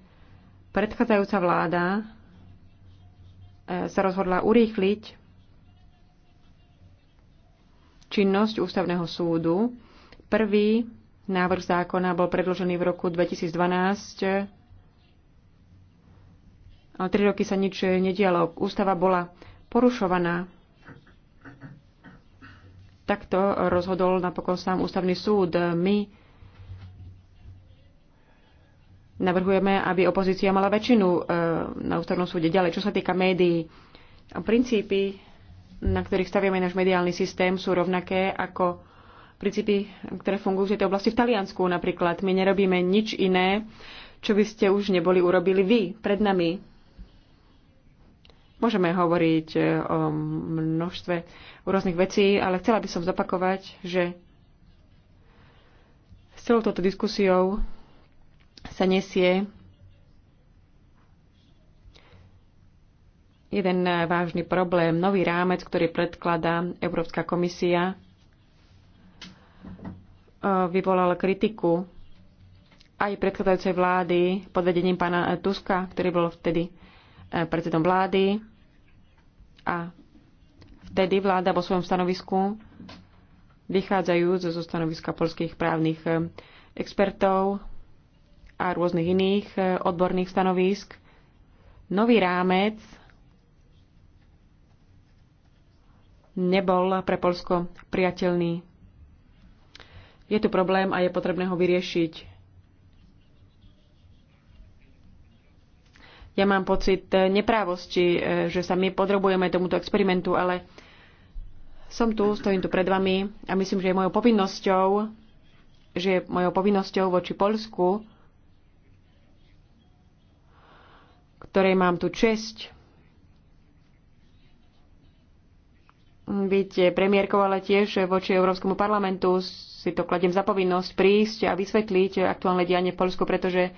predchádzajúca vláda eh, sa rozhodla urýchliť činnosť Ústavného súdu. Prvý návrh zákona bol predložený v roku 2012, ale tri roky sa nič nedialo. Ústava bola porušovaná. Takto rozhodol napokon sám Ústavný súd. My navrhujeme, aby opozícia mala väčšinu eh, na ústavnom súde. Ďalej, čo sa týka médií, princípy na ktorých staviame náš mediálny systém, sú rovnaké ako princípy, ktoré fungujú v tejto oblasti v Taliansku napríklad. My nerobíme nič iné, čo by ste už neboli urobili vy pred nami. Môžeme hovoriť eh, o množstve rôznych vecí, ale chcela by som zopakovať, že s celou touto diskusiou sa nesie jeden vážny problém. Nový rámec, ktorý predkladá Európska komisia, e, vyvolal kritiku aj predkladajúcej vlády pod vedením pána Tuska, ktorý bol vtedy e, predsedom vlády. A vtedy vláda vo svojom stanovisku, vychádzajúc zo stanoviska polských právnych e, expertov a rôznych iných odborných stanovisk, nový rámec nebol pre Polsko priateľný. Je tu problém a je potrebné ho vyriešiť. Ja mám pocit neprávosti, e, že sa my podrobujeme tomuto experimentu, ale som tu, stojím tu pred vami a myslím, že je mojou povinnosťou, že je mojou povinnosťou voči Polsku, ktorej mám tu česť byť premiérkou, ale tiež voči Európskemu parlamentu si to kladiem za povinnosť prísť a vysvetliť aktuálne dianie v Polsku, pretože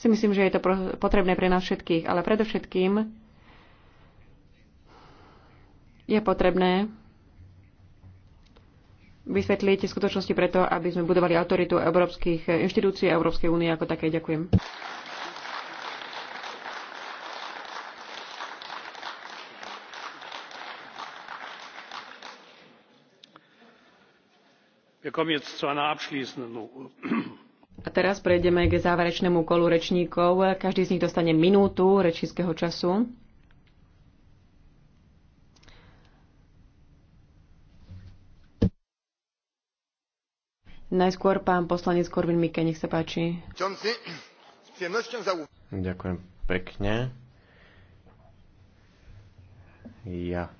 si myslím, že je to potrebné pre nás všetkých. Ale predovšetkým je potrebné vysvetliť skutočnosti preto, aby sme budovali autoritu európskych inštitúcií a Európskej únie ako také. Ďakujem. A teraz prejdeme k záverečnému kolu rečníkov. Každý z nich dostane minútu rečníckého času. Najskôr pán poslanec Korvin Mike, nech sa páči. Ďakujem pekne. Ja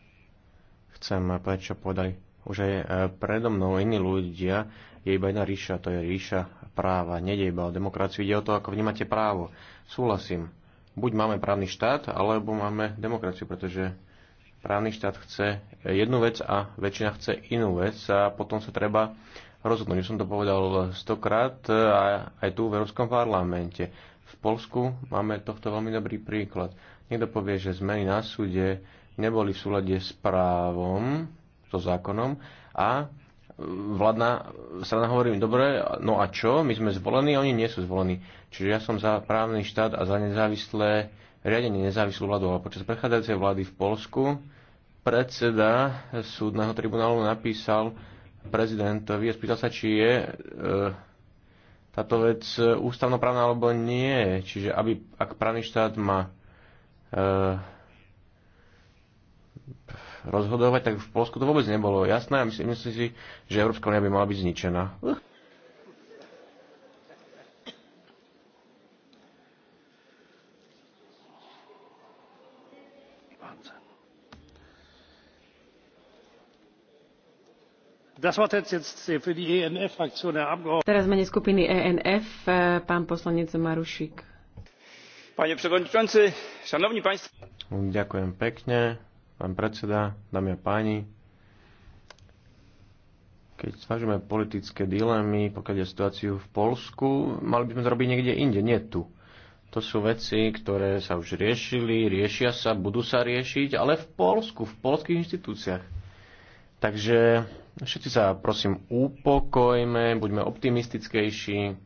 chcem povedať, čo podali už aj e, predo mnou iní ľudia, je iba jedna ríša, to je ríša práva. Nede iba o demokraciu, ide o to, ako vnímate právo. Súhlasím. Buď máme právny štát, alebo máme demokraciu, pretože právny štát chce jednu vec a väčšina chce inú vec a potom sa treba rozhodnúť. Už som to povedal stokrát e, a aj tu v Európskom parlamente. V Polsku máme tohto veľmi dobrý príklad. Niekto povie, že zmeny na súde neboli v súlade s právom, so zákonom a e, vládna strana hovorí im, dobre, no a čo? My sme zvolení a oni nie sú zvolení. Čiže ja som za právny štát a za nezávislé riadenie nezávislú vládu, ale počas prechádzajúcej vlády v Polsku predseda súdneho tribunálu napísal prezidentovi a spýtal sa, či je e, táto vec ústavnoprávna alebo nie. Čiže aby, ak právny štát má e, rozhodovať, tak v Polsku to vôbec nebolo jasné a myslím, myslím si, že Európska únia by mala byť zničená. E Teraz menej skupiny ENF eh, pán poslanec Marušik. Panie przewodniczący, szanowni państwo. Ďakujem pekne pán predseda, dámy a páni. Keď zvažujeme politické dilemy, pokiaľ je situáciu v Polsku, mali by sme to robiť niekde inde, nie tu. To sú veci, ktoré sa už riešili, riešia sa, budú sa riešiť, ale v Polsku, v polských inštitúciách. Takže všetci sa prosím upokojme, buďme optimistickejší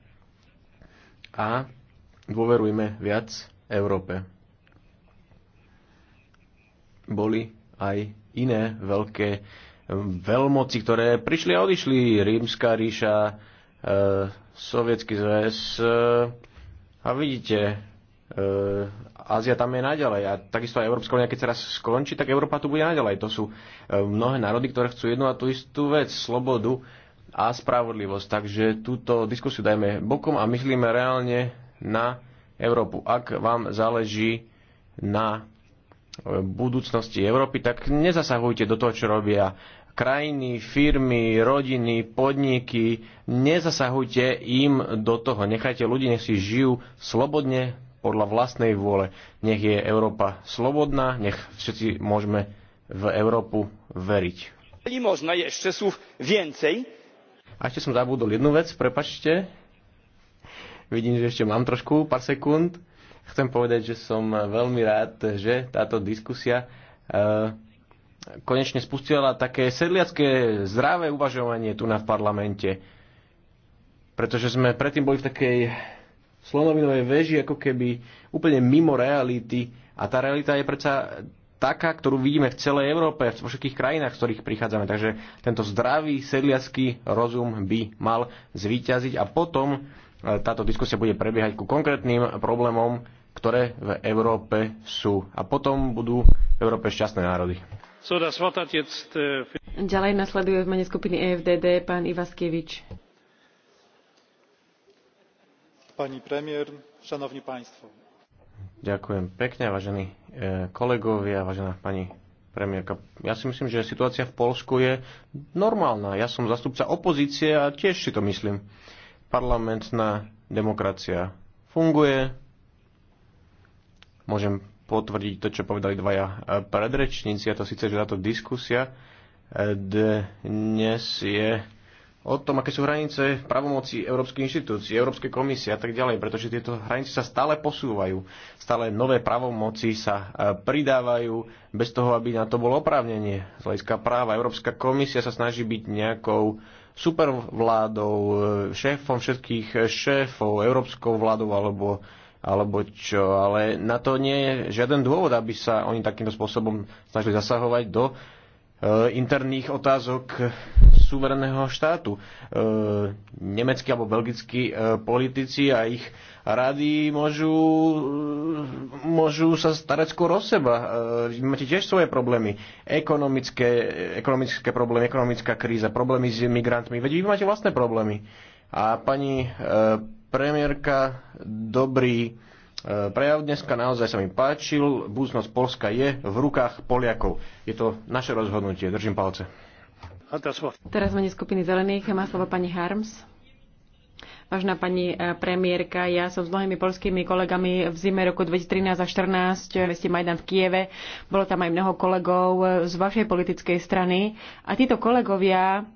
a dôverujme viac Európe boli aj iné veľké eh, veľmoci, ktoré prišli a odišli. Rímska ríša, eh, Sovietský zväz eh, a vidíte, Ázia tam je naďalej a takisto aj Európska únia, keď sa raz skončí, tak Európa tu bude naďalej. To sú mnohé národy, ktoré chcú jednu a tú istú vec, slobodu a spravodlivosť. Takže túto diskusiu dajme bokom a myslíme reálne na Európu. Ak vám záleží na budúcnosti Európy, tak nezasahujte do toho, čo robia krajiny, firmy, rodiny, podniky. Nezasahujte im do toho. Nechajte ľudí, nech si žijú slobodne podľa vlastnej vôle. Nech je Európa slobodná, nech všetci môžeme v Európu veriť. Možno ešte sú viacej. A ešte som zabudol jednu vec, prepačte. Vidím, že ešte mám trošku, pár sekúnd. Chcem povedať, že som veľmi rád, že táto diskusia eh, konečne spustila také sedliacké zdravé uvažovanie tu na v parlamente. Pretože sme predtým boli v takej slonovinovej veži, ako keby úplne mimo reality. A tá realita je predsa taká, ktorú vidíme v celej Európe, vo všetkých krajinách, z ktorých prichádzame. Takže tento zdravý sedliacký rozum by mal zvíťaziť a potom táto diskusia bude prebiehať ku konkrétnym problémom, ktoré v Európe sú. A potom budú v Európe šťastné národy. Ďalej nasleduje v mene skupiny EFDD pán Ivaskevič. Pani premiér, šanovní pánstvo. Ďakujem pekne, vážení e, kolegovia, vážená pani premiérka. Ja si myslím, že situácia v Polsku je normálna. Ja som zastupca opozície a tiež si to myslím parlamentná demokracia funguje. Môžem potvrdiť to, čo povedali dvaja e, predrečníci, a to síce, že táto diskusia e, dnes je o tom, aké sú hranice pravomoci Európskej inštitúcie, Európskej komisie a tak ďalej, pretože tieto hranice sa stále posúvajú, stále nové pravomoci sa e, pridávajú bez toho, aby na to bolo oprávnenie. Z hľadiska práva Európska komisia sa snaží byť nejakou uh, supervládou, e, šéfom všetkých šéfov, európskou vládou alebo, alebo čo. Ale na to nie je žiaden dôvod, aby sa oni takýmto spôsobom snažili zasahovať do Eh, interných otázok suvereného štátu. Eh, nemeckí alebo belgickí eh, politici a ich rady môžu, môžu sa starať skôr o seba. Máte tiež svoje problémy. Ekonomické, ekonomické problémy, ekonomická kríza, problémy s migrantmi. Veď vy máte vlastné problémy. A pani premiérka, dobrý E, prejav dneska naozaj sa mi páčil. Budúcnosť Polska je v rukách Poliakov. Je to naše rozhodnutie. Držím palce. Teraz mene skupiny zelených má slovo pani Harms. Vážená pani e, premiérka, ja som s mnohými polskými kolegami v zime roku 2013 a 2014 meste Majdan v Kieve. Bolo tam aj mnoho kolegov e, z vašej politickej strany. A títo kolegovia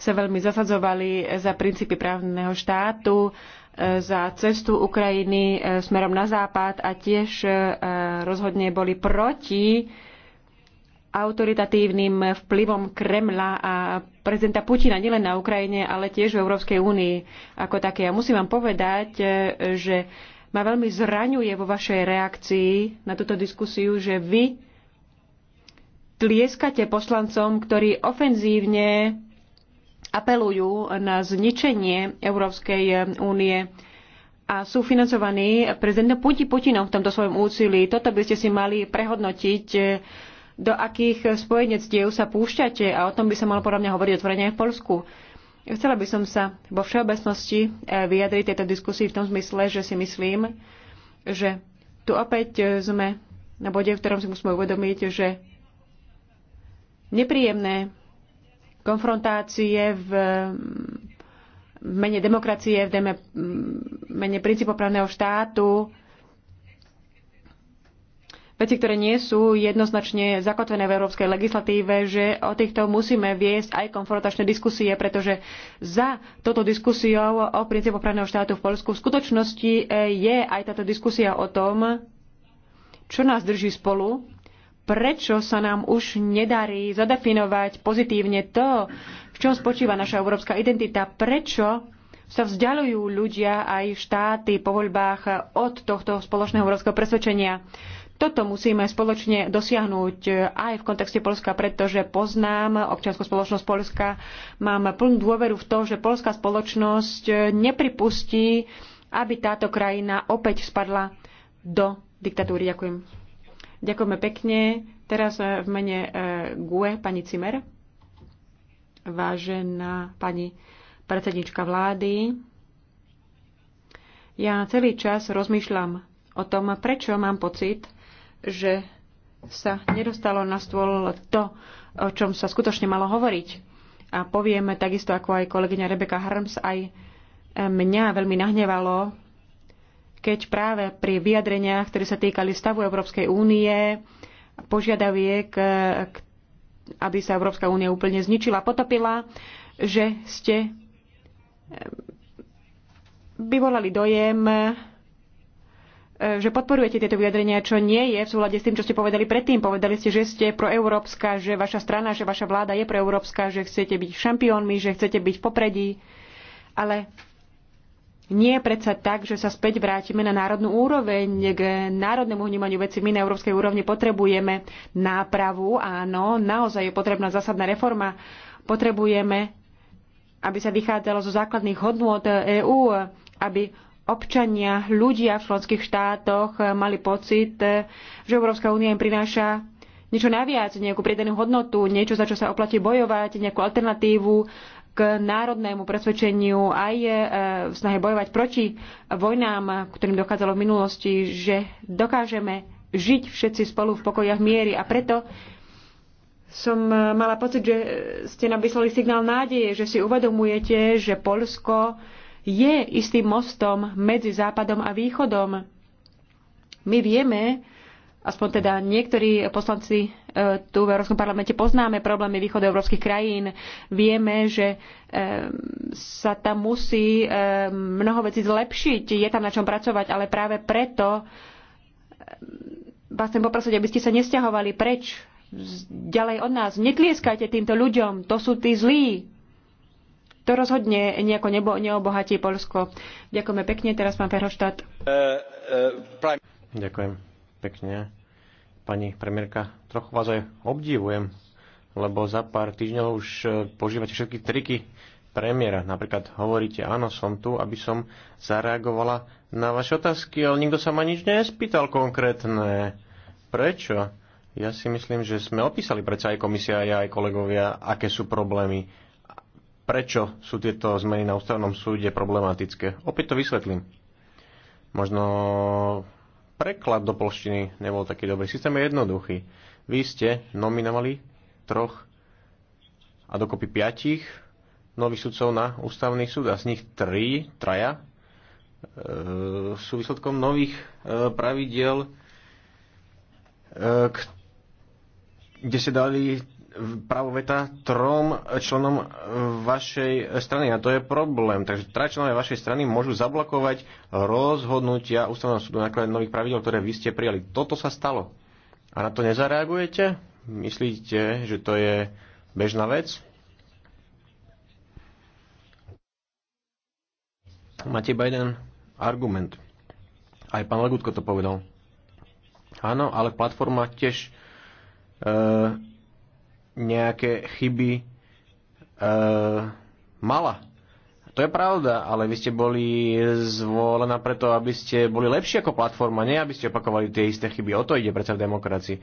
sa veľmi zasadzovali za princípy právneho štátu, E, za cestu Ukrajiny e, smerom na západ a tiež e, rozhodne boli proti autoritatívnym vplyvom Kremla a prezidenta Putina nielen na Ukrajine, ale tiež v Európskej únii ako také. A musím vám povedať, že ma veľmi zraňuje vo vašej reakcii na túto diskusiu, že vy tlieskate poslancom, ktorí ofenzívne apelujú na zničenie Európskej únie a sú financovaní prezidentom Putinom v tomto svojom úsilí. Toto by ste si mali prehodnotiť, do akých spojenectiev sa púšťate a o tom by sa malo podľa mňa hovoriť otvorene aj v Polsku. Chcela by som sa vo všeobecnosti eh, vyjadriť tejto diskusii v tom zmysle, že si myslím, že tu opäť eh, sme na bode, v ktorom si musíme uvedomiť, že nepríjemné konfrontácie v mene demokracie, v mm, mene princípov právneho štátu, veci, ktoré nie sú jednoznačne zakotvené v európskej legislatíve, že o týchto musíme viesť aj konfrontačné diskusie, pretože za toto diskusiou o princípu právneho štátu v Polsku v skutočnosti eh, je aj táto diskusia o tom, čo nás drží spolu prečo sa nám už nedarí zadefinovať pozitívne to, v čom spočíva naša európska identita, prečo sa vzdialujú ľudia aj štáty po voľbách od tohto spoločného európskeho presvedčenia. Toto musíme spoločne dosiahnuť aj v kontexte Polska, pretože poznám občianskú spoločnosť Polska, mám plnú dôveru v to, že polská spoločnosť nepripustí, aby táto krajina opäť spadla do diktatúry. Ďakujem. Ďakujeme pekne. Teraz e, v mene e, GUE pani Cimer, vážená pani predsednička vlády. Ja celý čas rozmýšľam o tom, prečo mám pocit, že sa nedostalo na stôl to, o čom sa skutočne malo hovoriť. A povieme takisto ako aj kolegyňa Rebeka Harms, aj e, mňa veľmi nahnevalo keď práve pri vyjadreniach, ktoré sa týkali stavu Európskej únie, požiadaviek, e, aby sa Európska únia úplne zničila, potopila, že ste e, vyvolali dojem, e, že podporujete tieto vyjadrenia, čo nie je v súlade s tým, čo ste povedali predtým. Povedali ste, že ste proeurópska, že vaša strana, že vaša vláda je proeurópska, že chcete byť šampiónmi, že chcete byť v popredí. Ale nie je predsa tak, že sa späť vrátime na národnú úroveň, k národnému vnímaniu veci. My na európskej úrovni potrebujeme nápravu, áno, naozaj je potrebná zásadná reforma. Potrebujeme, aby sa vychádzalo zo základných hodnôt EÚ, aby občania, ľudia v členských štátoch mali pocit, že Európska únia im prináša niečo naviac, nejakú pridanú hodnotu, niečo, za čo sa oplatí bojovať, nejakú alternatívu, k národnému presvedčeniu aj e, v snahe bojovať proti vojnám, ktorým dochádzalo v minulosti, že dokážeme žiť všetci spolu v pokoji a v miery. A preto som e, mala pocit, že ste nám vyslali signál nádeje, že si uvedomujete, že Polsko je istým mostom medzi Západom a Východom. My vieme, aspoň teda niektorí poslanci e, tu v Európskom parlamente poznáme problémy východoeurópskych krajín. Vieme, že e, sa tam musí e, mnoho vecí zlepšiť, je tam na čom pracovať, ale práve preto vás chcem poprosiť, aby ste sa nesťahovali preč, ďalej od nás. Netlieskajte týmto ľuďom, to sú tí zlí. To rozhodne nejako nebo, neobohatí Polsko. Ďakujeme pekne, teraz pán Ferhoštát. Uh, uh, Ďakujem pekne. Pani premiérka, trochu vás aj obdivujem, lebo za pár týždňov už e, požívate všetky triky premiéra. Napríklad hovoríte, áno, som tu, aby som zareagovala na vaše otázky, ale nikto sa ma nič nespýtal konkrétne. Prečo? Ja si myslím, že sme opísali predsa aj komisia, ja aj kolegovia, aké sú problémy. Prečo sú tieto zmeny na ústavnom súde problematické? Opäť to vysvetlím. Možno preklad do polštiny nebol taký dobrý. Systém je jednoduchý. Vy ste nominovali troch a dokopy piatich nových sudcov na ústavný súd a z nich tri, traja, e, sú výsledkom nových e, pravidiel, e, kde ste dali pravoveta trom členom vašej strany a to je problém. Takže traja členovia vašej strany môžu zablokovať rozhodnutia ústavného súdu na nových pravidel, ktoré vy ste prijali. Toto sa stalo. A na to nezareagujete? Myslíte, že to je bežná vec? Máte iba jeden argument. Aj pán Legutko to povedal. Áno, ale platforma tiež e, nejaké chyby e, mala. To je pravda, ale vy ste boli zvolená preto, aby ste boli lepšie ako platforma, nie aby ste opakovali tie isté chyby. O to ide predsa v demokracii.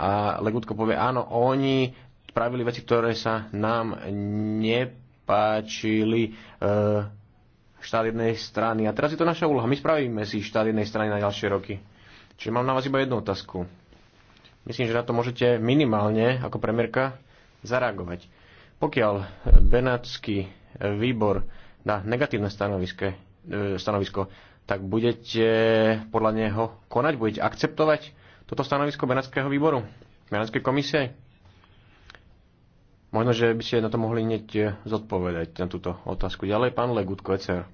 A Legutko povie, áno, oni spravili veci, ktoré sa nám nepáčili. E, štát jednej strany. A teraz je to naša úloha. My spravíme si štát jednej strany na ďalšie roky. Čiže mám na vás iba jednu otázku. Myslím, že na to môžete minimálne ako premiérka zareagovať. Pokiaľ eh, Benátsky eh, výbor dá negatívne eh, stanovisko, tak budete podľa neho konať? Budete akceptovať toto stanovisko Benátskeho výboru? Benátskej komisie? Možno, že by ste na to mohli hneď zodpovedať na túto otázku. Ďalej pán Legutko, ECR.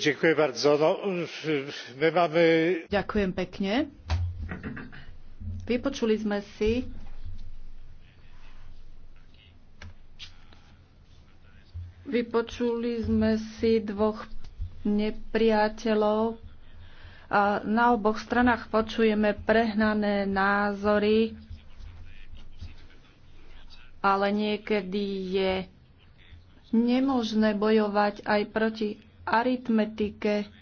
Ďakujem bardzo. No, my máme... Ďakujem pekne. Vypočuli sme si Vypočuli sme si dvoch nepriateľov a na oboch stranách počujeme prehnané názory, ale niekedy je nemožné bojovať aj proti aritmetike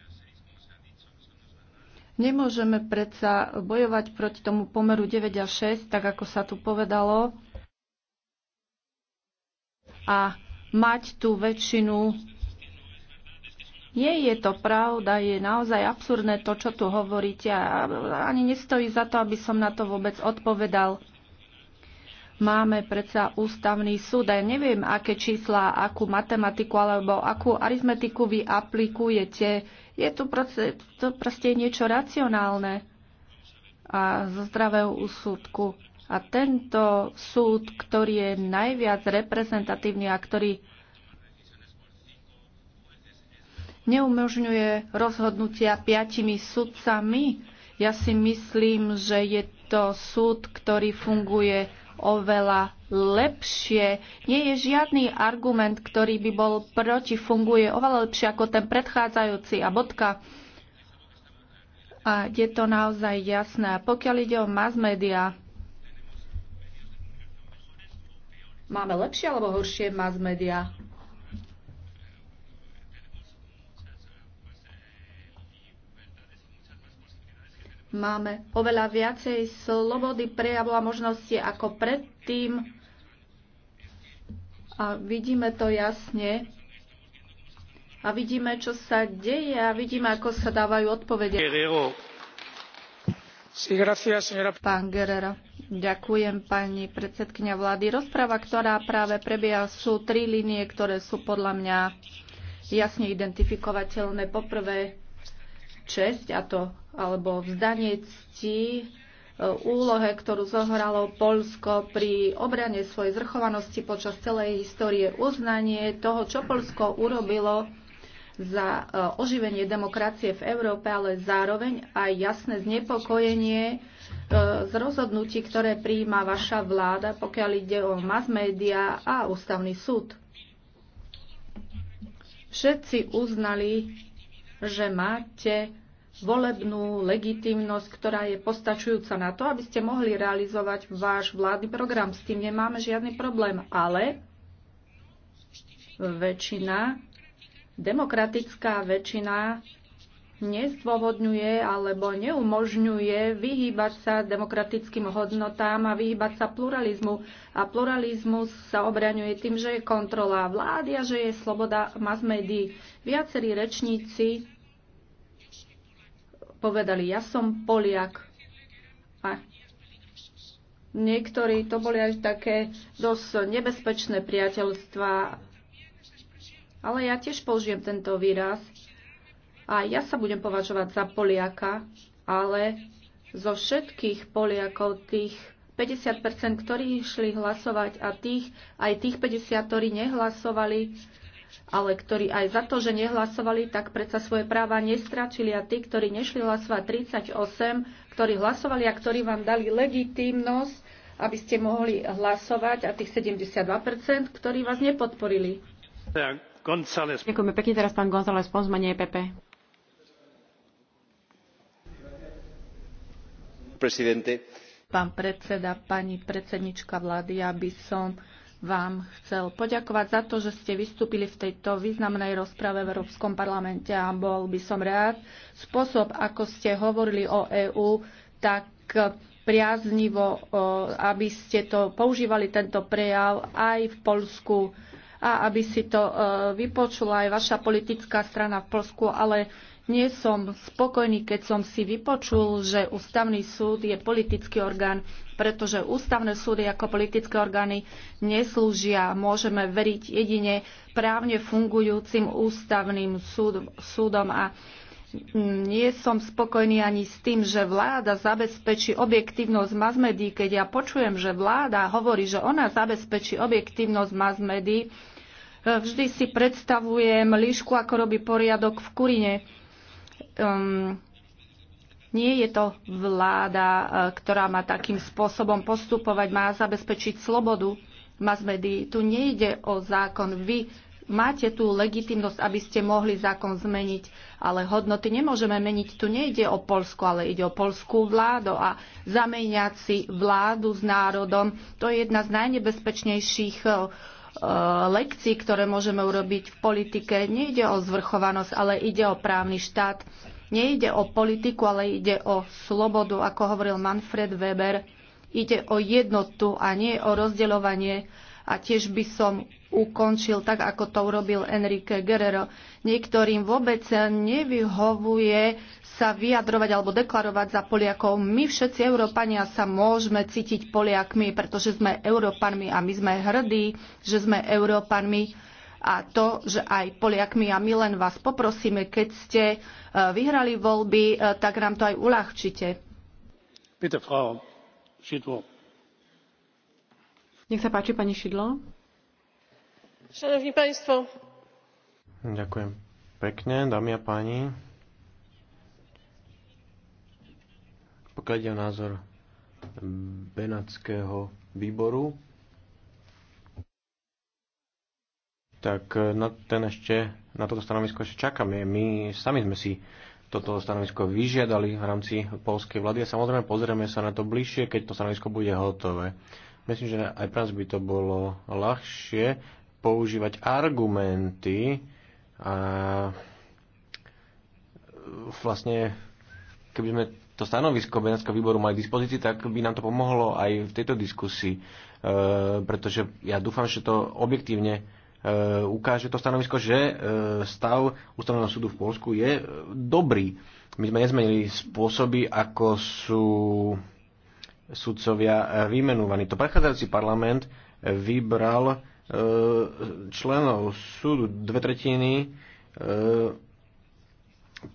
Nemôžeme predsa bojovať proti tomu pomeru 9 a 6, tak ako sa tu povedalo, a mať tú väčšinu. Nie je to pravda, je naozaj absurdné to, čo tu hovoríte a ani nestojí za to, aby som na to vôbec odpovedal. Máme predsa ústavný súd a ja neviem, aké čísla, akú matematiku alebo akú aritmetiku vy aplikujete. Je tu proste, to proste niečo racionálne a zo zdravého úsudku. A tento súd, ktorý je najviac reprezentatívny a ktorý neumožňuje rozhodnutia piatimi sudcami, ja si myslím, že je to súd, ktorý funguje oveľa lepšie. Nie je žiadny argument, ktorý by bol proti, funguje oveľa lepšie ako ten predchádzajúci a bodka. A je to naozaj jasné. Pokiaľ ide o mass media, máme lepšie alebo horšie mass media? Máme oveľa viacej slobody prejavu a možnosti ako predtým. A vidíme to jasne. A vidíme, čo sa deje a vidíme, ako sa dávajú odpovede. Pán Guerrero, ďakujem pani predsedkynia vlády. Rozpráva, ktorá práve prebieha, sú tri línie, ktoré sú podľa mňa jasne identifikovateľné. Poprvé, česť a to, alebo vzdanie cti e, úlohe, ktorú zohralo Polsko pri obrane svojej zrchovanosti počas celej histórie, uznanie toho, čo Polsko urobilo za e, oživenie demokracie v Európe, ale zároveň aj jasné znepokojenie e, z rozhodnutí, ktoré prijíma vaša vláda, pokiaľ ide o mass media a ústavný súd. Všetci uznali, že máte volebnú legitimnosť, ktorá je postačujúca na to, aby ste mohli realizovať váš vládny program. S tým nemáme žiadny problém, ale väčšina, demokratická väčšina nezdôvodňuje alebo neumožňuje vyhýbať sa demokratickým hodnotám a vyhýbať sa pluralizmu. A pluralizmus sa obraňuje tým, že je kontrola vlády a že je sloboda mass médií. Viacerí rečníci povedali, ja som Poliak. A niektorí to boli až také dosť nebezpečné priateľstva. Ale ja tiež použijem tento výraz. A ja sa budem považovať za Poliaka, ale zo všetkých Poliakov, tých 50%, ktorí išli hlasovať a tých, aj tých 50, ktorí nehlasovali, ale ktorí aj za to, že nehlasovali, tak predsa svoje práva nestračili a tí, ktorí nešli hlasovať 38, ktorí hlasovali a ktorí vám dali legitímnosť, aby ste mohli hlasovať a tých 72%, ktorí vás nepodporili. Ďakujeme pekne teraz pán González Pons, menej e PP. Pán predseda, pani predsednička vlády, aby som vám chcel poďakovať za to, že ste vystúpili v tejto významnej rozprave v Európskom parlamente a bol by som rád. Spôsob, ako ste hovorili o EÚ, tak priaznivo, aby ste to používali tento prejav aj v Polsku a aby si to e, vypočula aj vaša politická strana v Polsku, ale nie som spokojný, keď som si vypočul, že ústavný súd je politický orgán, pretože ústavné súdy ako politické orgány neslúžia. Môžeme veriť jedine právne fungujúcim ústavným súd, súdom a nie som spokojný ani s tým, že vláda zabezpečí objektívnosť Mazmedí, Keď ja počujem, že vláda hovorí, že ona zabezpečí objektívnosť mass vždy si predstavujem líšku, ako robí poriadok v kurine um, nie je to vláda, uh, ktorá má takým spôsobom postupovať, má zabezpečiť slobodu mass médií. Tu nejde o zákon. Vy máte tú legitimnosť, aby ste mohli zákon zmeniť, ale hodnoty nemôžeme meniť. Tu nejde o Polsku, ale ide o polskú vládu a zameniať si vládu s národom, to je jedna z najnebezpečnejších uh, Eh, lekcií, ktoré môžeme urobiť v politike. Nejde o zvrchovanosť, ale ide o právny štát. Nejde o politiku, ale ide o slobodu, ako hovoril Manfred Weber. Ide o jednotu a nie o rozdeľovanie. A tiež by som ukončil tak, ako to urobil Enrique Guerrero. Niektorým vôbec nevyhovuje sa vyjadrovať alebo deklarovať za Poliakov. My všetci Európania sa môžeme cítiť Poliakmi, pretože sme Európanmi a my sme hrdí, že sme Európanmi a to, že aj Poliakmi a my len vás poprosíme, keď ste e, vyhrali voľby, e, tak nám to aj uľahčite. Bitte, Frau Schidlo. Nech sa páči, pani Šidlo. Ďakujem pekne, dámy a páni. Pokiaľ ide o názor Benátskeho výboru, tak na, ten ešte, na toto stanovisko ešte čakáme. My sami sme si toto stanovisko vyžiadali v rámci polskej vlády a samozrejme pozrieme sa na to bližšie, keď to stanovisko bude hotové. Myslím, že aj pre nás by to bolo ľahšie, používať argumenty a vlastne keby sme to stanovisko Benátskeho výboru mali k dispozícii, tak by nám to pomohlo aj v tejto diskusii, e, pretože ja dúfam, že to objektívne e, ukáže to stanovisko, že e, stav ústavného súdu v Polsku je e, dobrý. My sme nezmenili spôsoby, ako sú sudcovia e, vymenovaní. To predchádzajúci parlament vybral E, členov súdu, dve tretiny e,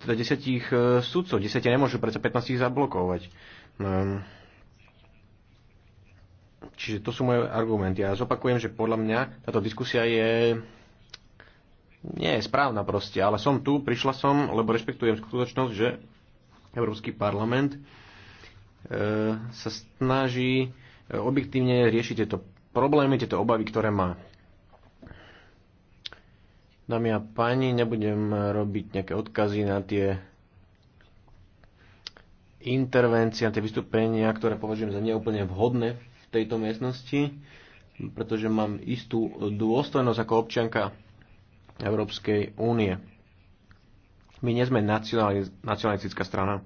teda desiatich e, súdcov. Desiatie nemôžu predsa 15 zablokovať. Čiže to sú moje argumenty. Ja zopakujem, že podľa mňa táto diskusia je nie je správna proste, ale som tu, prišla som, lebo rešpektujem skutočnosť, že Európsky parlament sa snaží objektívne riešiť tieto problémy, tieto obavy, ktoré má. Dámy a páni, nebudem robiť nejaké odkazy na tie intervencie, na tie vystúpenia, ktoré považujem za neúplne vhodné v tejto miestnosti, pretože mám istú dôstojnosť ako občianka Európskej únie. My nie sme nacionalistická strana.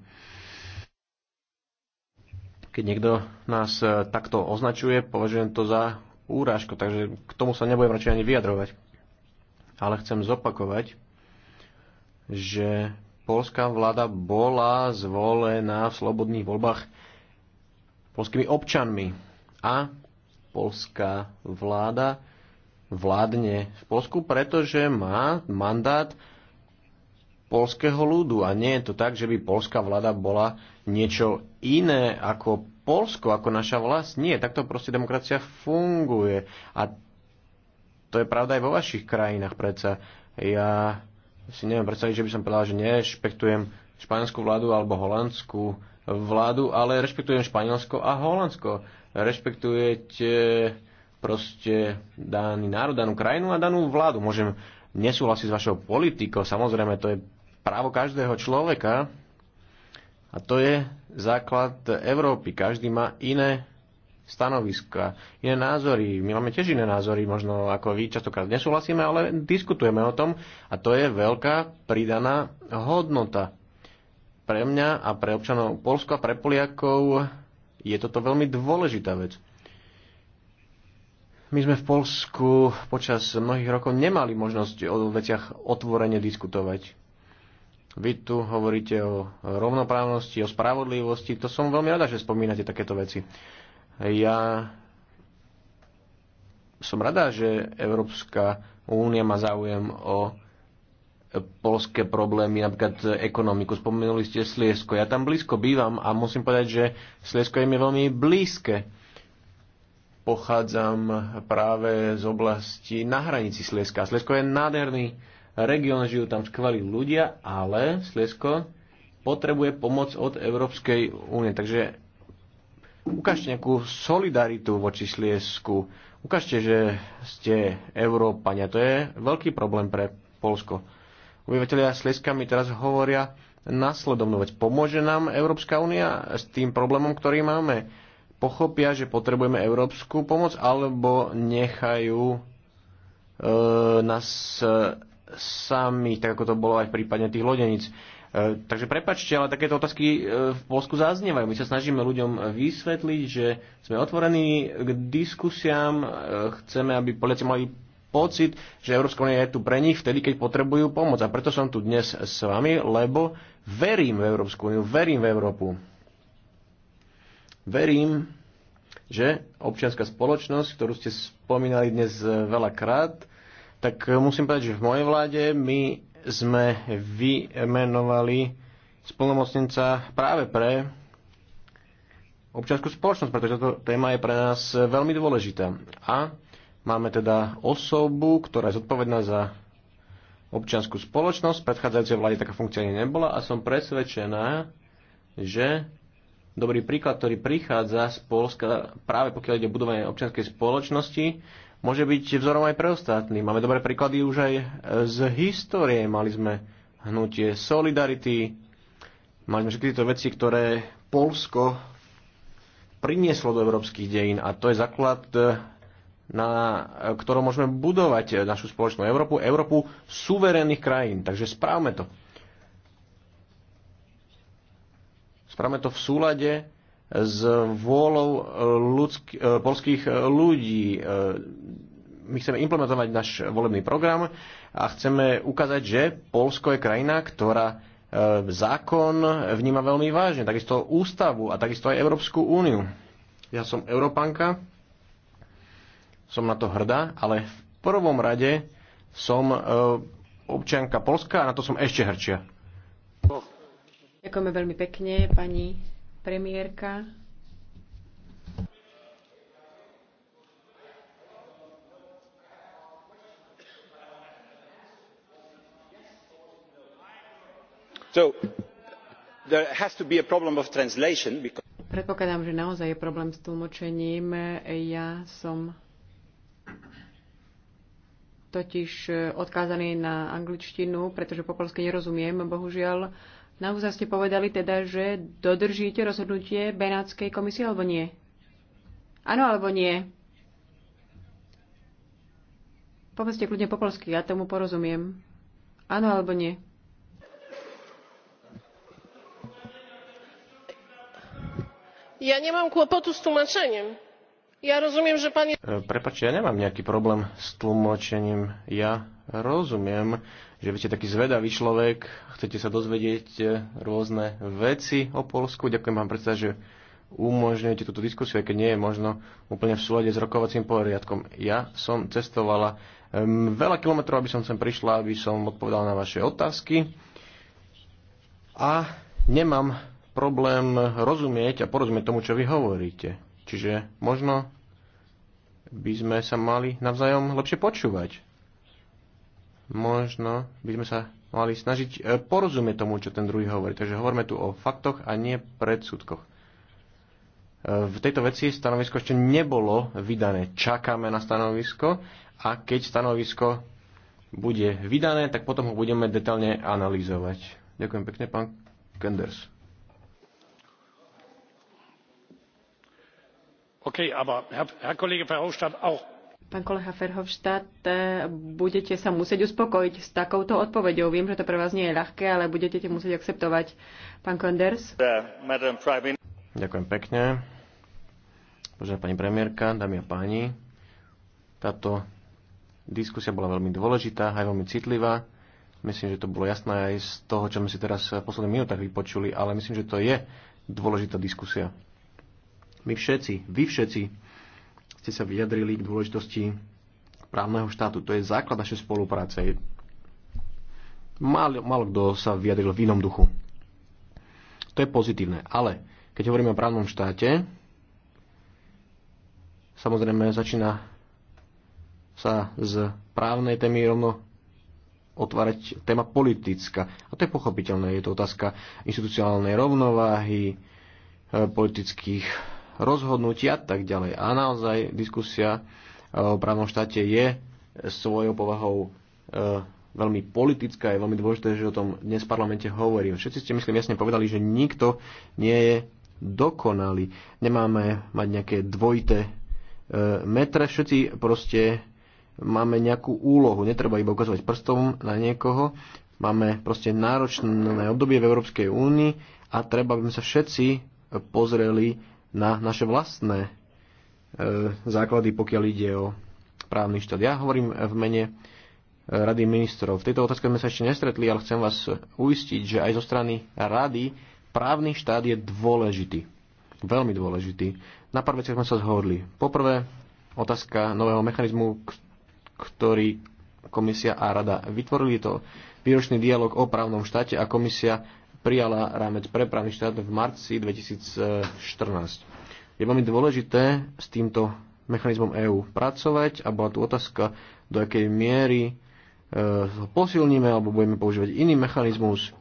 Keď niekto nás e, takto označuje, považujem to za úrážku, takže k tomu sa nebudem radšej ani vyjadrovať. Ale chcem zopakovať, že polská vláda bola zvolená v slobodných voľbách polskými občanmi a polská vláda vládne v Polsku, pretože má mandát polského ľudu a nie je to tak, že by polská vláda bola niečo iné ako Polsko ako naša vlast. Nie, takto proste demokracia funguje. A to je pravda aj vo vašich krajinách predsa. Ja si neviem predstaviť, že by som povedal, že nerešpektujem španielskú vládu alebo holandskú vládu, ale rešpektujem Španielsko a Holandsko. Rešpektujete proste daný národ, danú krajinu a danú vládu. Môžem nesúhlasiť s vašou politikou, samozrejme, to je právo každého človeka, a to je základ Európy. Každý má iné stanoviska, iné názory. My máme tiež iné názory, možno ako vy častokrát nesúhlasíme, ale diskutujeme o tom a to je veľká pridaná hodnota. Pre mňa a pre občanov Polska, pre Poliakov je toto veľmi dôležitá vec. My sme v Polsku počas mnohých rokov nemali možnosť o veciach otvorene diskutovať. Vy tu hovoríte o rovnoprávnosti, o spravodlivosti. To som veľmi rada, že spomínate takéto veci. Ja som rada, že Európska únia má záujem o polské problémy, napríklad ekonomiku. Spomenuli ste Sliesko. Ja tam blízko bývam a musím povedať, že Sliesko je mi veľmi blízke. Pochádzam práve z oblasti na hranici Slieska. Sliesko je nádherný región, žijú tam skvelí ľudia, ale Sliesko potrebuje pomoc od Európskej únie. Takže ukážte nejakú solidaritu voči Sliesku. Ukážte, že ste Európania. To je veľký problém pre Polsko. Obyvateľia Slieska mi teraz hovoria nasledovnú vec. Pomôže nám Európska únia s tým problémom, ktorý máme? Pochopia, že potrebujeme európsku pomoc, alebo nechajú e, nás sami, tak ako to bolo aj v prípadne tých lodeníc. E, takže prepačte, ale takéto otázky e, v Polsku zaznievajú. My sa snažíme ľuďom vysvetliť, že sme otvorení k diskusiám, e, chceme, aby Poliaci mali pocit, že Európska únia je tu pre nich vtedy, keď potrebujú pomoc. A preto som tu dnes s vami, lebo verím v Európsku úniu, verím v Európu. Verím, že občianská spoločnosť, ktorú ste spomínali dnes veľakrát, tak e, musím povedať, že v mojej vláde my sme vymenovali spolnomocnenca práve pre občianskú spoločnosť, pretože táto téma je pre nás veľmi dôležitá. A máme teda osobu, ktorá je zodpovedná za občianskú spoločnosť. predchádzajúcej vláde taká funkcia nebola a som presvedčená, že dobrý príklad, ktorý prichádza z Polska práve pokiaľ ide o budovanie občianskej spoločnosti, môže byť vzorom aj pre ostatní. Máme dobré príklady už aj e, z histórie. Mali sme hnutie Solidarity, mali sme všetky tieto veci, ktoré Polsko prinieslo do európskych dejín a to je základ, e, na e, ktorom môžeme budovať našu spoločnú Európu, Európu suverénnych krajín. Takže správme to. Správme to v súlade s vôľou e, ľudsk- e, polských e, ľudí. My chceme implementovať náš volebný program a chceme ukázať, že Polsko je krajina, ktorá zákon vníma veľmi vážne, takisto ústavu a takisto aj Európsku úniu. Ja som Európanka, som na to hrdá, ale v prvom rade som občianka Polska a na to som ešte hrdšia. Ďakujeme veľmi pekne, pani premiérka. So, there has to be a problem of translation because... Predpokladám, že naozaj je problém s tlmočením. Ja som totiž odkázaný na angličtinu, pretože po polsky nerozumiem, bohužiaľ. Uh, Naozaj ste povedali teda, že dodržíte rozhodnutie Benátskej komisie alebo nie? Áno alebo nie? Povedzte kľudne po polsky, ja tomu porozumiem. Áno alebo nie? Ja nemám kłopotu s tłumaczeniem. Ja rozumiem, že pán... E, Prepačte, ja nemám nejaký problém s tlmočením. Ja rozumiem, že vy ste taký zvedavý človek, chcete sa dozvedieť e, rôzne veci o Polsku. Ďakujem vám predsa, že umožňujete túto diskusiu, aj keď nie je možno úplne v súlade s rokovacím poriadkom. Ja som cestovala um, veľa kilometrov, aby som sem prišla, aby som odpovedala na vaše otázky a nemám problém rozumieť a porozumieť tomu, čo vy hovoríte. Čiže možno by sme sa mali navzájom lepšie počúvať možno by sme sa mali snažiť e, porozumieť tomu, čo ten druhý hovorí. Takže hovoríme tu o faktoch a nie predsudkoch. E, v tejto veci stanovisko ešte nebolo vydané. Čakáme na stanovisko a keď stanovisko bude vydané, tak potom ho budeme detailne analyzovať. Ďakujem pekne, pán Kenders. Okay, aber Herr, Herr Kollege Verhofstadt, auch Pán kolega Ferhovštát, e, budete sa musieť uspokojiť s takouto odpoveďou. Viem, že to pre vás nie je ľahké, ale budete to musieť akceptovať. Pán Konders. Ďakujem pekne. Bože, pani premiérka, dámy a páni, táto diskusia bola veľmi dôležitá, aj veľmi citlivá. Myslím, že to bolo jasné aj z toho, čo sme si teraz v posledných minútach vypočuli, ale myslím, že to je dôležitá diskusia. My všetci, vy všetci ste sa vyjadrili k dôležitosti právneho štátu. To je základ našej spolupráce. Málo, mal kto sa vyjadril v inom duchu. To je pozitívne. Ale keď hovoríme o právnom štáte, samozrejme začína sa z právnej témy rovno otvárať téma politická. A to je pochopiteľné. Je to otázka institucionálnej rovnováhy, eh, politických rozhodnutia a tak ďalej. A naozaj diskusia o e, právnom štáte je svojou povahou e, veľmi politická, je veľmi dôležité, že o tom dnes v parlamente hovorím. Všetci ste, myslím, jasne povedali, že nikto nie je dokonalý. Nemáme mať nejaké dvojité e, metre, všetci proste máme nejakú úlohu, netreba iba ukazovať prstom na niekoho, máme proste náročné obdobie v Európskej únii a treba, aby sme sa všetci pozreli na naše vlastné e, základy, pokiaľ ide o právny štát. Ja hovorím v mene e, Rady ministrov. V tejto otázke sme sa ešte nestretli, ale chcem vás uistiť, že aj zo strany Rady právny štát je dôležitý. Veľmi dôležitý. Na pár veciach sme sa zhodli. Poprvé, otázka nového mechanizmu, ktorý komisia a rada vytvorili. Je to výročný dialog o právnom štáte a komisia prijala rámec prepravy štát v marci 2014. Je veľmi dôležité s týmto mechanizmom EÚ pracovať a bola tu otázka, do akej miery e, ho posilníme alebo budeme používať iný mechanizmus.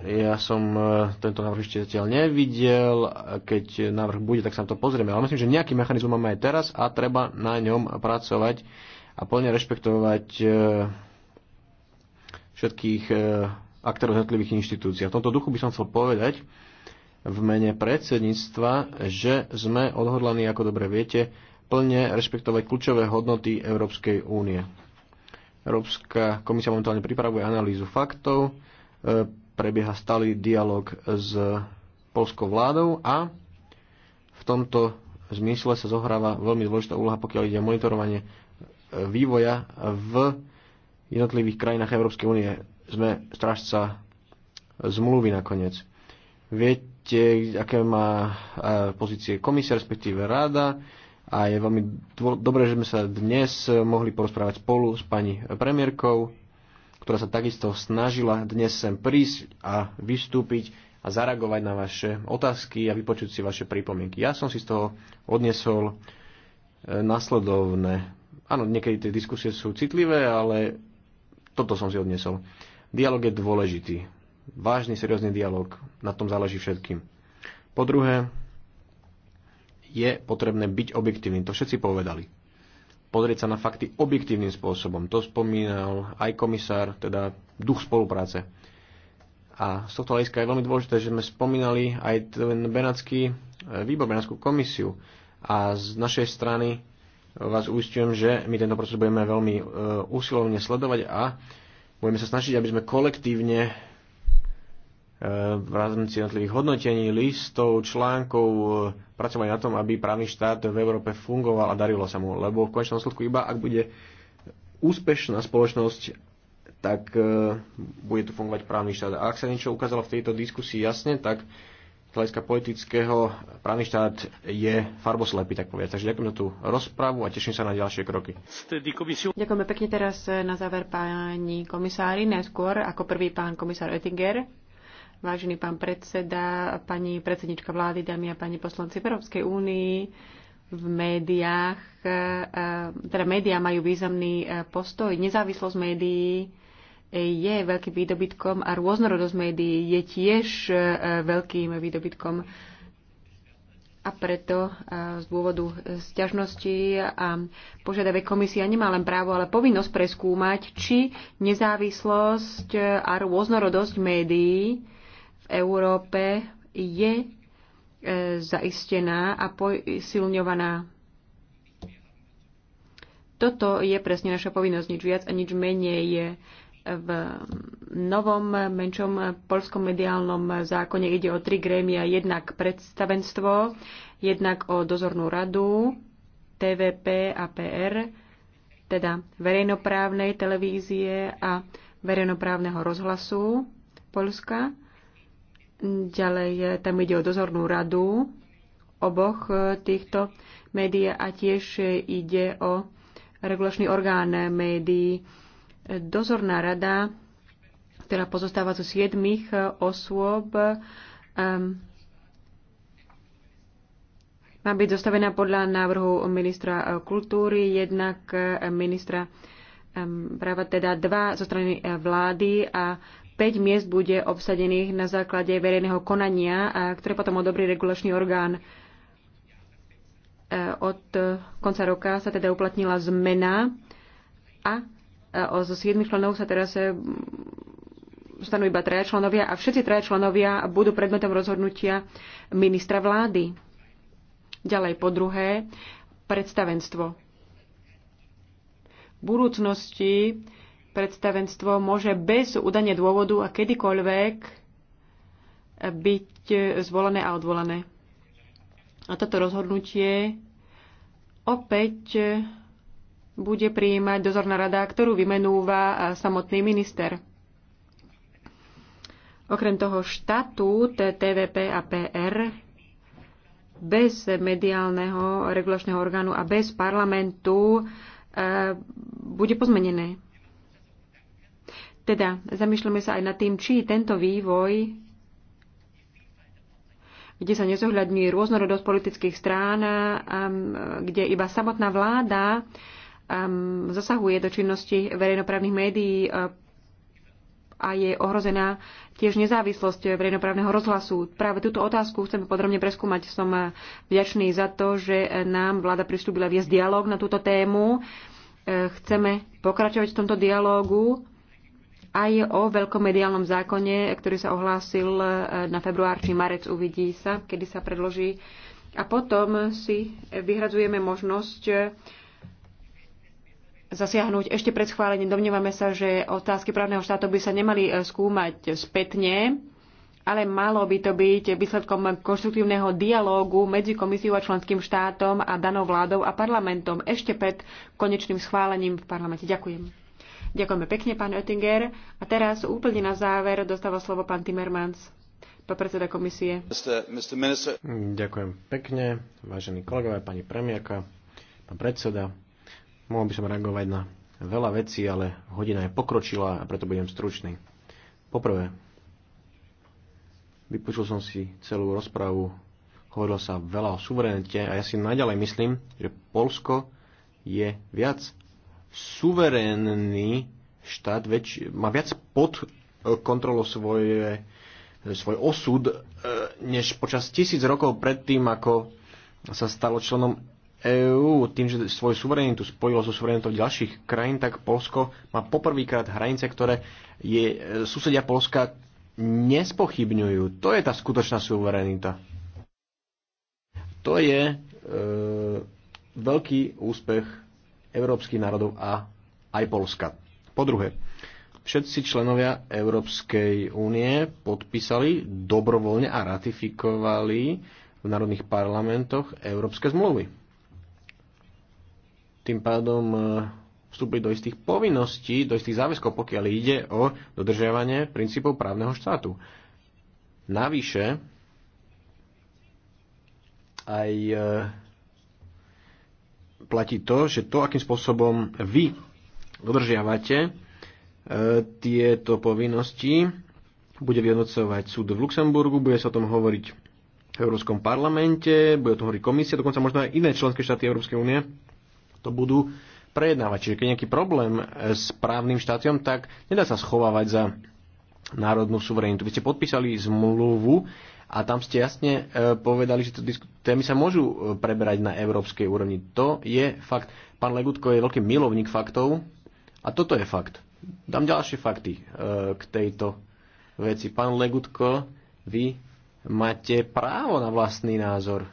Ja som e, tento návrh ešte zatiaľ nevidel. Keď návrh bude, tak sa na to pozrieme. Ale myslím, že nejaký mechanizmus máme aj teraz a treba na ňom pracovať a plne rešpektovať e, všetkých aktérov jednotlivých inštitúcií. A v tomto duchu by som chcel povedať v mene predsedníctva, že sme odhodlaní, ako dobre viete, plne rešpektovať kľúčové hodnoty Európskej únie. Európska komisia momentálne pripravuje analýzu faktov, e, prebieha stály dialog s polskou vládou a v tomto zmysle sa zohráva veľmi dôležitá úloha, pokiaľ ide o monitorovanie e, vývoja v jednotlivých krajinách Európskej únie sme strážca zmluvy nakoniec. Viete, aké má e, pozície komisia, respektíve rada a je veľmi dobré, že sme sa dnes mohli porozprávať spolu s pani premiérkou, ktorá sa takisto snažila dnes sem prísť a vystúpiť a zareagovať na vaše otázky a vypočuť si vaše pripomienky. Ja som si z toho odnesol e, nasledovné. Áno, niekedy tie diskusie sú citlivé, ale toto som si odnesol. Dialóg je dôležitý. Vážny, seriózny dialog. Na tom záleží všetkým. Po druhé, je potrebné byť objektívny. To všetci povedali. Pozrieť sa na fakty objektívnym spôsobom. To spomínal aj komisár, teda duch spolupráce. A z tohto hľadiska je veľmi dôležité, že sme spomínali aj ten Benacký e, výbor, Benackú komisiu. A z našej strany vás uistujem, že my tento proces budeme veľmi e, usilovne sledovať a Budeme sa snažiť, aby sme kolektívne e, v rámci jednotlivých hodnotení, listov, článkov e, pracovali na tom, aby právny štát v Európe fungoval a darilo sa mu. Lebo v konečnom sledku iba ak bude úspešná spoločnosť, tak e, bude tu fungovať právny štát. A ak sa niečo ukázalo v tejto diskusii jasne, tak hľadiska politického právny štát je farboslepý, tak povedať. Takže ďakujem za tú rozpravu a teším sa na ďalšie kroky. Ďakujeme pekne teraz eh, na záver páni komisári. Najskôr ako prvý pán komisár Oettinger, vážený pán predseda, pani predsednička vlády, dámy a pani poslanci v Európskej únii, v médiách, eh, eh, teda médiá majú významný postoj, nezávislosť médií, je veľkým výdobytkom a rôznorodosť médií je tiež e, veľkým výdobytkom. A preto e, z dôvodu sťažnosti a požiadavej komisia nemá len právo, ale povinnosť preskúmať, či nezávislosť a rôznorodosť médií v Európe je e, zaistená a posilňovaná. Toto je presne naša povinnosť, nič viac a nič menej. Je v novom menšom polskom mediálnom zákone ide o tri grémia. Jednak predstavenstvo, jednak o dozornú radu, TVP a PR, teda verejnoprávnej televízie a verejnoprávneho rozhlasu Polska. Ďalej eh, tam ide o dozornú radu oboch eh, týchto médií a tiež eh, ide o regulačný orgán médií Dozorná rada, ktorá pozostáva zo siedmých eh, osôb, ehm, má byť zostavená podľa návrhu ministra eh, kultúry, jednak eh, ministra ehm, práva teda dva zo strany vlády a 5 miest bude obsadených na základe verejného konania, ktoré potom odobrí regulačný orgán. Od konca roka sa teda uplatnila zmena a zo siedmých členov sa teraz e, stanú iba traja členovia a všetci traja členovia budú predmetom rozhodnutia ministra vlády. Ďalej po druhé, predstavenstvo. V budúcnosti predstavenstvo môže bez udania dôvodu a kedykoľvek byť zvolené a odvolané. A toto rozhodnutie opäť bude prijímať dozorná rada, ktorú vymenúva samotný minister. Okrem toho štátu TVP a PR bez mediálneho regulačného orgánu a bez parlamentu e, bude pozmenené. Teda zamýšľame sa aj nad tým, či tento vývoj kde sa nezohľadní rôznorodosť politických strán, kde iba samotná vláda um, zasahuje do činnosti verejnoprávnych médií uh, a je ohrozená tiež nezávislosť verejnoprávneho rozhlasu. Práve túto otázku chceme podrobne preskúmať. Som e, vďačný za to, že e, nám vláda pristúpila viesť dialog na túto tému. Chceme pokračovať v tomto dialógu aj o veľkom mediálnom zákone, ktorý sa ohlásil na február či marec. Uvidí sa, kedy sa predloží. A potom si vyhradzujeme možnosť zasiahnuť ešte pred schválením. Domnievame sa, že otázky právneho štátu by sa nemali e, skúmať spätne, ale malo by to byť výsledkom konštruktívneho dialógu medzi komisiou a členským štátom a danou vládou a parlamentom ešte pred konečným schválením v parlamente. Ďakujem. Ďakujeme pekne, pán Oettinger. A teraz úplne na záver dostáva slovo pán Timmermans, pán predseda komisie. Ďakujem pekne, vážení kolegovia, pani premiérka, pán predseda, Mohol by som reagovať na veľa vecí, ale hodina je pokročila a preto budem stručný. Poprvé, vypočul som si celú rozprávu, hovorilo sa veľa o suverenite a ja si naďalej myslím, že Polsko je viac suverénny štát, väč, má viac pod e, kontrolou svoje, e, svoj osud, e, než počas tisíc rokov predtým, ako sa stalo členom EÚ tým, že svoju suverenitu spojilo so suverenitou ďalších krajín, tak Polsko má poprvýkrát hranice, ktoré je, e, susedia Polska nespochybňujú. To je tá skutočná suverenita. To je e, veľký úspech európskych národov a aj Polska. Po druhé, všetci členovia Európskej únie podpísali dobrovoľne a ratifikovali v národných parlamentoch európske zmluvy tým pádom e, vstúpili do istých povinností, do istých záväzkov, pokiaľ ide o dodržiavanie princípov právneho štátu. Navyše, aj e, platí to, že to, akým spôsobom vy dodržiavate e, tieto povinnosti, bude vyhodnocovať súd v Luxemburgu, bude sa o tom hovoriť v Európskom parlamente, bude o tom hovoriť komisia, dokonca možno aj iné členské štáty Európskej únie to budú prejednávať. Čiže keď je nejaký problém e, s právnym štátom, tak nedá sa schovávať za národnú suverenitu. Vy ste podpísali zmluvu a tam ste jasne e, povedali, že témy sa môžu e, preberať na európskej úrovni. To je fakt. Pán Legutko je veľký milovník faktov a toto je fakt. Dám ďalšie fakty k tejto veci. Pán Legutko, vy máte právo na vlastný názor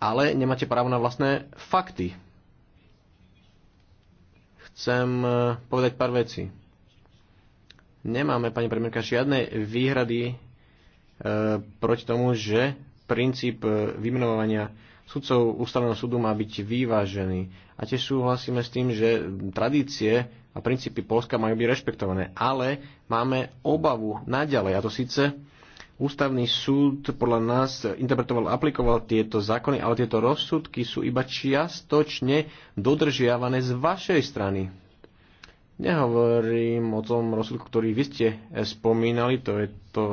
ale nemáte právo na vlastné fakty. Chcem eh, povedať pár vecí. Nemáme, pani premiérka, žiadne výhrady e, proti tomu, že princíp eh, vymenovania sudcov ústavného súdu má byť vyvážený. A tiež súhlasíme s tým, že tradície a princípy Polska majú byť rešpektované. Ale máme obavu naďalej, a to síce Ústavný súd podľa nás interpretoval, aplikoval tieto zákony, ale tieto rozsudky sú iba čiastočne dodržiavané z vašej strany. Nehovorím o tom rozsudku, ktorý vy ste spomínali, to je to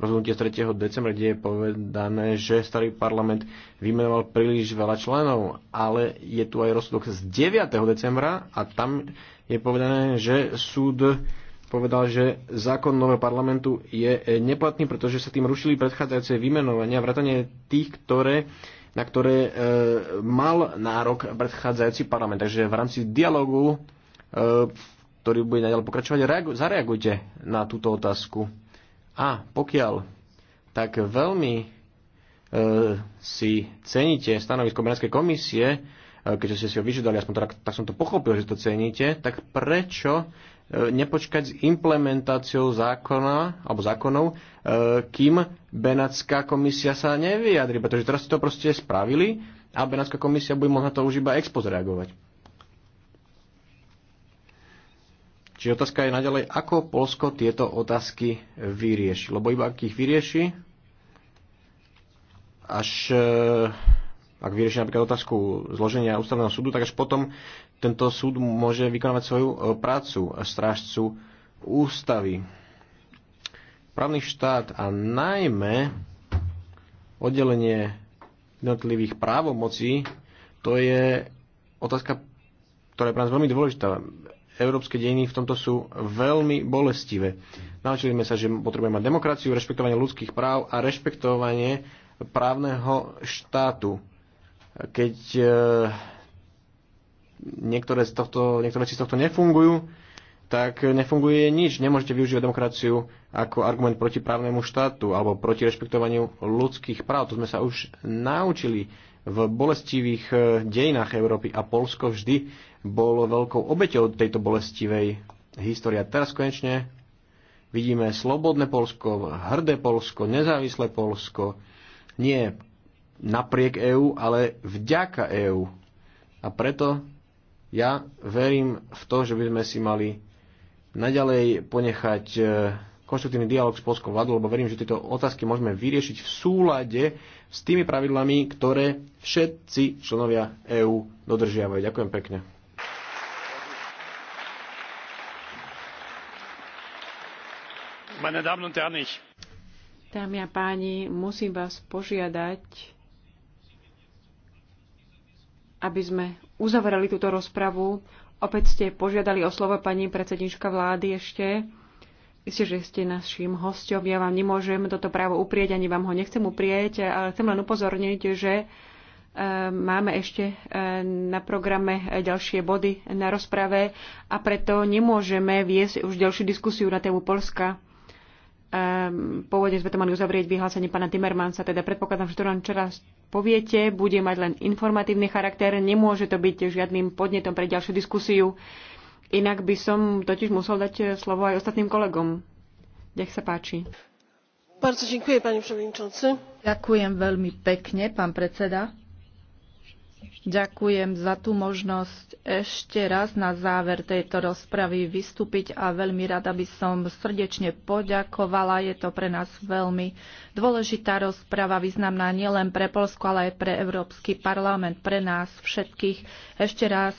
rozhodnutie 3. decembra, kde je povedané, že starý parlament vymenoval príliš veľa členov, ale je tu aj rozsudok z 9. decembra a tam je povedané, že súd povedal, že zákon nového parlamentu je e, neplatný, pretože sa tým rušili predchádzajúce vymenovania, vrátanie tých, ktoré, na ktoré e, mal nárok predchádzajúci parlament. Takže v rámci dialogu, e, ktorý bude naďalej pokračovať, reagu- zareagujte na túto otázku. A pokiaľ tak veľmi e, si ceníte stanovisko Benátskej komisie, e, keďže ste si ho vyžadali, aspoň teda, tak som to pochopil, že to ceníte, tak prečo E, nepočkať s implementáciou zákona alebo zákonov, e, kým Benátska komisia sa nevyjadri, pretože teraz si to proste spravili a Benátska komisia bude mohla na to už iba expoz reagovať. Čiže otázka je naďalej, ako Polsko tieto otázky vyrieši. Lebo iba ak ich vyrieši, až e, ak vyrieši napríklad otázku zloženia ústavného súdu, tak až potom tento súd môže vykonávať svoju e, prácu e, strážcu ústavy. Právny štát a najmä oddelenie jednotlivých právomocí, to je otázka, ktorá je pre nás veľmi dôležitá. Európske dejiny v tomto sú veľmi bolestivé. Naučili sme sa, že potrebujeme mať demokraciu, rešpektovanie ľudských práv a rešpektovanie právneho štátu. Keď e, niektoré, z tohto, niektoré veci z tohto nefungujú, tak nefunguje nič. Nemôžete využívať demokraciu ako argument proti právnemu štátu alebo proti rešpektovaniu ľudských práv. To sme sa už naučili v bolestivých eh, dejinách Európy a Polsko vždy bolo veľkou obeťou tejto bolestivej histórie. teraz konečne vidíme slobodné Polsko, hrdé Polsko, nezávislé Polsko. Nie napriek EÚ, ale vďaka EÚ. A preto ja verím v to, že by sme si mali naďalej ponechať e, konštruktívny dialog s polskou vládou, lebo verím, že tieto otázky môžeme vyriešiť v súlade s tými pravidlami, ktoré všetci členovia EÚ dodržiavajú. Ďakujem pekne. Meine Damen und Herren, Dámy a páni, musím vás požiadať, aby sme uzavreli túto rozpravu. Opäť ste požiadali o slovo pani predsednička vlády ešte. Isté, že ste našim hostom. Ja vám nemôžem toto právo uprieť, ani vám ho nechcem uprieť, ale chcem len upozorniť, že e, máme ešte e, na programe e, ďalšie body na rozprave a preto nemôžeme viesť už ďalšiu diskusiu na tému Polska. Um, pôvodne sme to mali uzavrieť vyhlásenie pána Timmermansa, teda predpokladám, že to nám čoraz poviete, bude mať len informatívny charakter, nemôže to byť žiadnym podnetom pre ďalšiu diskusiu. Inak by som totiž musel dať slovo aj ostatným kolegom. Nech sa páči. Bardzo dziękuję, panie przewodniczący. Ďakujem veľmi pekne, pán predseda. Ďakujem za tú možnosť ešte raz na záver tejto rozpravy vystúpiť a veľmi rada by som srdečne poďakovala. Je to pre nás veľmi dôležitá rozprava, významná nielen pre Polsku, ale aj pre Európsky parlament, pre nás všetkých. Ešte raz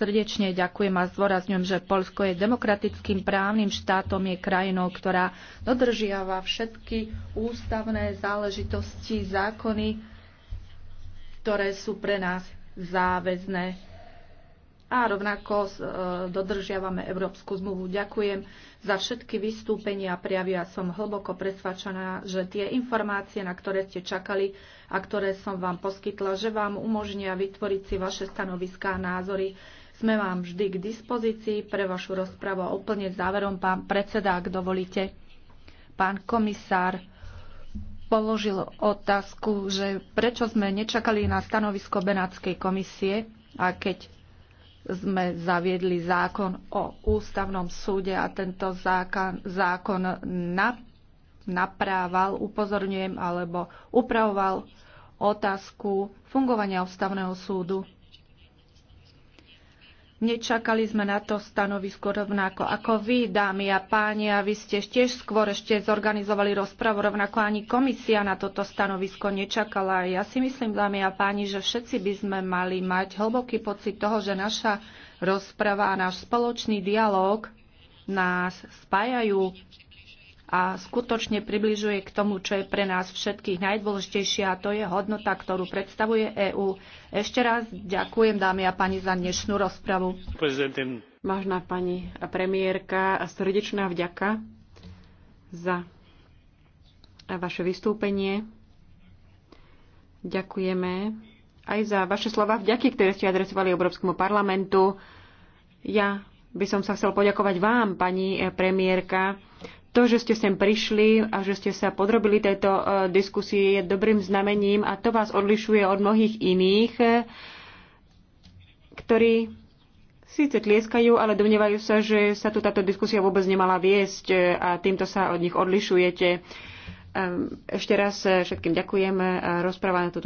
srdečne ďakujem a zdôrazňujem, že Polsko je demokratickým právnym štátom, je krajinou, ktorá dodržiava všetky ústavné záležitosti, zákony ktoré sú pre nás záväzné. A rovnako e, dodržiavame Európsku zmluvu. Ďakujem za všetky vystúpenia a prejavy a som hlboko presvedčená, že tie informácie, na ktoré ste čakali a ktoré som vám poskytla, že vám umožnia vytvoriť si vaše stanoviská a názory, sme vám vždy k dispozícii pre vašu rozpravu a úplne záverom, pán predseda, ak dovolíte. Pán komisár, položil otázku, že prečo sme nečakali na stanovisko Benátskej komisie a keď sme zaviedli zákon o ústavnom súde a tento zákon, zákon naprával, upozorňujem, alebo upravoval otázku fungovania ústavného súdu. Nečakali sme na to stanovisko rovnako ako vy, dámy a páni, a vy ste tiež skôr ešte zorganizovali rozpravu, rovnako ani komisia na toto stanovisko nečakala. Ja si myslím, dámy a páni, že všetci by sme mali mať hlboký pocit toho, že naša rozprava a náš spoločný dialog nás spájajú a skutočne približuje k tomu, čo je pre nás všetkých najdôležitejšie a to je hodnota, ktorú predstavuje EÚ. Ešte raz ďakujem dámy a pani za dnešnú rozpravu. Možná Vážna pani premiérka, srdečná vďaka za vaše vystúpenie. Ďakujeme aj za vaše slova vďaky, ktoré ste adresovali Európskemu parlamentu. Ja by som sa chcel poďakovať vám, pani premiérka, to, že ste sem prišli a že ste sa podrobili tejto e, diskusii, je dobrým znamením a to vás odlišuje od mnohých iných, e, ktorí síce tlieskajú, ale domnievajú sa, že sa tu táto diskusia vôbec nemala viesť e, a týmto sa od nich odlišujete. Ešte raz všetkým ďakujem. Rozpráva na toto.